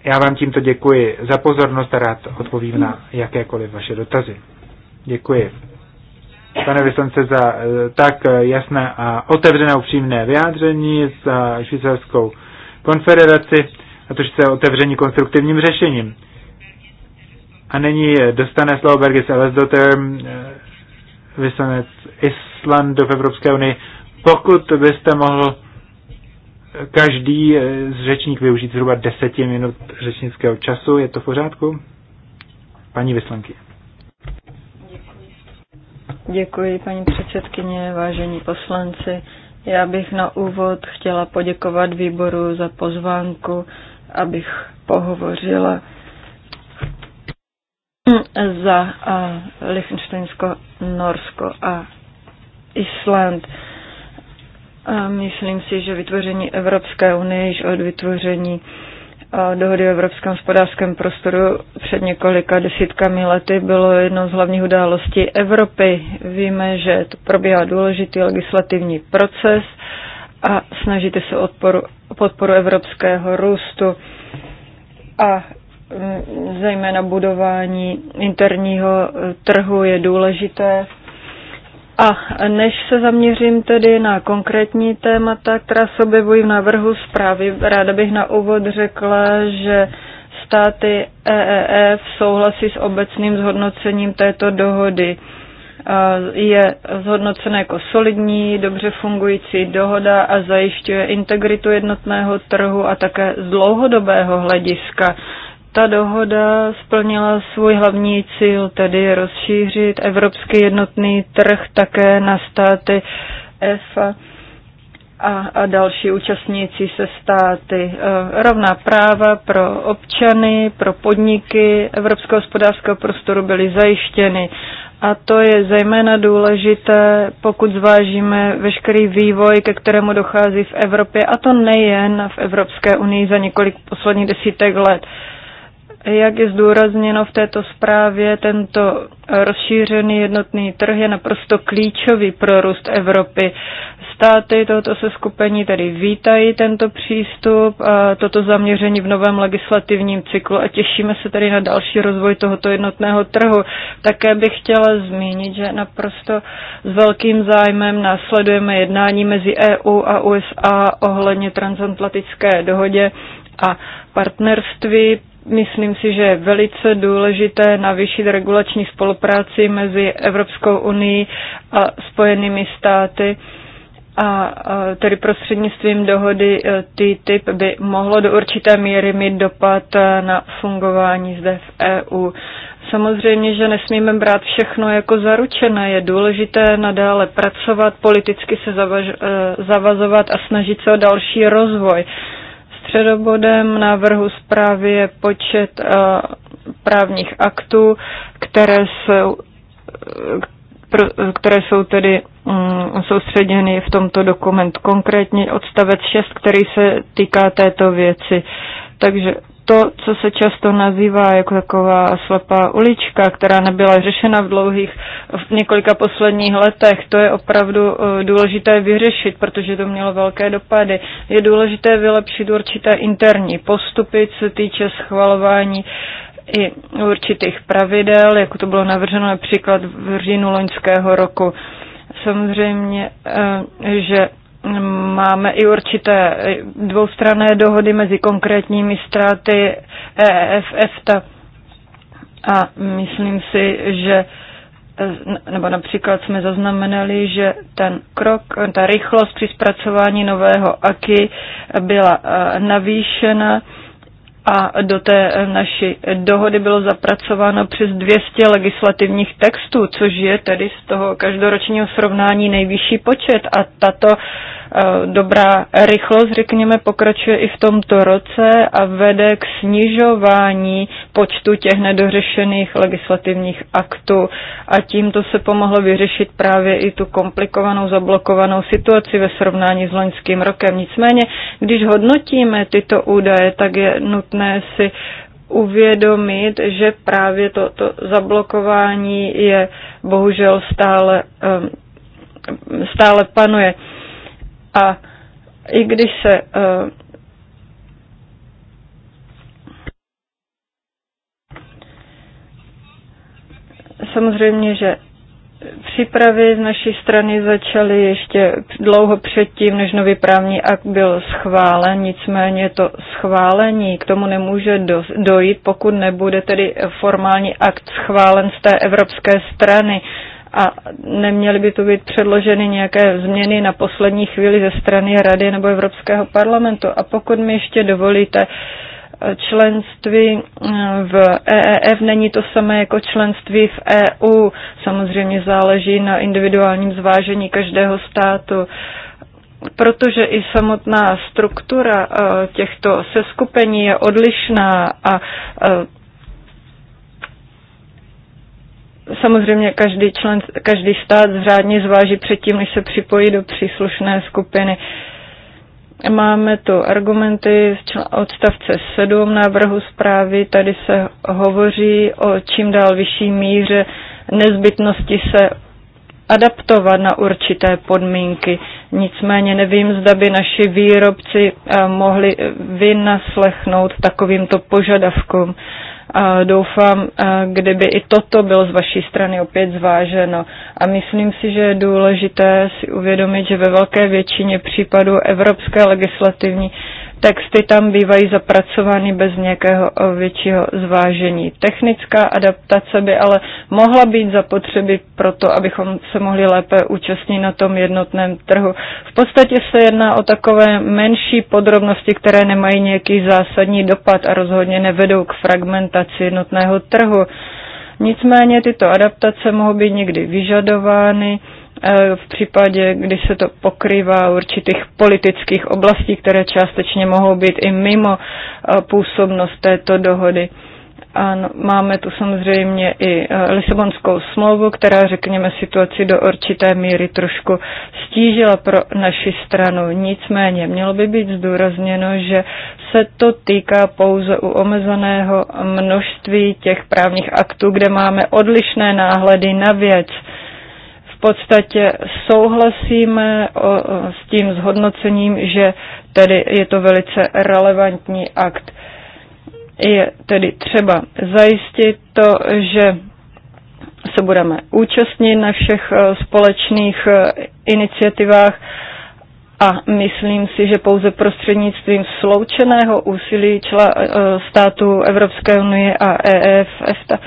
já vám tímto děkuji za pozornost a rád odpovím na jakékoliv vaše dotazy. Děkuji. Pane vyslance, za eh, tak eh, jasné a otevřené upřímné vyjádření za švýcarskou konfederaci, a tož se otevření konstruktivním řešením. A nyní dostane slovo Bergis Elesdotter, eh, vyslanec Islandu v Evropské unii. Pokud byste mohl každý eh, z řečník využít zhruba deseti minut řečnického času. Je to v pořádku? Paní vyslanky. Děkuji. Děkuji, paní předsedkyně, vážení poslanci. Já bych na úvod chtěla poděkovat výboru za pozvánku, abych pohovořila za eh, Lichtensteinsko, Norsko a Island. Myslím si, že vytvoření Evropské unie již od vytvoření dohody o Evropském hospodářském prostoru před několika desítkami lety bylo jednou z hlavních událostí Evropy. Víme, že to probíhá důležitý legislativní proces a snažíte se o podporu evropského růstu a mm, zejména budování interního e, trhu je důležité a než se zaměřím tedy na konkrétní témata, která se objevují v návrhu zprávy, ráda bych na úvod řekla, že státy EEF souhlasí s obecným zhodnocením této dohody. Je zhodnocena jako solidní, dobře fungující dohoda a zajišťuje integritu jednotného trhu a také z dlouhodobého hlediska ta dohoda splnila svůj hlavní cíl, tedy rozšířit evropský jednotný trh také na státy EFA a, a další účastníci se státy. E, rovná práva pro občany, pro podniky Evropského hospodářského prostoru byly zajištěny. A to je zejména důležité, pokud zvážíme veškerý vývoj, ke kterému dochází v Evropě, a to nejen v Evropské unii za několik posledních desítek let. Jak je zdůrazněno v této zprávě, tento rozšířený jednotný trh je naprosto klíčový pro růst Evropy. Státy tohoto seskupení tedy vítají tento přístup a toto zaměření v novém legislativním cyklu a těšíme se tedy na další rozvoj tohoto jednotného trhu. Také bych chtěla zmínit, že naprosto s velkým zájmem následujeme jednání mezi EU a USA ohledně transatlantické dohodě a partnerství Myslím si, že je velice důležité navýšit regulační spolupráci mezi Evropskou unii a Spojenými státy a tedy prostřednictvím dohody e, TTIP by mohlo do určité míry mít dopad e, na fungování zde v EU. Samozřejmě, že nesmíme brát všechno jako zaručené. Je důležité nadále pracovat, politicky se zavaž, e, zavazovat a snažit se o další rozvoj. Středobodem návrhu zprávy je počet eh, právních aktů, které jsou, které jsou tedy mm, soustředěny v tomto dokumentu. Konkrétně odstavec 6, který se týká této věci. Takže to, co se často nazývá jako taková slepá ulička, která nebyla řešena v dlouhých, v několika posledních letech, to je opravdu eh, důležité vyřešit, protože to mělo velké dopady. Je důležité vylepšit určité interní postupy, co se týče schvalování i určitých pravidel, jako to bylo navrženo například v říjnu loňského roku. Samozřejmě, eh, že Máme i určité eh, dvoustranné dohody mezi konkrétními státy EEF, EFTA a myslím si, že eh, nebo například jsme zaznamenali, že ten krok, eh, ta rychlost při zpracování nového AKI byla navýšena a do té naší dohody bylo zapracováno přes 200 legislativních textů, což je tedy z toho každoročního srovnání nejvyšší počet a tato Eh, dobrá rychlost, řekněme, pokračuje i v tomto roce a vede k snižování počtu těch nedořešených legislativních aktů. A tímto se pomohlo vyřešit právě i tu komplikovanou, zablokovanou situaci ve srovnání s loňským rokem. Nicméně, když hodnotíme tyto údaje, tak je nutné si uvědomit, že právě toto to zablokování je bohužel stále, eh, stále panuje. A i když se eh, samozřejmě, že přípravy z naší strany začaly ještě dlouho předtím, než nový právní akt byl schválen, nicméně to schválení k tomu nemůže dojít, pokud nebude tedy formální akt schválen z té evropské strany a neměly by tu být předloženy nějaké změny na poslední chvíli ze strany Rady nebo Evropského parlamentu. A pokud mi ještě dovolíte, členství eh, v EEF není to samé jako členství v EU. Samozřejmě záleží na individuálním zvážení každého státu protože i samotná struktura eh, těchto seskupení je odlišná a eh, Samozřejmě každý, člen, každý stát řádně zváží předtím, než se připojí do příslušné skupiny. Máme tu argumenty z odstavce 7 návrhu zprávy. Tady se hovoří o čím dál vyšší míře nezbytnosti se adaptovat na určité podmínky. Nicméně nevím, zda by naši výrobci eh, mohli eh, vynaslechnout takovýmto požadavkům doufám, kdyby i toto bylo z vaší strany opět zváženo. A myslím si, že je důležité si uvědomit, že ve velké většině případů evropské legislativní texty tam bývají zapracovány bez nějakého eh, většího zvážení. Technická adaptace by ale mohla být zapotřeby to, abychom se mohli lépe účastnit na tom jednotném trhu. V podstatě se jedná o takové menší podrobnosti, které nemají nějaký zásadní dopad a rozhodně nevedou k fragmentaci jednotného trhu. Nicméně tyto adaptace mohou být někdy vyžadovány Eh, v případě, kdy se to pokrývá určitých politických oblastí, které částečně mohou být i mimo eh, působnost této dohody. Ano, máme tu samozřejmě i eh, Lisabonskou smlouvu, která, řekněme, situaci do určité míry trošku stížila pro naši stranu. Nicméně mělo by být zdůrazněno, že se to týká pouze u omezeného množství těch právních aktů, kde máme odlišné náhledy na věc podstatě souhlasíme o, s tím zhodnocením, že tedy je to velice relevantní akt. Je tedy třeba zajistit to, že se budeme účastnit na všech e, společných e, iniciativách a myslím si, že pouze prostřednictvím sloučeného úsilí čla, e, státu Evropské unie a EF, EFTA,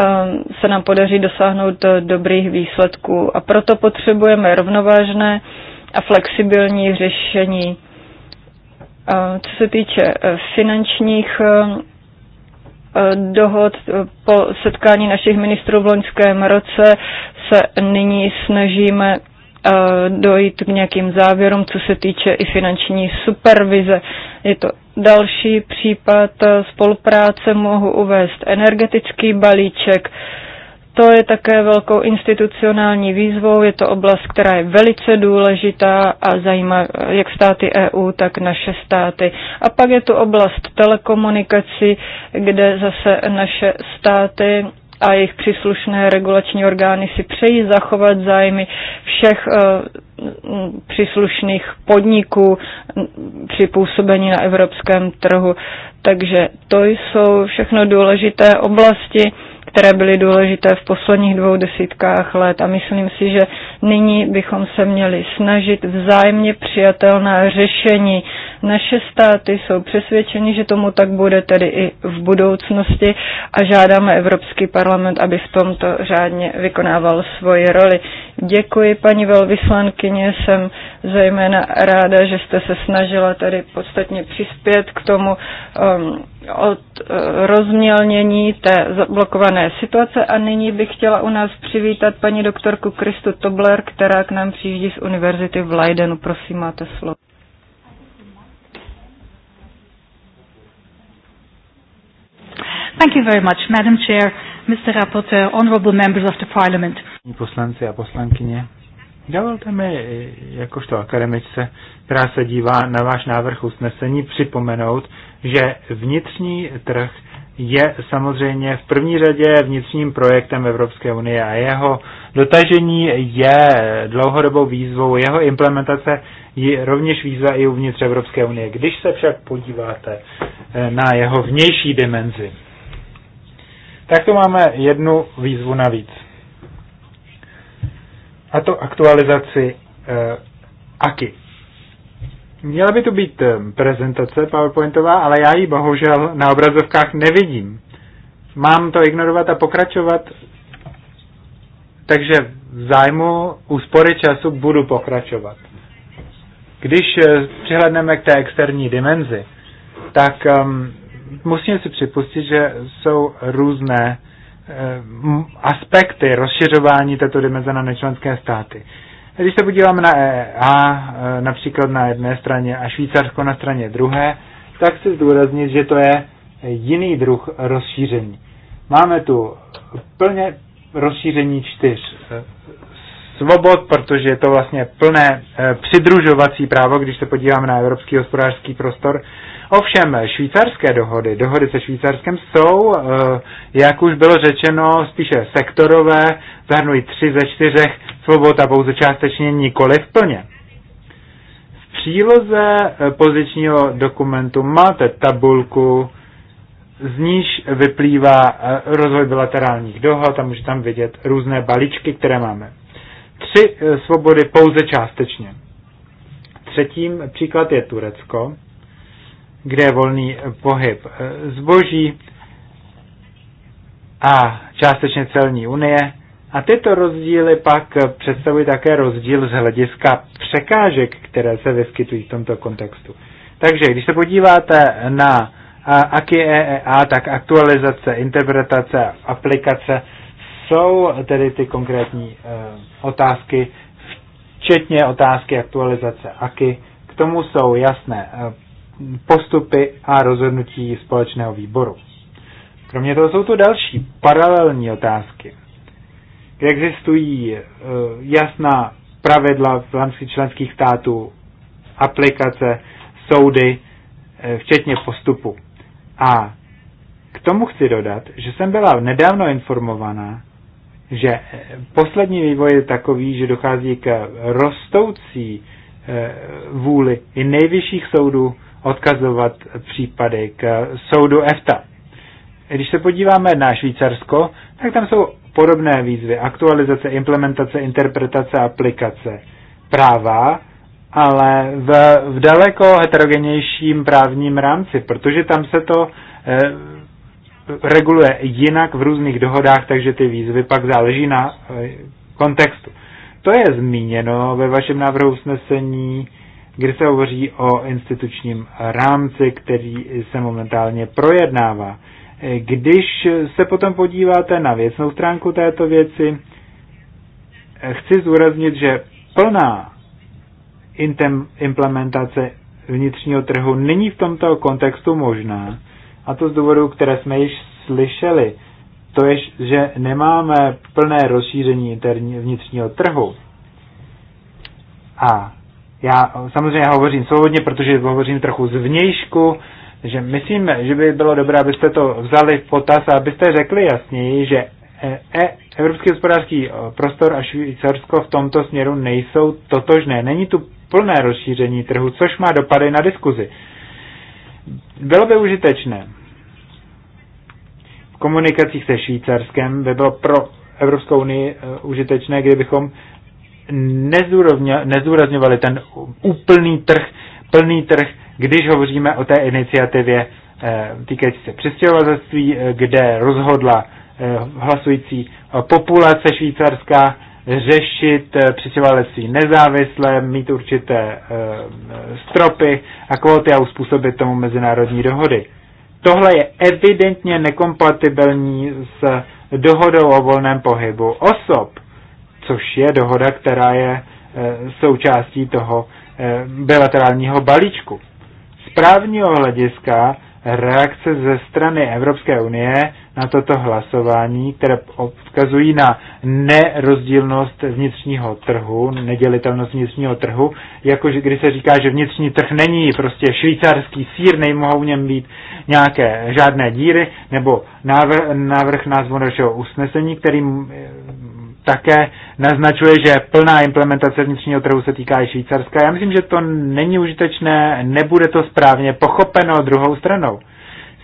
Um, se nám podaří dosáhnout eh, dobrých výsledků. A proto potřebujeme rovnovážné a flexibilní řešení. Eh, co se týče eh, finančních dohod po setkání našich ministrů v loňském roce se nyní snažíme Eh, dojít k nějakým závěrům, co se týče i finanční supervize. Je to další případ eh, spolupráce, mohu uvést energetický balíček. To je také velkou institucionální výzvou, je to oblast, která je velice důležitá a zajímá eh, jak státy EU, tak naše státy. A pak je tu oblast telekomunikací, kde zase naše státy a jejich příslušné regulační orgány si přejí zachovat zájmy všech eh, příslušných podniků při působení na evropském trhu. Takže to jsou všechno důležité oblasti, které byly důležité v posledních dvou desítkách let a myslím si, že nyní bychom se měli snažit vzájemně přijatelná řešení. Naše státy jsou přesvědčeny, že tomu tak bude tedy i v budoucnosti a žádáme Evropský parlament, aby v tomto řádně vykonával svoji roli. Děkuji paní velvyslankyně, jsem zejména ráda, že jste se snažila tady podstatně přispět k tomu um, od eh, rozmělnění té zablokované situace a nyní bych chtěla u nás přivítat paní doktorku Kristu Tobler, která k nám přijíždí z univerzity v Leidenu. Prosím, máte slovo. Thank you very much, Madam Chair, Mr. Rapporteur, honorable members of the Parliament. Poslanci a poslankyně, Dovolte mi, jakožto akademice, která se dívá na váš návrh usnesení, připomenout, že vnitřní trh je samozřejmě v první řadě vnitřním projektem Evropské unie a jeho dotažení je dlouhodobou výzvou, jeho implementace je rovněž výzva i uvnitř Evropské unie, když se však podíváte eh, na jeho vnější dimenzi. Tak tu máme jednu výzvu navíc a to aktualizaci eh, AKI. Měla by tu být eh, prezentace PowerPointová, ale já ji bohužel na obrazovkách nevidím. Mám to ignorovat a pokračovat, takže v zájmu úspory času budu pokračovat. Když eh, přihledneme k té externí dimenzi, tak um, ehm, musíme si připustit, že jsou různé Eh, aspekty rozšiřování této dimenze na nečlenské státy. Když se podíváme na EEA, eh, například na jedné straně a Švýcarsko na straně druhé, tak chci zdůraznit, že to je jiný druh rozšíření. Máme tu plně rozšíření čtyř eh, svobod, protože je to vlastně plné přidružovací právo, když se podíváme na evropský hospodářský prostor, Ovšem, švýcarské dohody, dohody se Švýcarskem jsou, eh, jak už bylo řečeno, spíše sektorové, zahrnují tři ze čtyřech svobod a pouze částečně nikoli v plně. V příloze eh, pozičního dokumentu máte tabulku, z níž vyplývá eh, rozvoj bilaterálních dohod a můžete tam vidět různé balíčky, které máme. Tři svobody pouze částečně. Třetím příklad je Turecko kde je volný pohyb eh, zboží a částečně celní unie. A tyto rozdíly pak představují také rozdíl z hlediska překážek, které se vyskytují v tomto kontextu. Takže když se podíváte na AKI EEA, tak aktualizace, interpretace, aplikace jsou tedy ty konkrétní eh, otázky, včetně otázky aktualizace AKI. K tomu jsou jasné eh, postupy a rozhodnutí společného výboru. Kromě toho jsou to další paralelní otázky. Existují eh, jasná pravidla v rámci členských států, aplikace, soudy, eh, včetně postupu. A k tomu chci dodat, že jsem byla nedávno informovaná, že eh, poslední vývoj je takový, že dochází k rostoucí vůli i nejvyšších soudů odkazovat případy k soudu EFTA. Když se podíváme na Švýcarsko, tak tam jsou podobné výzvy. Aktualizace, implementace, interpretace, aplikace práva, ale v, v daleko heterogenějším právním rámci, protože tam se to e, reguluje jinak v různých dohodách, takže ty výzvy pak záleží na e, kontextu. To je zmíněno ve vašem návrhu usnesení kdy se hovoří o institučním rámci, který se momentálně projednává. Když se potom podíváte na věcnou stránku této věci, chci zdůraznit, že plná implementace vnitřního trhu není v tomto kontextu možná, a to z důvodu, které jsme již slyšeli. To je, že nemáme plné rozšíření interní, vnitřního trhu. A já samozřejmě já hovořím svobodně, protože hovořím trochu zvnějšku, že myslím, že by bylo dobré, abyste to vzali v potaz a abyste řekli jasněji, že e, e Evropský hospodářský e, prostor a Švýcarsko v tomto směru nejsou totožné. Není tu plné rozšíření trhu, což má dopady na diskuzi. Bylo by užitečné. V komunikacích se Švýcarskem by bylo pro Evropskou unii e, užitečné, kdybychom nezúrazňovali ten úplný trh, plný trh, když hovoříme o té iniciativě eh, týkající se přistěhovalectví, eh, kde rozhodla eh, hlasující populace švýcarská řešit přistěhovalectví nezávisle, mít určité stropy a kvóty a uspůsobit tomu mezinárodní dohody. Tohle je evidentně nekompatibilní s dohodou o volném pohybu osob což je dohoda, která je e, součástí toho e, bilaterálního balíčku. Z právního hlediska reakce ze strany Evropské unie na toto hlasování, které odkazují na nerozdílnost vnitřního trhu, nedělitelnost vnitřního trhu, jakože když se říká, že vnitřní trh není prostě švýcarský sír, nemohou v něm být nějaké žádné díry, nebo návrh, návrh názvu našeho usnesení, kterým také naznačuje, že plná implementace vnitřního trhu se týká i Švýcarska. Já myslím, že to není užitečné, nebude to správně pochopeno druhou stranou.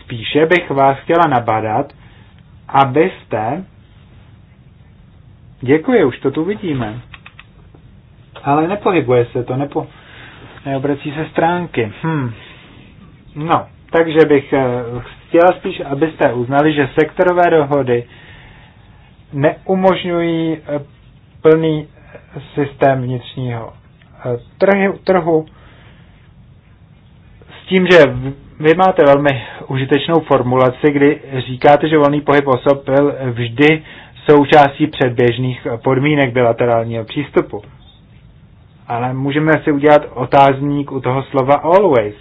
Spíše bych vás chtěla nabádat, abyste... Děkuji, už to tu vidíme. Ale nepohybuje se to, nepo... neobrací se stránky. Hm. No, takže bych eh, chtěla spíš, abyste uznali, že sektorové dohody neumožňují eh, plný systém vnitřního eh, trhu, trhu s tím, že vy máte velmi užitečnou formulaci, kdy říkáte, že volný pohyb osob byl vždy součástí předběžných eh, podmínek bilaterálního přístupu. Ale můžeme si udělat otázník u toho slova always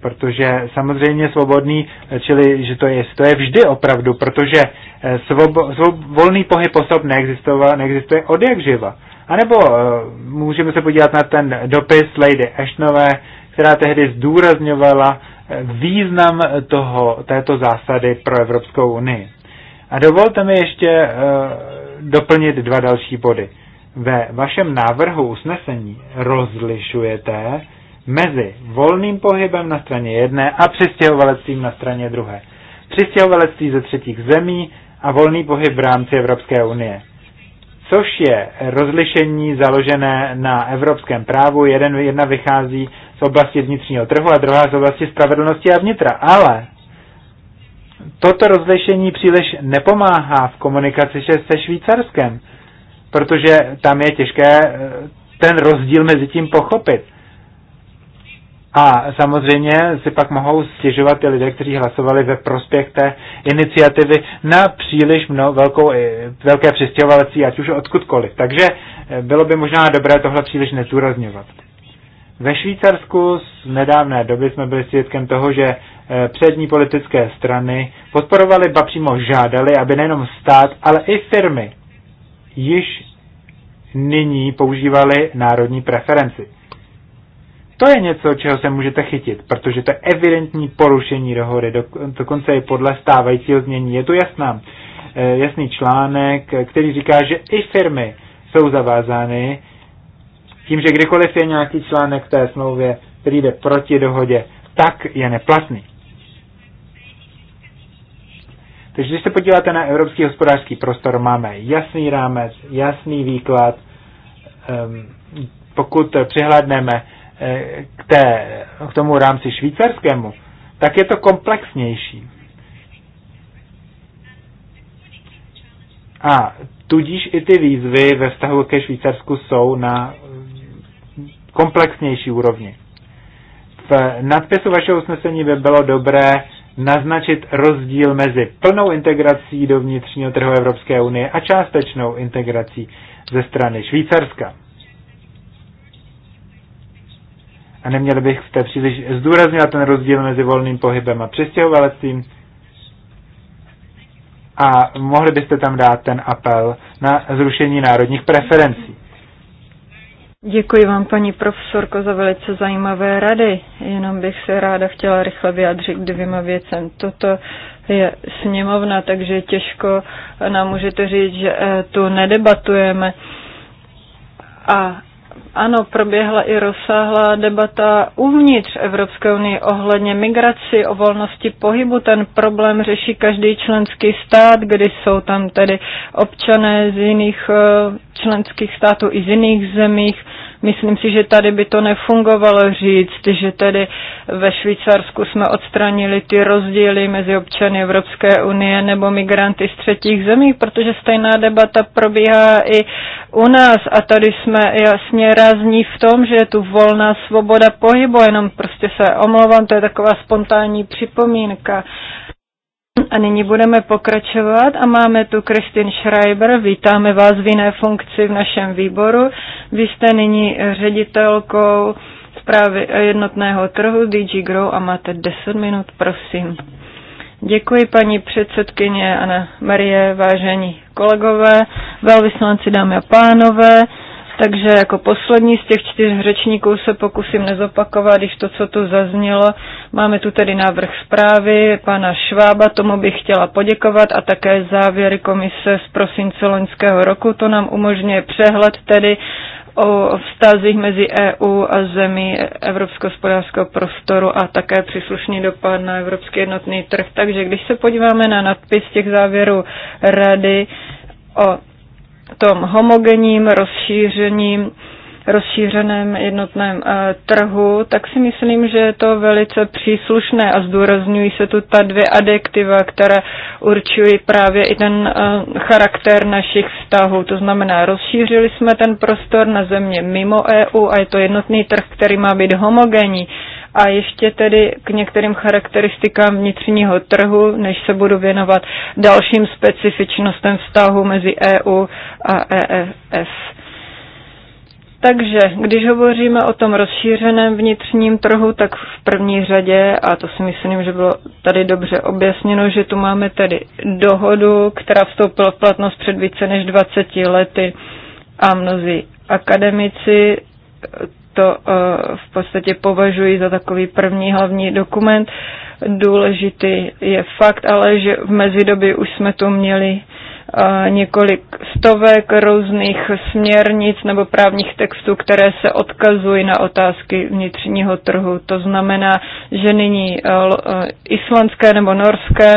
protože samozřejmě svobodný, čili že to je, to je vždy opravdu, protože eh, svobo, svob, volný pohyb osob neexistuje od jak živa. A nebo eh, můžeme se podívat na ten dopis Lady Ashnové, která tehdy zdůrazňovala eh, význam toho, této zásady pro Evropskou unii. A dovolte mi ještě doplnit dva další body. Ve vašem návrhu usnesení rozlišujete mezi volným pohybem na straně jedné a přistěhovalectvím na straně druhé. Přistěhovalectví ze třetích zemí a volný pohyb v rámci Evropské unie. Což je rozlišení založené na evropském právu. Jeden, jedna vychází z oblasti vnitřního trhu a druhá z oblasti spravedlnosti a vnitra. Ale toto rozlišení příliš nepomáhá v komunikaci se Švýcarskem, protože tam je těžké eh, ten rozdíl mezi tím pochopit. A samozřejmě si pak mohou stěžovat ty lidé, kteří hlasovali ve prospěch té iniciativy na příliš mno, velkou, eh, velké přistěhovalecí, ať už odkudkoliv. Takže eh, bylo by možná dobré tohle příliš nezúrazňovat. Ve Švýcarsku z nedávné doby jsme byli svědkem toho, že eh, přední politické strany podporovali, ba přímo žádali, aby nejenom stát, ale i firmy již nyní používali národní preferenci. To je něco, čeho se můžete chytit, protože to je evidentní porušení dohody, dokonce i podle stávajícího znění. Je tu jasná, eh, jasný článek, který říká, že i firmy jsou zavázány tím, že kdykoliv je nějaký článek v té smlouvě, který jde proti dohodě, tak je neplatný. Takže když se podíváte na evropský hospodářský prostor, máme jasný rámec, jasný výklad. Ehm, pokud přihlédneme k, té, k tomu rámci švýcarskému, tak je to komplexnější. A tudíž i ty výzvy ve vztahu ke Švýcarsku jsou na komplexnější úrovni. V nadpisu vašeho usnesení by bylo dobré naznačit rozdíl mezi plnou integrací do vnitřního trhu Evropské unie a částečnou integrací ze strany Švýcarska. a neměli bych v té příliš zdůrazňovat ten rozdíl mezi volným pohybem a přistěhovalectvím. A mohli byste tam dát ten apel na zrušení národních preferencí. Děkuji vám, paní profesorko, za velice zajímavé rady. Jenom bych se ráda chtěla rychle vyjádřit k dvěma věcem. Toto je sněmovna, takže těžko nám můžete říct, že eh, tu nedebatujeme. A ano, proběhla i rozsáhlá debata uvnitř Evropské unie ohledně migraci, o volnosti pohybu. Ten problém řeší každý členský stát, kdy jsou tam tedy občané z jiných eh, členských států i z jiných zemích Myslím si, že tady by to nefungovalo říct, že tedy ve Švýcarsku jsme odstranili ty rozdíly mezi občany Evropské unie nebo migranty z třetích zemí, protože stejná debata probíhá i u nás a tady jsme jasně rázní v tom, že je tu volná svoboda pohybu, jenom prostě se omlouvám, to je taková spontánní připomínka. A nyní budeme pokračovat a máme tu Kristin Schreiber. Vítáme vás v jiné funkci v našem výboru. Vy jste nyní ředitelkou zprávy jednotného trhu DG Grow a máte 10 minut, prosím. Děkuji paní předsedkyně Ana Marie, vážení kolegové, velvyslanci dámy a pánové. Takže jako poslední z těch čtyř řečníků se pokusím nezopakovat, když to, co tu zaznělo. Máme tu tedy návrh zprávy pana Švába, tomu bych chtěla poděkovat a také závěry komise z prosince loňského roku. To nám umožňuje přehled tedy o vztazích mezi EU a zemí Evropského prostoru a také příslušný dopad na Evropský jednotný trh. Takže když se podíváme na nadpis těch závěrů Rady o tom homogenním rozšířením rozšířeném jednotném eh, trhu, tak si myslím, že je to velice příslušné a zdůrazňují se tu ta dvě adjektiva, které určují právě i ten eh, charakter našich vztahů. To znamená, rozšířili jsme ten prostor na země mimo EU a je to jednotný trh, který má být homogenní. A ještě tedy k některým charakteristikám vnitřního trhu, než se budu věnovat dalším specifičnostem vztahu mezi EU a EES. Takže když hovoříme o tom rozšířeném vnitřním trhu, tak v první řadě, a to si myslím, že bylo tady dobře objasněno, že tu máme tedy dohodu, která vstoupila v platnost před více než 20 lety a mnozí akademici to eh, v podstatě považuji za takový první hlavní dokument. Důležitý je fakt, ale že v mezidobě už jsme tu měli eh, několik stovek různých směrnic nebo právních textů, které se odkazují na otázky vnitřního trhu. To znamená, že nyní eh, islandské nebo norské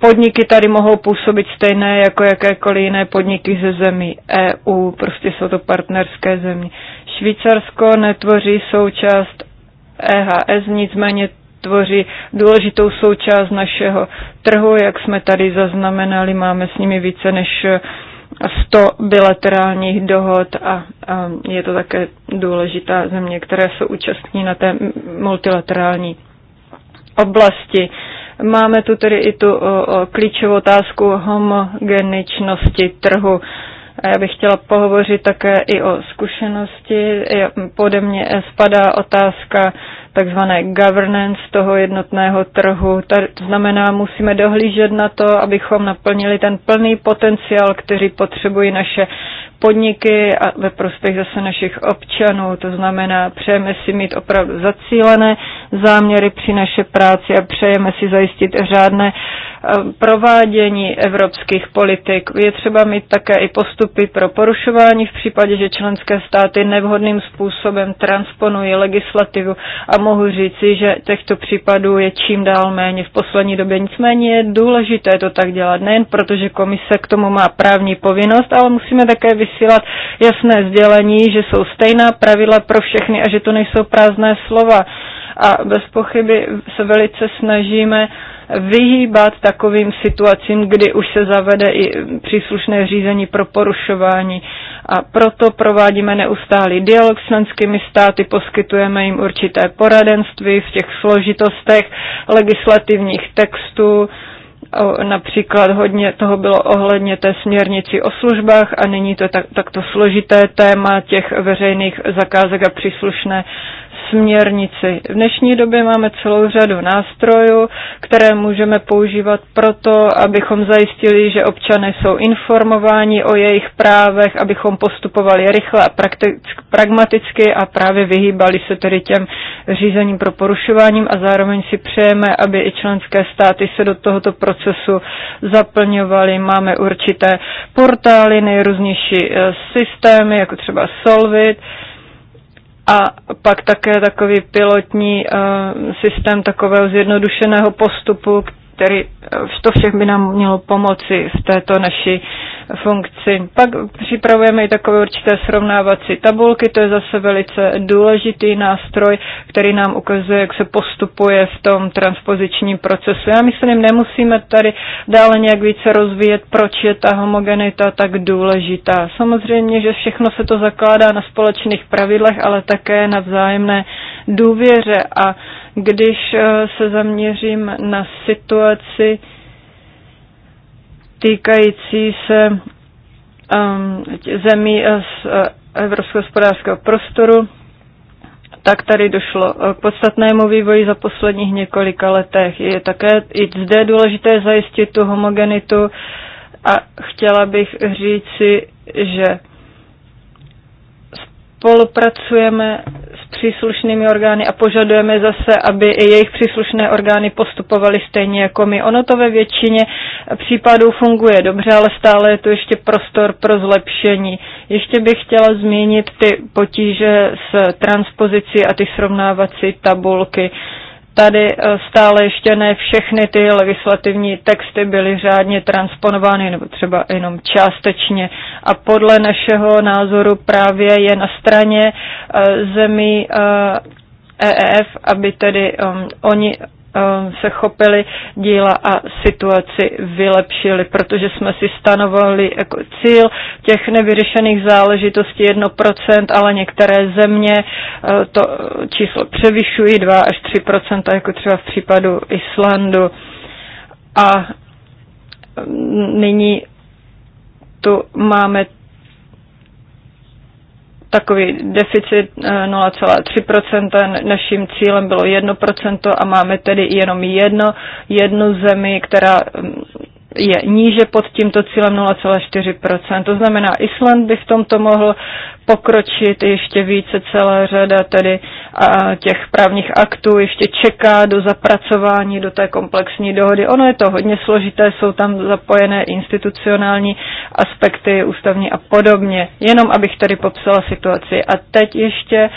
podniky tady mohou působit stejné jako jakékoliv jiné podniky ze zemí EU, prostě jsou to partnerské země. Švýcarsko netvoří součást EHS, nicméně tvoří důležitou součást našeho trhu. Jak jsme tady zaznamenali, máme s nimi více než 100 bilaterálních dohod a, a je to také důležitá země, které se účastní na té multilaterální oblasti. Máme tu tedy i tu o, o, klíčovou otázku homogeničnosti trhu. A já bych chtěla pohovořit také i o zkušenosti. Pode mě spadá otázka takzvané governance toho jednotného trhu. To znamená, musíme dohlížet na to, abychom naplnili ten plný potenciál, který potřebují naše podniky a ve prospěch zase našich občanů. To znamená, přejeme si mít opravdu zacílené záměry při naše práci a přejeme si zajistit řádné eh, provádění evropských politik. Je třeba mít také i postupy pro porušování v případě, že členské státy nevhodným způsobem transponují legislativu a mohu říci, že těchto případů je čím dál méně v poslední době. Nicméně je důležité to tak dělat, nejen protože komise k tomu má právní povinnost, ale musíme také vysvětlit, vysílat jasné sdělení, že jsou stejná pravidla pro všechny a že to nejsou prázdné slova. A bez pochyby se velice snažíme vyhýbat takovým situacím, kdy už se zavede i příslušné řízení pro porušování. A proto provádíme neustálý dialog s členskými státy, poskytujeme jim určité poradenství v těch složitostech legislativních textů, Například hodně toho bylo ohledně té směrnici o službách a není to tak, takto složité téma těch veřejných zakázek a příslušné směrnici. V dnešní době máme celou řadu nástrojů, které můžeme používat proto, abychom zajistili, že občané jsou informováni o jejich právech, abychom postupovali rychle a pragmaticky a právě vyhýbali se tedy těm řízením pro porušováním a zároveň si přejeme, aby i členské státy se do tohoto procesu zaplňovaly. Máme určité portály, nejrůznější eh, systémy, jako třeba Solvit, a pak také takový pilotní uh, systém takového zjednodušeného postupu, který eh, to všech by nám mělo pomoci v této naší funkci. Pak připravujeme i takové určité srovnávací tabulky, to je zase velice důležitý nástroj, který nám ukazuje, jak se postupuje v tom transpozičním procesu. Já myslím, nemusíme tady dále nějak více rozvíjet, proč je ta homogenita tak důležitá. Samozřejmě, že všechno se to zakládá na společných pravidlech, ale také na vzájemné důvěře a když eh, se zaměřím na situaci, týkající se um, zemí eh, z eh, Evropského hospodářského prostoru, tak tady došlo eh, k podstatnému vývoji za posledních několika letech. Je také i zde důležité zajistit tu homogenitu a chtěla bych říci, že spolupracujeme s příslušnými orgány a požadujeme zase, aby i jejich příslušné orgány postupovaly stejně jako my. Ono to ve většině případů funguje dobře, ale stále je tu ještě prostor pro zlepšení. Ještě bych chtěla zmínit ty potíže s transpozicí a ty srovnávací tabulky tady eh, stále ještě ne všechny ty legislativní texty byly řádně transponovány nebo třeba jenom částečně. A podle našeho názoru právě je na straně eh, zemí EEF, eh, e aby tedy um, oni Eh, se chopili díla a situaci vylepšili, protože jsme si stanovali jako cíl těch nevyřešených záležitostí 1%, ale některé země eh, to číslo převyšují 2 až 3%, jako třeba v případu Islandu. A mm, nyní tu máme takový deficit 0,3%, eh, naším cílem bylo 1% a máme tedy jenom jedno, jednu zemi, která mm, je níže pod tímto cílem 0,4%. To znamená, Island by v tomto mohl pokročit ještě více celá řada tedy a těch právních aktů ještě čeká do zapracování do té komplexní dohody. Ono je to hodně složité, jsou tam zapojené institucionální aspekty, ústavní a podobně. Jenom abych tady popsala situaci. A teď ještě uh,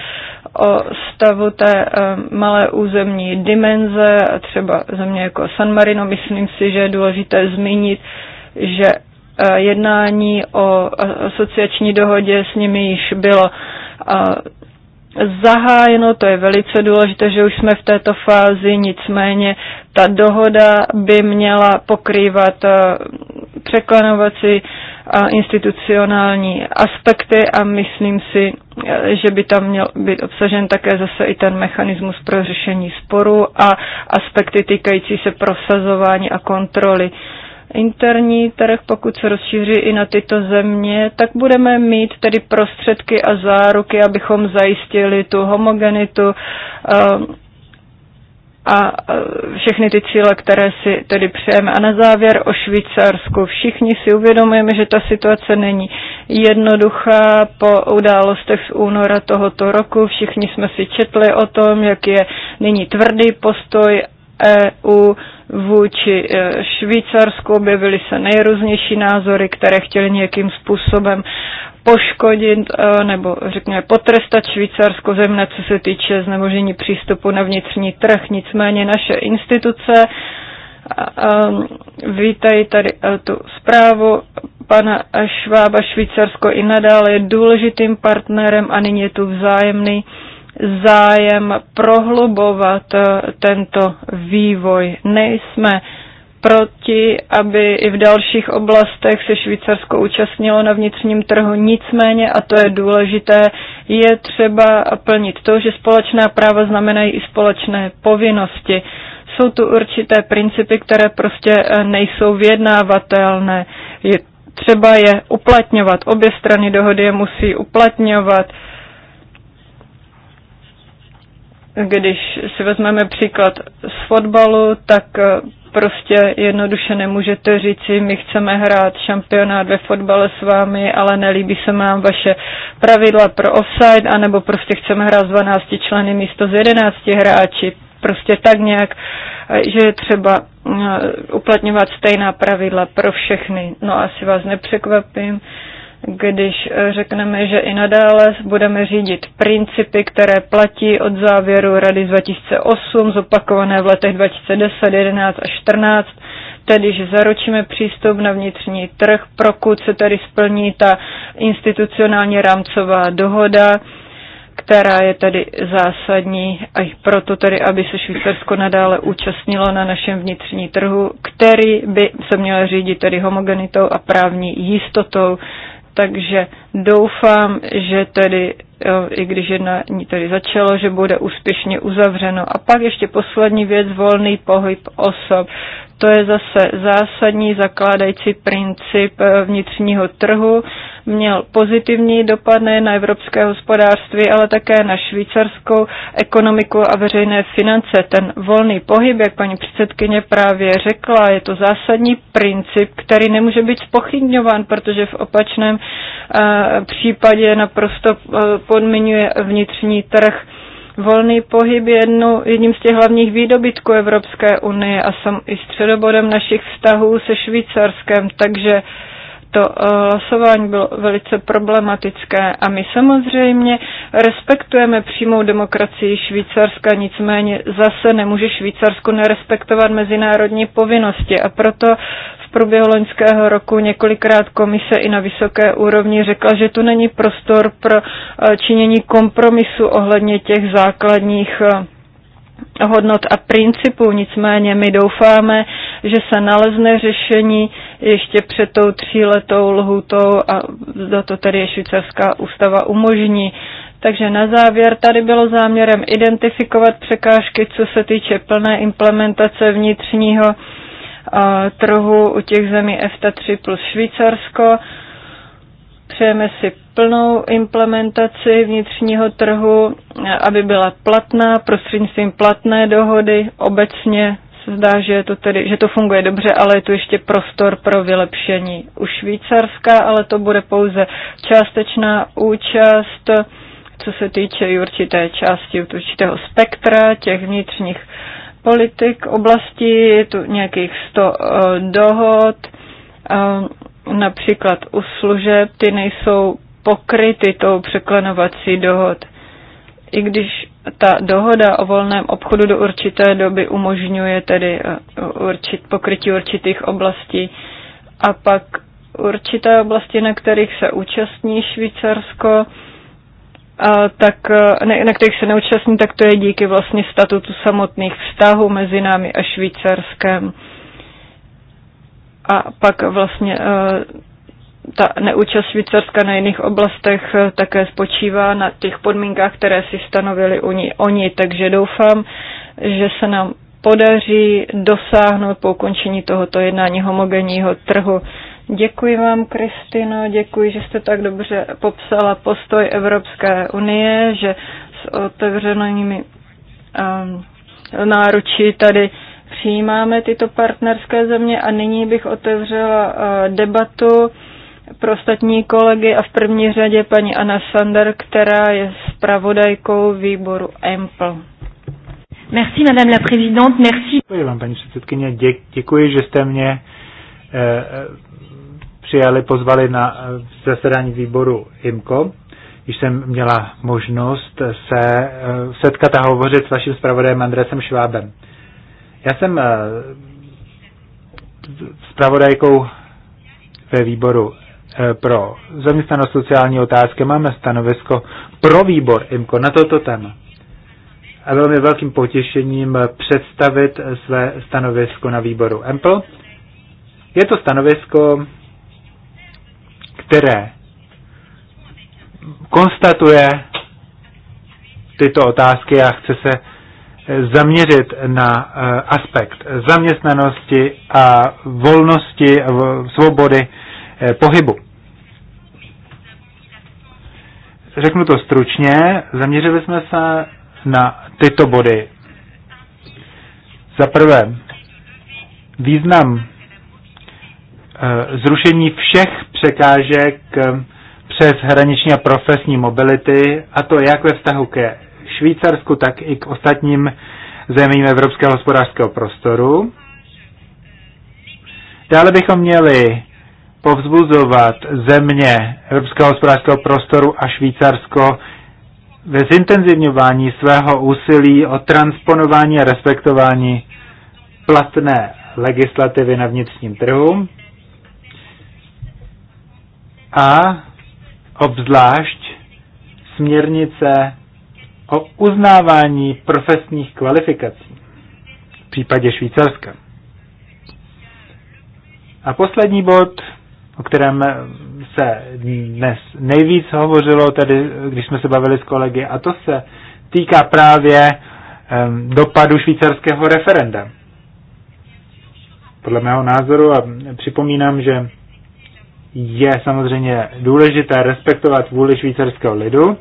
o stavu té eh, malé územní dimenze, třeba země jako San Marino, myslím si, že je důležité zmínit, že eh, jednání o asociační dohodě s nimi již bylo eh, zahájeno, to je velice důležité, že už jsme v této fázi, nicméně ta dohoda by měla pokrývat překlenovací a institucionální aspekty a myslím si, že by tam měl být obsažen také zase i ten mechanismus pro řešení sporu a aspekty týkající se prosazování a kontroly interní trh, pokud se rozšíří i na tyto země, tak budeme mít tedy prostředky a záruky, abychom zajistili tu homogenitu, eh, a e, všechny ty cíle, které si tedy přejeme. A na závěr o Švýcarsku. Všichni si uvědomujeme, že ta situace není jednoduchá. Po událostech z února tohoto roku všichni jsme si četli o tom, jak je nyní tvrdý postoj EU vůči e, Švýcarsku, objevily se nejrůznější názory, které chtěly nějakým způsobem poškodit e, nebo řekněme potrestat Švýcarsko země, co se týče znemožení přístupu na vnitřní trh. Nicméně naše instituce e, vítají tady tu zprávu pana Švába. Švýcarsko i nadále je důležitým partnerem a nyní je tu vzájemný zájem prohlubovat eh, tento vývoj. Nejsme proti, aby i v dalších oblastech se Švýcarsko účastnilo na vnitřním trhu. Nicméně, a to je důležité, je třeba plnit to, že společná práva znamenají i společné povinnosti. Jsou tu určité principy, které prostě eh, nejsou vyjednávatelné. Je třeba je uplatňovat. Obě strany dohody je musí uplatňovat. Když si vezmeme příklad z fotbalu, tak eh, prostě jednoduše nemůžete říci, my chceme hrát šampionát ve fotbale s vámi, ale nelíbí se nám vaše pravidla pro offside, anebo prostě chceme hrát s 12 členy místo z 11 hráči. Prostě tak nějak, eh, že je třeba eh, uplatňovat stejná pravidla pro všechny. No asi vás nepřekvapím, když řekneme, že i nadále budeme řídit principy, které platí od závěru Rady 2008, zopakované v letech 2010, 11 a 14, tedy že zaručíme přístup na vnitřní trh, prokud se tedy splní ta institucionálně rámcová dohoda, která je tedy zásadní a proto tedy, aby se Švýcarsko nadále účastnilo na našem vnitřní trhu, který by se měl řídit tedy homogenitou a právní jistotou. Takže Doufám, že tedy, eh, i když jednání tedy začalo, že bude úspěšně uzavřeno. A pak ještě poslední věc, volný pohyb osob. To je zase zásadní zakládající princip eh, vnitřního trhu. Měl pozitivní dopady na evropské hospodářství, ale také na švýcarskou ekonomiku a veřejné finance. Ten volný pohyb, jak paní předsedkyně právě řekla, je to zásadní princip, který nemůže být spochybňován, protože v opačném eh, případě naprosto eh, podmiňuje vnitřní trh. Volný pohyb je jednu, jedním z těch hlavních výdobytků Evropské unie a jsem i středobodem našich vztahů se Švýcarskem, takže to hlasování eh, bylo velice problematické a my samozřejmě respektujeme přímou demokracii Švýcarska, nicméně zase nemůže Švýcarsko nerespektovat mezinárodní povinnosti a proto průběhu loňského roku několikrát komise i na vysoké úrovni řekla, že tu není prostor pro eh, činění kompromisu ohledně těch základních eh, hodnot a principů. Nicméně my doufáme, že se nalezne řešení ještě před tou tříletou lhutou a za to tedy švýcarská ústava umožní. Takže na závěr tady bylo záměrem identifikovat překážky, co se týče plné implementace vnitřního trhu u těch zemí EFTA 3 plus Švýcarsko. Přejeme si plnou implementaci vnitřního trhu, aby byla platná prostřednictvím platné dohody. Obecně se zdá, že, je to tedy, že to funguje dobře, ale je tu ještě prostor pro vylepšení. U Švýcarska ale to bude pouze částečná účast, co se týče určité části, určitého spektra těch vnitřních politik oblasti, je tu nějakých 100 eh, dohod, například u služeb, ty nejsou pokryty tou překlenovací dohod. I když ta dohoda o volném obchodu do určité doby umožňuje tedy eh, určit, pokrytí určitých oblastí a pak určité oblasti, na kterých se účastní Švýcarsko, tak, e, ne, na kterých se neúčastní, tak to je díky vlastně statutu samotných vztahů mezi námi a Švýcarskem. A pak vlastně e, ta neúčast Švýcarska na jiných oblastech e, také spočívá na těch podmínkách, které si stanovili oni, oni. Takže doufám, že se nám podaří dosáhnout po ukončení tohoto jednání homogenního trhu. Děkuji vám, Kristino, děkuji, že jste tak dobře popsala postoj Evropské unie, že s otevřenými um, náručí tady přijímáme tyto partnerské země a nyní bych otevřela uh, debatu pro ostatní kolegy a v první řadě paní Anna Sander, která je zpravodajkou výboru EMPL. Merci, madame la présidente, merci. Děkuji vám, paní předsedkyně, děkuji, že jste mě eh, přijali, pozvali na eh, zasedání výboru IMCO. Když jsem měla možnost se eh, setkat a hovořit s vaším zpravodajem Andresem Švábem. Já jsem eh, zpravodajkou ve výboru pro zaměstnanost sociální otázky. Máme stanovisko pro výbor IMCO na toto téma. A bylo mi velkým potěšením představit své stanovisko na výboru EMPL. Je to stanovisko které konstatuje tyto otázky a chce se eh, zaměřit na eh, aspekt zaměstnanosti a volnosti, eh, svobody pohybu. Řeknu to stručně, zaměřili jsme se na tyto body. Za prvé, význam Eh, zrušení všech překážek eh, přes hraniční a profesní mobility, a to jak ve vztahu ke Švýcarsku, tak i k ostatním zemím Evropského hospodářského prostoru. Dále bychom měli povzbuzovat země Evropského hospodářského prostoru a Švýcarsko ve zintenzivňování svého úsilí o transponování a respektování platné legislativy na vnitřním trhu a obzvlášť směrnice o uznávání profesních kvalifikací v případě Švýcarska. A poslední bod, o kterém se dnes nejvíc hovořilo, tedy když jsme se bavili s kolegy, a to se týká právě um, dopadu švýcarského referenda. Podle mého názoru, a připomínám, že je samozřejmě důležité respektovat vůli švýcarského lidu.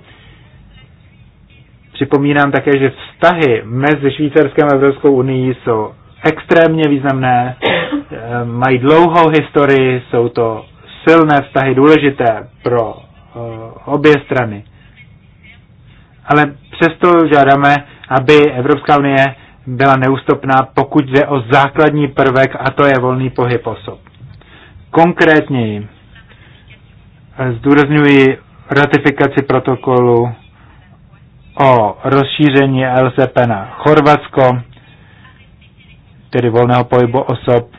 Připomínám také, že vztahy mezi Švýcarskem a Evropskou unii jsou extrémně významné, eh, mají dlouhou historii, jsou to silné vztahy, důležité pro eh, obě strany. Ale přesto žádáme, aby Evropská unie byla neústupná, pokud jde o základní prvek, a to je volný pohyb osob. Konkrétněji, Eh, zdůrazňuji ratifikaci protokolu o rozšíření LCP na Chorvatsko, tedy volného pohybu osob.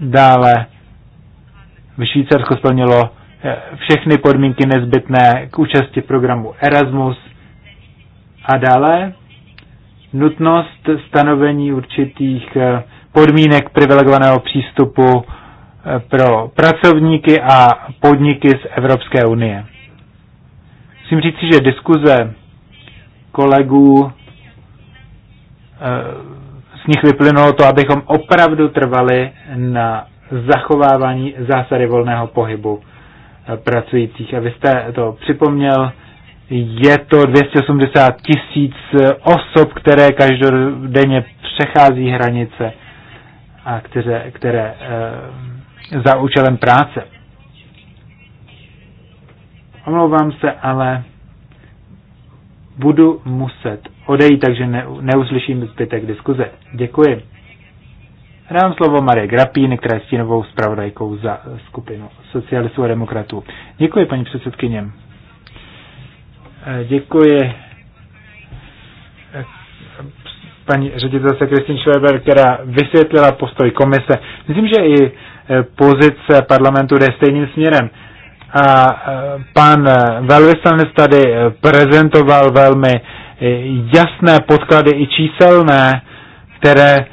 Dále v Švýcarsku splnilo eh, všechny podmínky nezbytné k účasti programu Erasmus a dále nutnost stanovení určitých eh, podmínek privilegovaného přístupu pro pracovníky a podniky z Evropské unie. Musím říct, že diskuze kolegů eh, z nich vyplynulo to, abychom opravdu trvali na zachovávání zásady volného pohybu eh, pracujících. A vy jste to připomněl, je to 280 tisíc osob, které každodenně přechází hranice a které, které eh, za účelem práce. Omlouvám se, ale budu muset odejít, takže ne, neuslyším zbytek diskuze. Děkuji. Dám slovo Marie Grapín, která je stínovou zpravodajkou za skupinu socialistů a demokratů. Děkuji, paní předsedkyně. Děkuji paní ředitelce Kristin Schweber, která vysvětlila postoj komise. Myslím, že i pozice parlamentu jde stejným směrem. A e, pan e, velvyslanec tady e, prezentoval velmi jasné podklady i číselné, které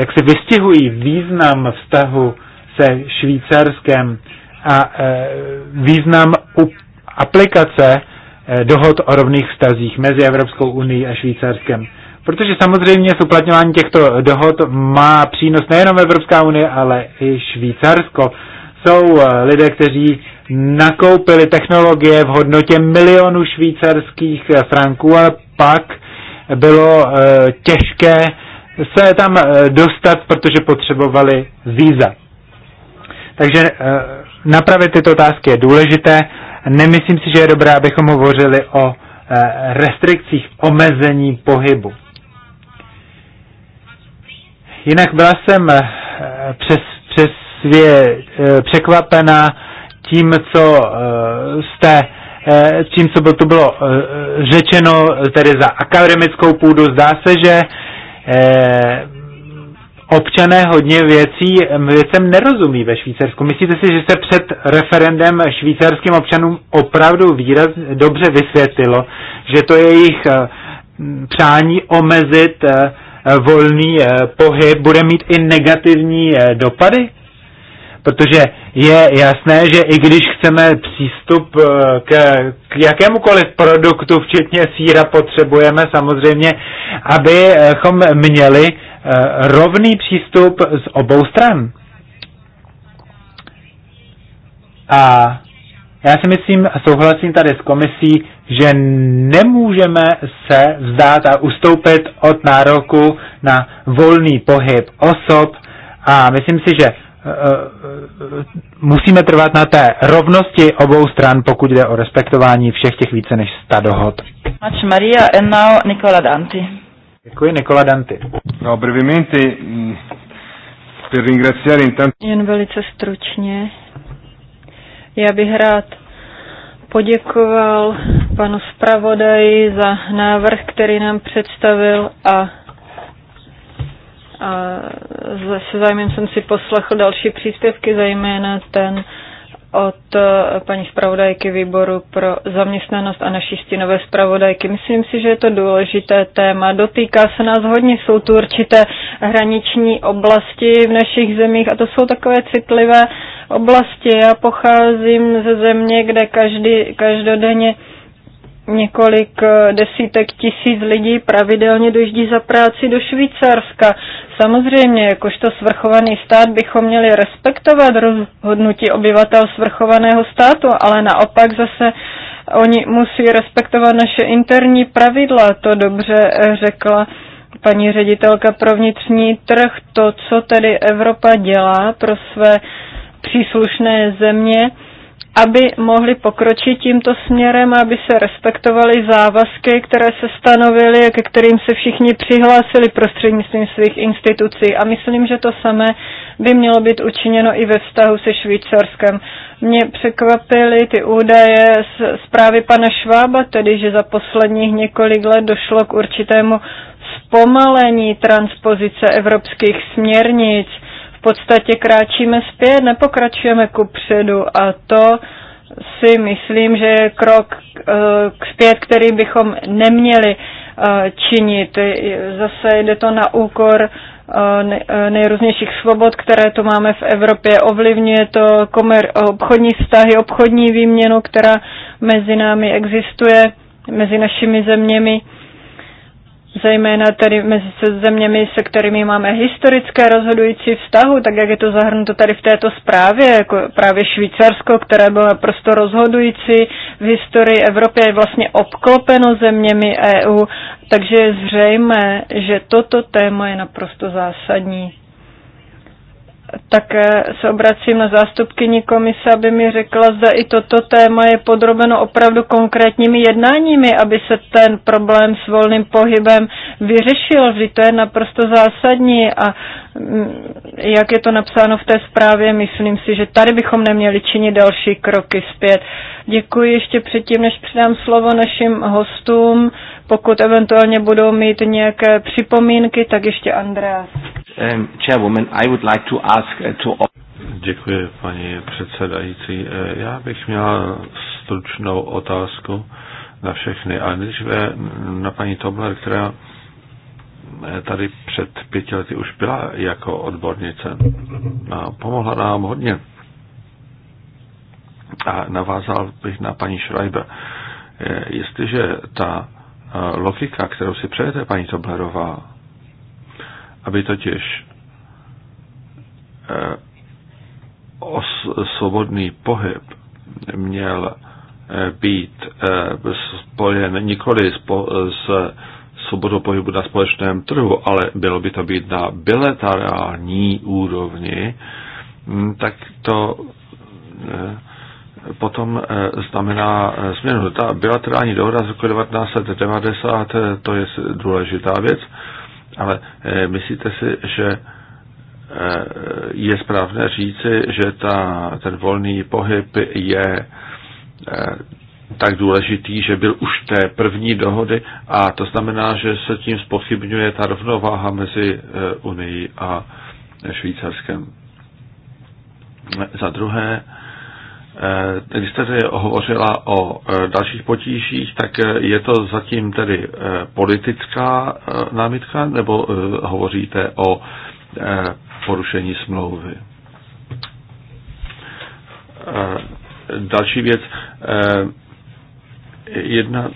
jak si vystihují význam vztahu se Švýcarskem a význam aplikace dohod o rovných vztazích mezi Evropskou unii a Švýcarskem. Protože samozřejmě s uplatňování těchto dohod má přínos nejenom Evropská unie, ale i Švýcarsko. Jsou eh, lidé, kteří nakoupili technologie v hodnotě milionů švýcarských eh, franků, ale pak bylo eh, těžké se tam dostat, protože potřebovali víza. Takže napravit tyto otázky je důležité. Nemyslím si, že je dobré, abychom hovořili o restrikcích omezení pohybu. Jinak byla jsem eh, přes, přes svě, eh, překvapena tím, co eh, jste tím, co to bylo řečeno, tedy za akademickou půdu, zdá se, že občané hodně věcí věcem nerozumí ve Švýcarsku. Myslíte si, že se před referendem švýcarským občanům opravdu výraz dobře vysvětlilo, že to je jejich přání omezit Eh, volný eh, pohyb bude mít i negativní eh, dopady? Protože je jasné, že i když chceme přístup k, k jakémukoliv produktu, včetně síra, potřebujeme samozřejmě, abychom měli rovný přístup z obou stran. A já si myslím a souhlasím tady s komisí, že nemůžeme se vzdát a ustoupit od nároku na volný pohyb osob a myslím si, že eh, eh, musíme trvat na té rovnosti obou stran, pokud jde o respektování všech těch více než sta dohod. Much Maria and now Nicola Danti. Děkuji, Nikola Danti. No, brevemente, mm, per ringraziare intanto... Jen velice stručně já bych rád poděkoval panu zpravodaji za návrh, který nám představil a a se zájmem jsem si poslechl další příspěvky, zejména ten od eh, paní zpravodajky výboru pro zaměstnanost a naší stínové zpravodajky. Myslím si, že je to důležité téma. Dotýká se nás hodně, jsou tu určité hraniční oblasti v našich zemích a to jsou takové citlivé uh, oblasti. Já pocházím ze země, kde každý, každodenně několik eh, desítek tisíc lidí pravidelně dojíždí za práci do Švýcarska. Samozřejmě, jakožto svrchovaný stát bychom měli respektovat rozhodnutí obyvatel svrchovaného státu, ale naopak zase oni musí respektovat naše interní pravidla, to dobře eh, řekla paní ředitelka pro vnitřní trh, to, co tedy Evropa dělá pro své příslušné země, aby mohli pokročit tímto směrem, aby se respektovaly závazky, které se stanovily a ke kterým se všichni přihlásili prostřednictvím svých institucí. A myslím, že to samé by mělo být učiněno i ve vztahu se Švýcarskem. Mě překvapily ty údaje z zprávy pana Švába, tedy že za posledních několik let došlo k určitému zpomalení transpozice evropských směrnic podstatě kráčíme zpět, nepokračujeme ku předu a to si myslím, že je krok eh, k zpět, který bychom neměli eh, činit. Zase jde to na úkor eh, nejrůznějších svobod, které tu máme v Evropě. Ovlivňuje to komer- obchodní vztahy, obchodní výměnu, která mezi námi existuje, mezi našimi zeměmi zejména tady mezi se zeměmi, se kterými máme historické rozhodující vztahu, tak jak je to zahrnuto tady v této zprávě, jako právě Švýcarsko, které bylo naprosto rozhodující v historii Evropy, je vlastně obklopeno zeměmi EU, takže je zřejmé, že toto téma je naprosto zásadní také eh, se obracím na zástupkyni komise, aby mi řekla, zda i toto téma je podrobeno opravdu konkrétními jednáními, aby se ten problém s volným pohybem vyřešil. Vždyť to je naprosto zásadní a mm, jak je to napsáno v té zprávě, myslím si, že tady bychom neměli činit další kroky zpět. Děkuji ještě předtím, než předám slovo našim hostům. Pokud eventuálně budou mít nějaké připomínky, tak ještě Andreas. Um, Chairwoman, I would like to ask uh, to all... Děkuji, paní předsedající. Eh, já bych měl stručnou otázku na všechny. A ve eh, na paní Tobler, která eh, tady před pěti lety už byla jako odbornice. A pomohla nám hodně. A navázal bych na paní Schreiber. Jestliže ta logika, kterou si přejete, paní Toblerová, aby totiž eh, svobodný pohyb měl eh, být eh, spojen nikoli s svobodou pohybu na společném trhu, ale bylo by to být na bilaterální úrovni, hm, tak to potom znamená změnu. Ta bilaterální dohoda z roku 1990 to je důležitá věc, ale eh, myslíte si, že eh, je správné říci, že ta, ten volný pohyb je eh, tak důležitý, že byl už té první dohody a to znamená, že se tím spochybňuje ta rovnováha mezi Unii a Švýcarskem. Za druhé, když eh, jste tedy hovořila o eh, dalších potížích, tak eh, je to zatím tedy politická námitka, nebo hovoříte o porušení smlouvy? Další věc. Jedna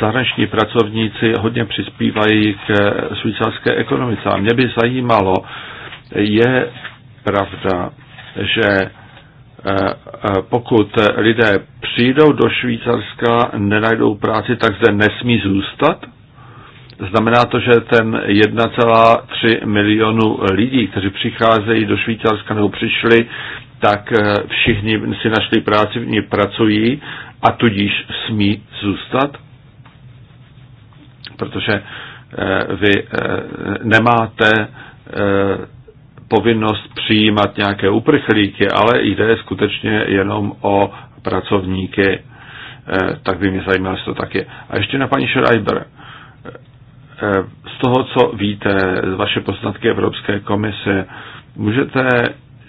zahraniční pracovníci hodně přispívají k švýcarské ekonomice. A mě by zajímalo, je pravda, že Eh, eh, pokud lidé přijdou do Švýcarska, nenajdou práci, tak zde nesmí zůstat? Znamená to, že ten 1,3 milionu lidí, kteří přicházejí do Švýcarska nebo přišli, tak eh, všichni si našli práci, v ní pracují a tudíž smí zůstat? Protože vy nemáte povinnost přijímat nějaké uprchlíky, ale jde skutečně jenom o pracovníky. Eh, tak by mě zajímalo, jestli to tak je. A ještě na paní Schreiber. Eh, z toho, co víte, z vaše poznatky Evropské komise, můžete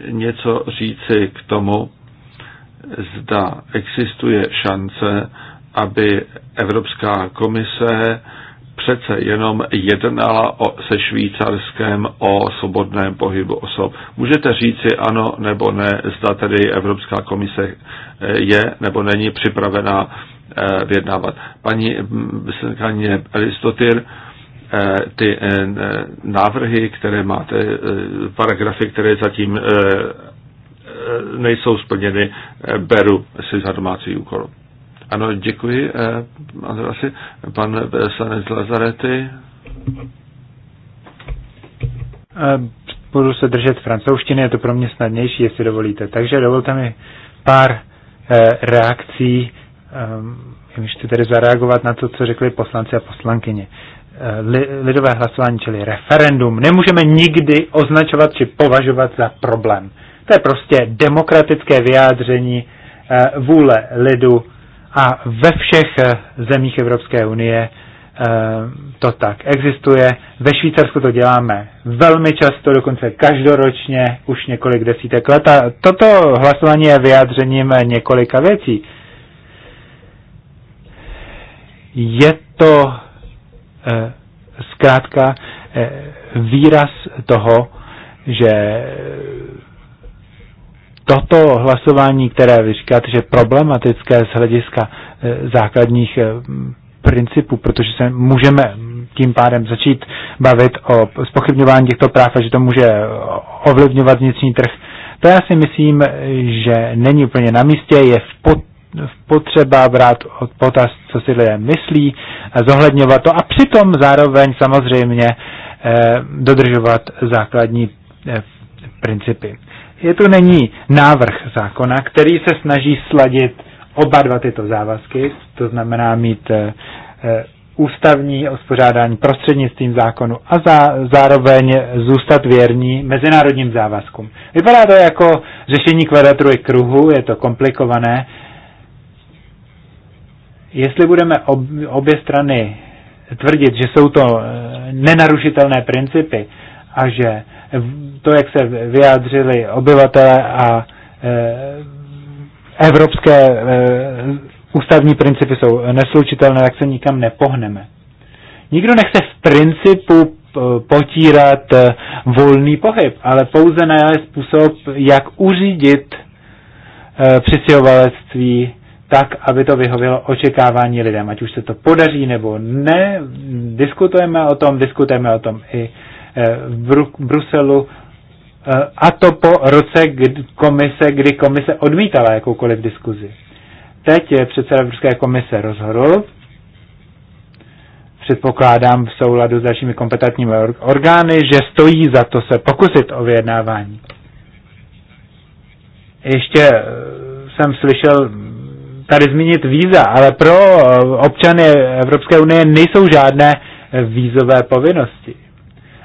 něco říci k tomu, zda existuje šance, aby Evropská komise přece jenom jednala o, se Švýcarskem o svobodném pohybu osob. Můžete říci ano nebo ne, zda tedy Evropská komise eh, je nebo není připravená eh, vyjednávat. Paní mm, vyslekaně Aristotyr, eh, ty návrhy, které máte, paragrafy, které zatím nejsou splněny, beru si za domácí úkol. Ano, děkuji, eh, asi Pan poslanec Lazarety. Eh, budu se držet francouzštiny, je to pro mě snadnější, jestli dovolíte. Takže dovolte mi pár eh, reakcí, můžete tedy zareagovat na to, co řekli poslanci a poslankyně. Lidové hlasování, čili referendum, nemůžeme nikdy označovat či považovat za problém. To je prostě demokratické vyjádření vůle lidu a ve všech eh, zemích Evropské unie eh, to tak existuje. Ve Švýcarsku to děláme velmi často, dokonce každoročně, už několik desítek let. A toto hlasování je vyjádřením eh, několika věcí. Je to zkrátka výraz toho, že toto hlasování, které vy říkáte, že je problematické z hlediska eh, základních eh, principů, protože se můžeme tím pádem začít bavit o spochybňování těchto práv a že to může ovlivňovat vnitřní trh, to já si myslím, že není úplně na místě, je v, pot, potřeba brát od potaz, co si lidé myslí, a zohledňovat to a přitom zároveň samozřejmě eh, dodržovat základní eh, principy je to není návrh zákona, který se snaží sladit oba dva tyto závazky, to znamená mít e, ústavní ospořádání prostřednictvím zákonu a za, zároveň zůstat věrní mezinárodním závazkům. Vypadá to jako řešení kvadratury kruhu, je to komplikované. Jestli budeme ob, obě strany tvrdit, že jsou to eh, nenarušitelné principy a že to, jak se vyjádřili obyvatele a e, evropské e, ústavní principy jsou neslučitelné, tak se nikam nepohneme. Nikdo nechce v principu e, potírat volný pohyb, ale pouze najali způsob, jak uřídit přistěhovalectví tak, aby to vyhovělo očekávání lidem. Ať už se to podaří nebo ne, diskutujeme o tom, diskutujeme o tom i Eh, v, Bruselu eh, a to po roce kdy komise, kdy komise odmítala jakoukoliv diskuzi. Teď je předseda Evropské komise rozhodl, předpokládám v souladu s dalšími kompetentními orgány, že stojí za to se pokusit o vyjednávání. Ještě eh, jsem slyšel tady zmínit víza, ale pro občany Evropské unie nejsou žádné vízové povinnosti.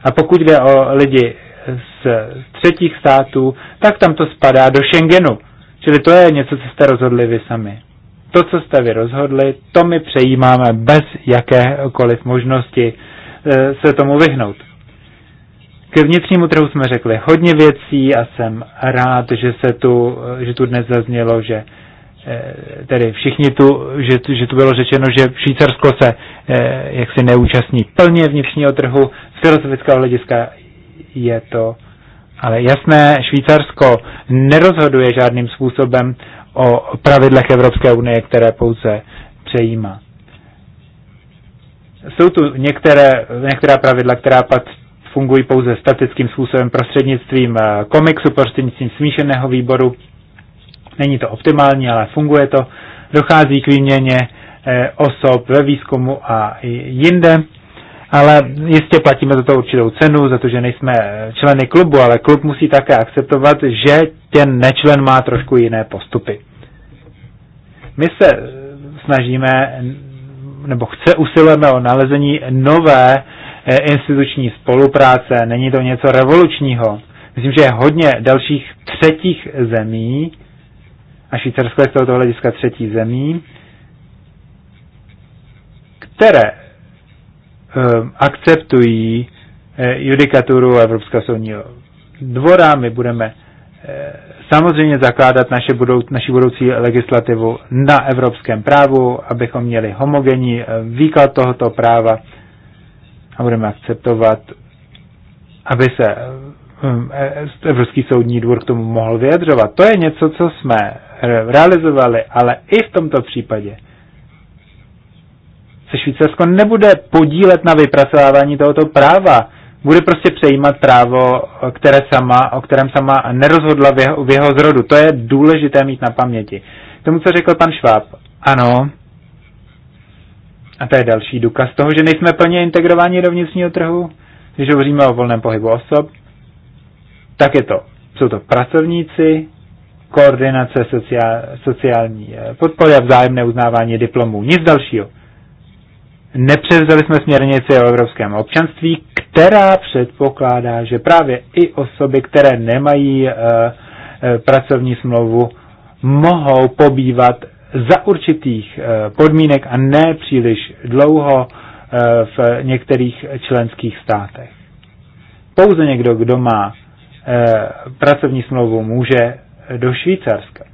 A pokud jde o lidi z třetích států, tak tam to spadá do Schengenu. Čili to je něco, co jste rozhodli vy sami. To, co jste vy rozhodli, to my přejímáme bez jakékoliv možnosti eh, se tomu vyhnout. K vnitřnímu trhu jsme řekli hodně věcí a jsem rád, že, se tu, eh, že tu dnes zaznělo, že Eh, tedy všichni tu, že, že tu bylo řečeno, že Švýcarsko se eh, jaksi neúčastní plně vnitřního trhu. Z filozofického hlediska je to ale jasné, Švýcarsko nerozhoduje žádným způsobem o pravidlech Evropské unie, které pouze přejímá. Jsou tu některé, některá pravidla, která pak fungují pouze statickým způsobem prostřednictvím eh, komiksu, prostřednictvím smíšeného výboru Není to optimální, ale funguje to. Dochází k výměně eh, osob ve výzkumu a jinde, ale jistě platíme za to určitou cenu, za to, že nejsme eh, členy klubu, ale klub musí také akceptovat, že ten nečlen má trošku jiné postupy. My se eh, snažíme, nebo chce usilujeme o nalezení nové instituční spolupráce, není to něco revolučního. Myslím, že je hodně dalších třetích zemí, a Švýcarsko je z tohoto hlediska třetí zemí, které ehm, akceptují eh, judikaturu Evropského soudního dvora. My budeme eh, samozřejmě zakládat naše budou, naši budoucí legislativu na evropském právu, abychom měli homogenní eh, výklad tohoto práva a budeme akceptovat, aby se ehm, e, e, Evropský soudní dvůr k tomu mohl vyjadřovat. To je něco, co jsme Eh, realizovali, ale i v tomto případě se Švýcarsko nebude podílet na vypracovávání tohoto práva. Bude prostě přejímat právo, eh, které sama, o kterém sama nerozhodla v jeho, v jeho zrodu. To je důležité mít na paměti. K tomu, co řekl pan Šváb. Ano. A to je další důkaz toho, že nejsme plně integrováni do vnitřního trhu. Když hovoříme o volném pohybu osob, tak je to. Jsou to pracovníci, koordinace sociál, sociální eh, podpory a vzájemné uznávání diplomů. Nic dalšího. Nepřevzali jsme směrnici o evropském občanství, která předpokládá, že právě i osoby, které nemají e, e, pracovní smlouvu, mohou pobývat za určitých e, podmínek a ne příliš dlouho e, v některých členských státech. Pouze někdo, kdo má pracovní smlouvu může do Švýcarska.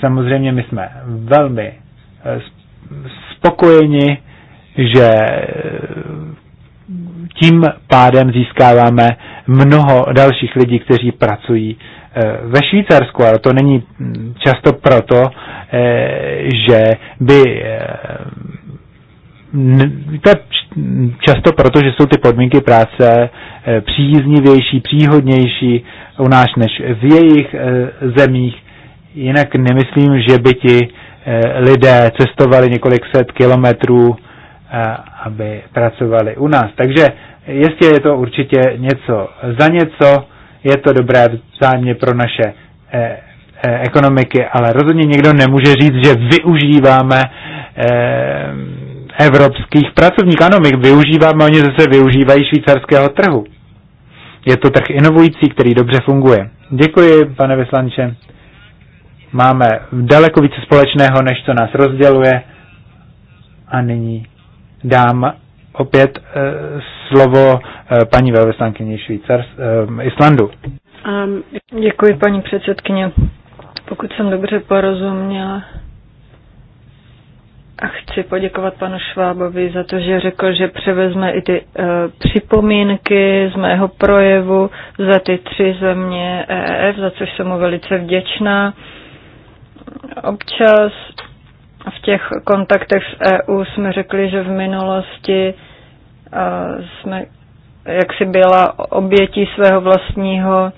Samozřejmě my jsme velmi eh, spokojeni, že eh, tím pádem získáváme mnoho dalších lidí, kteří pracují eh, ve Švýcarsku, ale to není mm, často proto, že by to je často proto, že jsou ty podmínky práce eh, příznivější, příhodnější u nás než v jejich eh, zemích. Jinak nemyslím, že by ti eh, lidé cestovali několik set kilometrů, aby pracovali u nás. Takže jestli je to určitě něco za něco, je to dobré vzájemně pro naše ekonomiky, ale rozhodně někdo nemůže říct, že využíváme evropských pracovníků. Ano, my využíváme, oni zase využívají švýcarského trhu. Je to trh inovující, který dobře funguje. Děkuji, pane vyslanče. Máme daleko více společného, než co nás rozděluje. A nyní dám opět e, slovo e, paní velvyslankyni Švýcars, e, Islandu. Um, děkuji, paní předsedkyně. Pokud jsem dobře porozuměla, a chci poděkovat panu Švábovi za to, že řekl, že převezme i ty e, připomínky z mého projevu za ty tři země EEF, za což jsem mu velice vděčná. Občas v těch kontaktech s EU jsme řekli, že v minulosti e, jsme jaksi byla obětí svého vlastního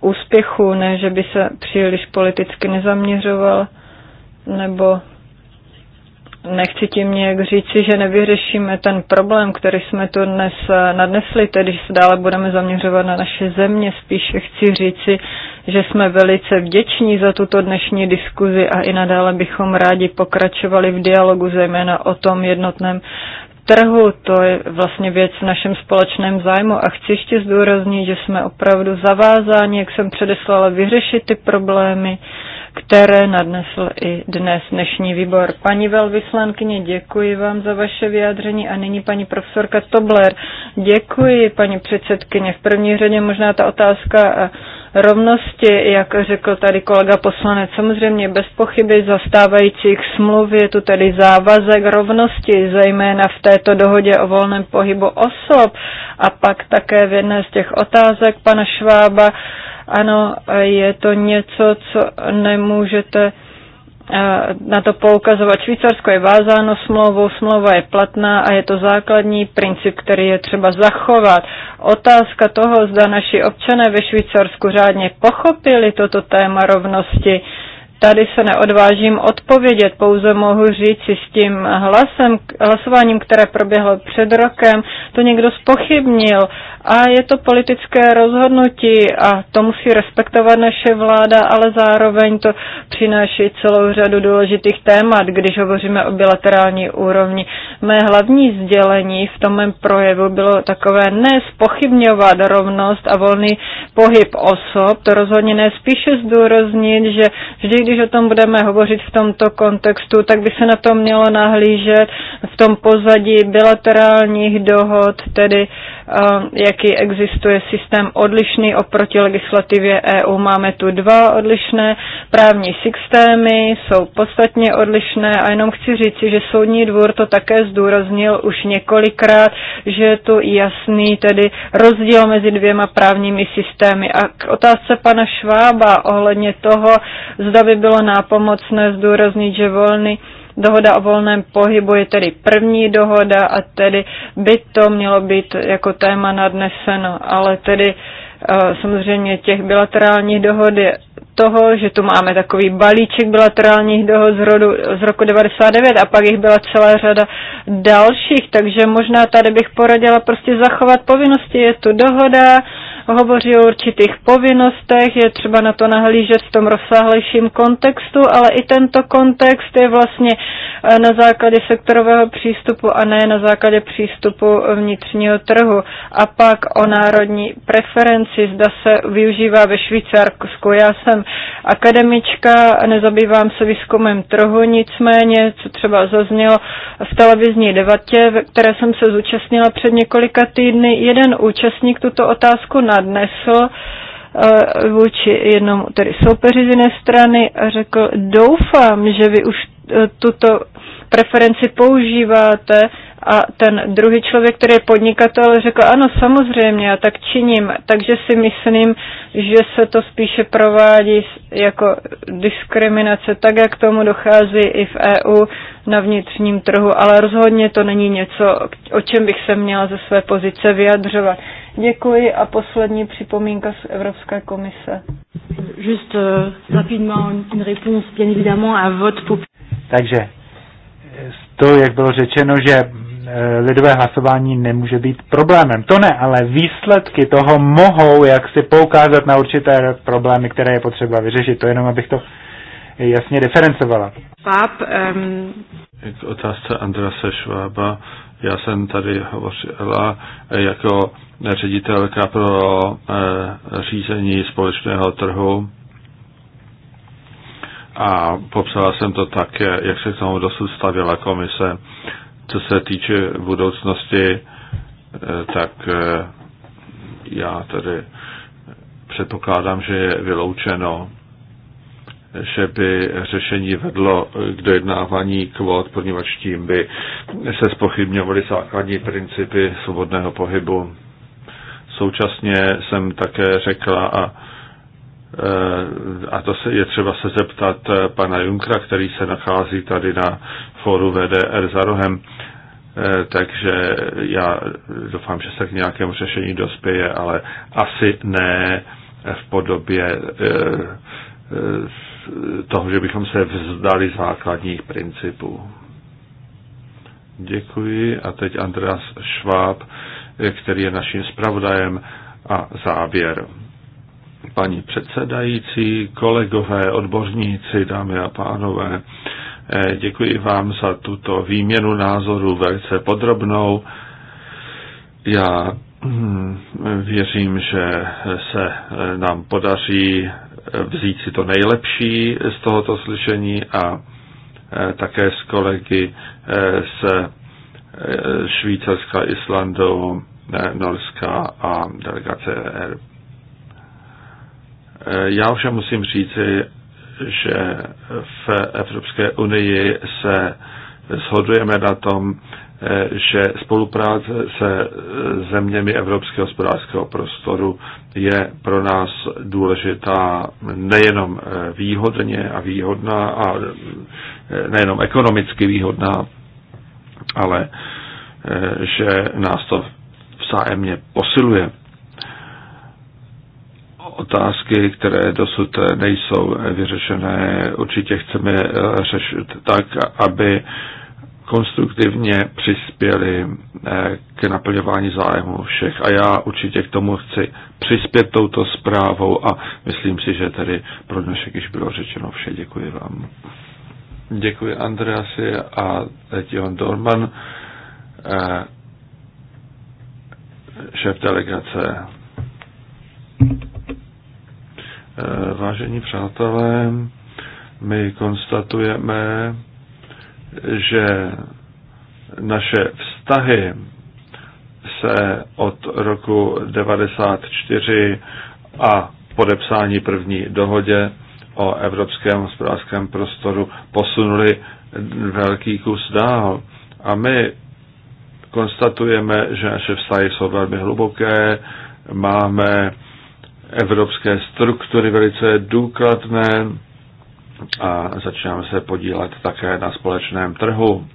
úspěchu, ne že by se příliš politicky nezaměřoval nebo Nechci tím nějak říci, že nevyřešíme ten problém, který jsme tu dnes eh, nadnesli, tedy že se dále budeme zaměřovat na naše země. Spíše chci říci, že jsme velice vděční za tuto dnešní diskuzi a i nadále bychom rádi pokračovali v dialogu, zejména o tom jednotném trhu. To je vlastně věc v našem společném zájmu a chci ještě zdůraznit, že jsme opravdu zavázáni, jak jsem předeslala, vyřešit ty problémy které nadnesl i dnes dnešní výbor. Paní velvyslankyně, děkuji vám za vaše vyjádření a nyní paní profesorka Tobler. Děkuji, paní předsedkyně. V první řadě možná ta otázka eh, rovnosti, jak řekl tady kolega poslanec, samozřejmě bez pochyby zastávajících smluv je tu tedy závazek rovnosti, zejména v této dohodě o volném pohybu osob a pak také v jedné z těch otázek pana Švába ano, je to něco, co nemůžete eh, na to poukazovat. Švýcarsko je vázáno smlouvou, smlouva je platná a je to základní princip, který je třeba zachovat. Otázka toho, zda naši občané ve Švýcarsku řádně pochopili toto téma rovnosti, tady se neodvážím odpovědět, pouze mohu si s tím hlasem, hlasováním, které proběhlo před rokem, to někdo spochybnil a je to politické rozhodnutí a to musí respektovat naše vláda, ale zároveň to přináší celou řadu důležitých témat, když hovoříme o bilaterální úrovni. Mé hlavní sdělení v tom mém projevu bylo takové nespochybňovat rovnost a volný pohyb osob, to rozhodně ne, spíše zdůraznit, že vždy, když o tom budeme hovořit v tomto kontextu, tak by se na to mělo nahlížet v tom pozadí bilaterálních dohod, tedy Eh, jaký existuje systém odlišný oproti legislativě EU. Máme tu dva odlišné právní systémy, jsou podstatně odlišné a jenom chci říci, že Soudní dvůr to také zdůraznil už několikrát, že je tu jasný tedy rozdíl mezi dvěma právními systémy. A k otázce pana Švába ohledně toho, zda by bylo nápomocné zdůraznit, že volný Dohoda o volném pohybu je tedy první dohoda a tedy by to mělo být jako téma nadneseno, ale tedy eh, samozřejmě těch bilaterálních dohod je toho, že tu máme takový balíček bilaterálních dohod z, rodu, z roku 99 a pak jich byla celá řada dalších, takže možná tady bych poradila prostě zachovat povinnosti, je tu dohoda, hovoří o určitých povinnostech, je třeba na to nahlížet v tom rozsáhlejším kontextu, ale i tento kontext je vlastně eh, na základě sektorového přístupu a ne na základě přístupu vnitřního trhu. A pak o národní preferenci, zda se využívá ve Švýcarsku. Já jsem akademička, nezabývám se výzkumem trhu, nicméně, co třeba zaznělo v televizní debatě, ve které jsem se zúčastnila před několika týdny, jeden účastník tuto otázku na nadnesl eh, vůči jednomu tedy soupeři z jiné strany a řekl, doufám, že vy už eh, tuto preferenci používáte a ten druhý člověk, který je podnikatel, řekl, ano, samozřejmě, já tak činím, takže si myslím, že se to spíše provádí jako diskriminace, tak jak tomu dochází i v EU na vnitřním trhu, ale rozhodně to není něco, o čem bych se měla ze své pozice vyjadřovat. Děkuji a poslední připomínka z Evropské komise. Just uh, rapidement une réponse bien évidemment à votre Takže to, jak bylo řečeno, že eh, lidové hlasování nemůže být problémem. To ne, ale výsledky toho mohou jak si poukázat na určité problémy, které je potřeba vyřešit. To jenom, abych to jasně diferencovala. PAP. um... K otázce Andrase Švába, já jsem tady hovořila jako ředitelka pro eh, řízení společného trhu a popsala jsem to tak, jak se k tomu dosud stavila komise. Co se týče budoucnosti, eh, tak eh, já tedy předpokládám, že je vyloučeno, že by řešení vedlo k dojednávání kvót, poněvadž tím by se spochybňovaly základní principy svobodného pohybu. Současně jsem také řekla a eh, a to se, je třeba se zeptat eh, pana Junkra, který se nachází tady na fóru VDR za rohem. Eh, takže já doufám, že se k nějakému řešení dospěje, ale asi ne v podobě toho, že bychom se vzdali základních principů. Děkuji. A teď Andreas Schwab který je naším zpravodajem a závěr. Paní předsedající, kolegové, odborníci, dámy a pánové, eh, děkuji vám za tuto výměnu názorů velice podrobnou. Já hm, věřím, že se eh, nám podaří eh, vzít si to nejlepší z tohoto slyšení a také s kolegy se Švýcarska, Islandu, eh, Norska a delegace ER. Já ovšem musím říci, že v Evropské unii se shodujeme na tom, eh, že spolupráce se zeměmi Evropského hospodářského prostoru je pro nás důležitá nejenom výhodně a výhodná a nejenom ekonomicky výhodná, ale eh, že nás to vzájemně posiluje. Otázky, které dosud nejsou vyřešené, určitě chceme řešit tak, aby konstruktivně přispěli eh, k naplňování zájmu všech. A já určitě k tomu chci přispět touto zprávou a myslím si, že tedy pro dnešek již bylo řečeno vše. Děkuji vám. Děkuji Andreasi a Tion Dorman, eh, šéf delegace. Eh, vážení přátelé, my konstatujeme, že naše vztahy se od roku 1994 a podepsání první dohodě o evropském hospodářském prostoru posunuli velký kus dál. A my konstatujeme, že naše vztahy jsou velmi hluboké, máme evropské struktury velice důkladné a začínáme se podílet také na společném trhu.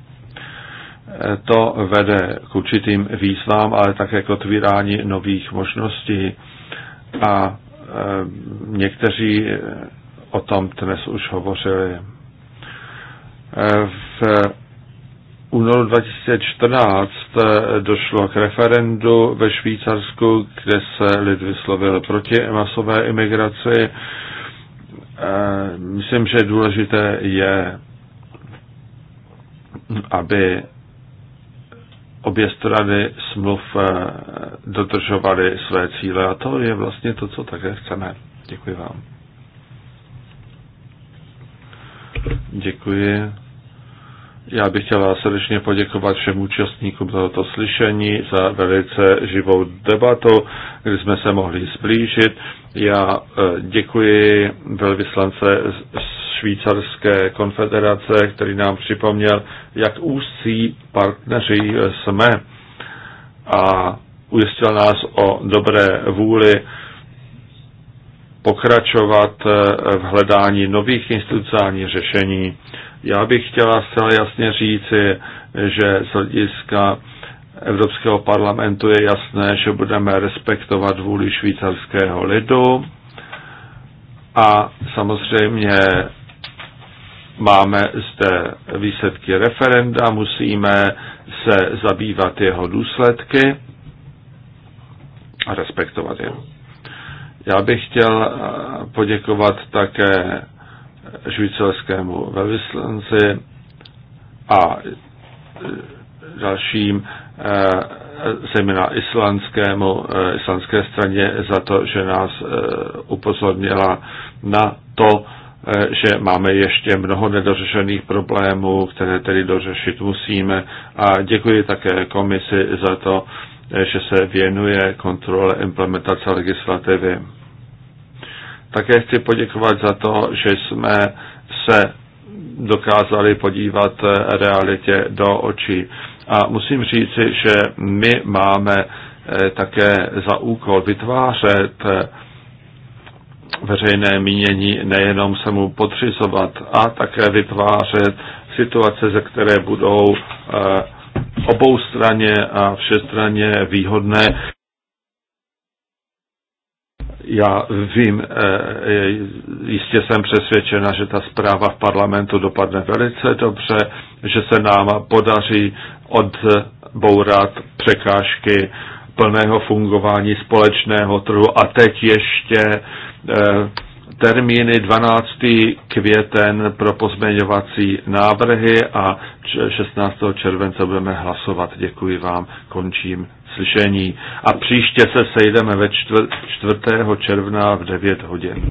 To vede k určitým výzvám, ale také k otvírání nových možností. A e, někteří o tom dnes už hovořili. E, v únoru 2014 e, došlo k referendu ve Švýcarsku, kde se lid vyslovil proti masové imigraci. E, myslím, že důležité je, aby obě strany smluv dodržovaly své cíle a to je vlastně to, co také chceme. Děkuji vám. Děkuji. Já bych chtěla srdečně poděkovat všem účastníkům tohoto slyšení za velice živou debatu, kdy jsme se mohli zblížit. Já e, děkuji velvyslance Švýcarské konfederace, který nám připomněl, jak úzcí partneři jsme a ujistil nás o dobré vůli pokračovat eh, v hledání nových institucionálních řešení. Já bych chtěla zcela jasně říci, že z hlediska Evropského parlamentu je jasné, že budeme respektovat vůli švýcarského lidu a samozřejmě máme zde výsledky referenda, musíme se zabývat jeho důsledky a respektovat je. Já bych chtěl eh, poděkovat také švýcarskému velvyslanci a eh, dalším eh, zejména islandskému, islandské straně za to, že nás upozornila na to, že máme ještě mnoho nedořešených problémů, které tedy dořešit musíme. A děkuji také komisi za to, že se věnuje kontrole implementace legislativy. Také chci poděkovat za to, že jsme se dokázali podívat eh, realitě do očí. A musím říci, že my máme eh, také za úkol vytvářet eh, veřejné mínění, nejenom se mu podřizovat a také vytvářet situace, ze které budou obou straně a všestraně výhodné já vím, eh, eh, jistě jsem přesvědčena, že ta zpráva v parlamentu dopadne velice dobře, že se nám podaří odbourat překážky plného fungování společného trhu a teď ještě eh, termíny 12. květen pro pozměňovací návrhy a 16. července budeme hlasovat. Děkuji vám, končím naslyšení A příště se sejdeme ve 4. června v 9 hodin.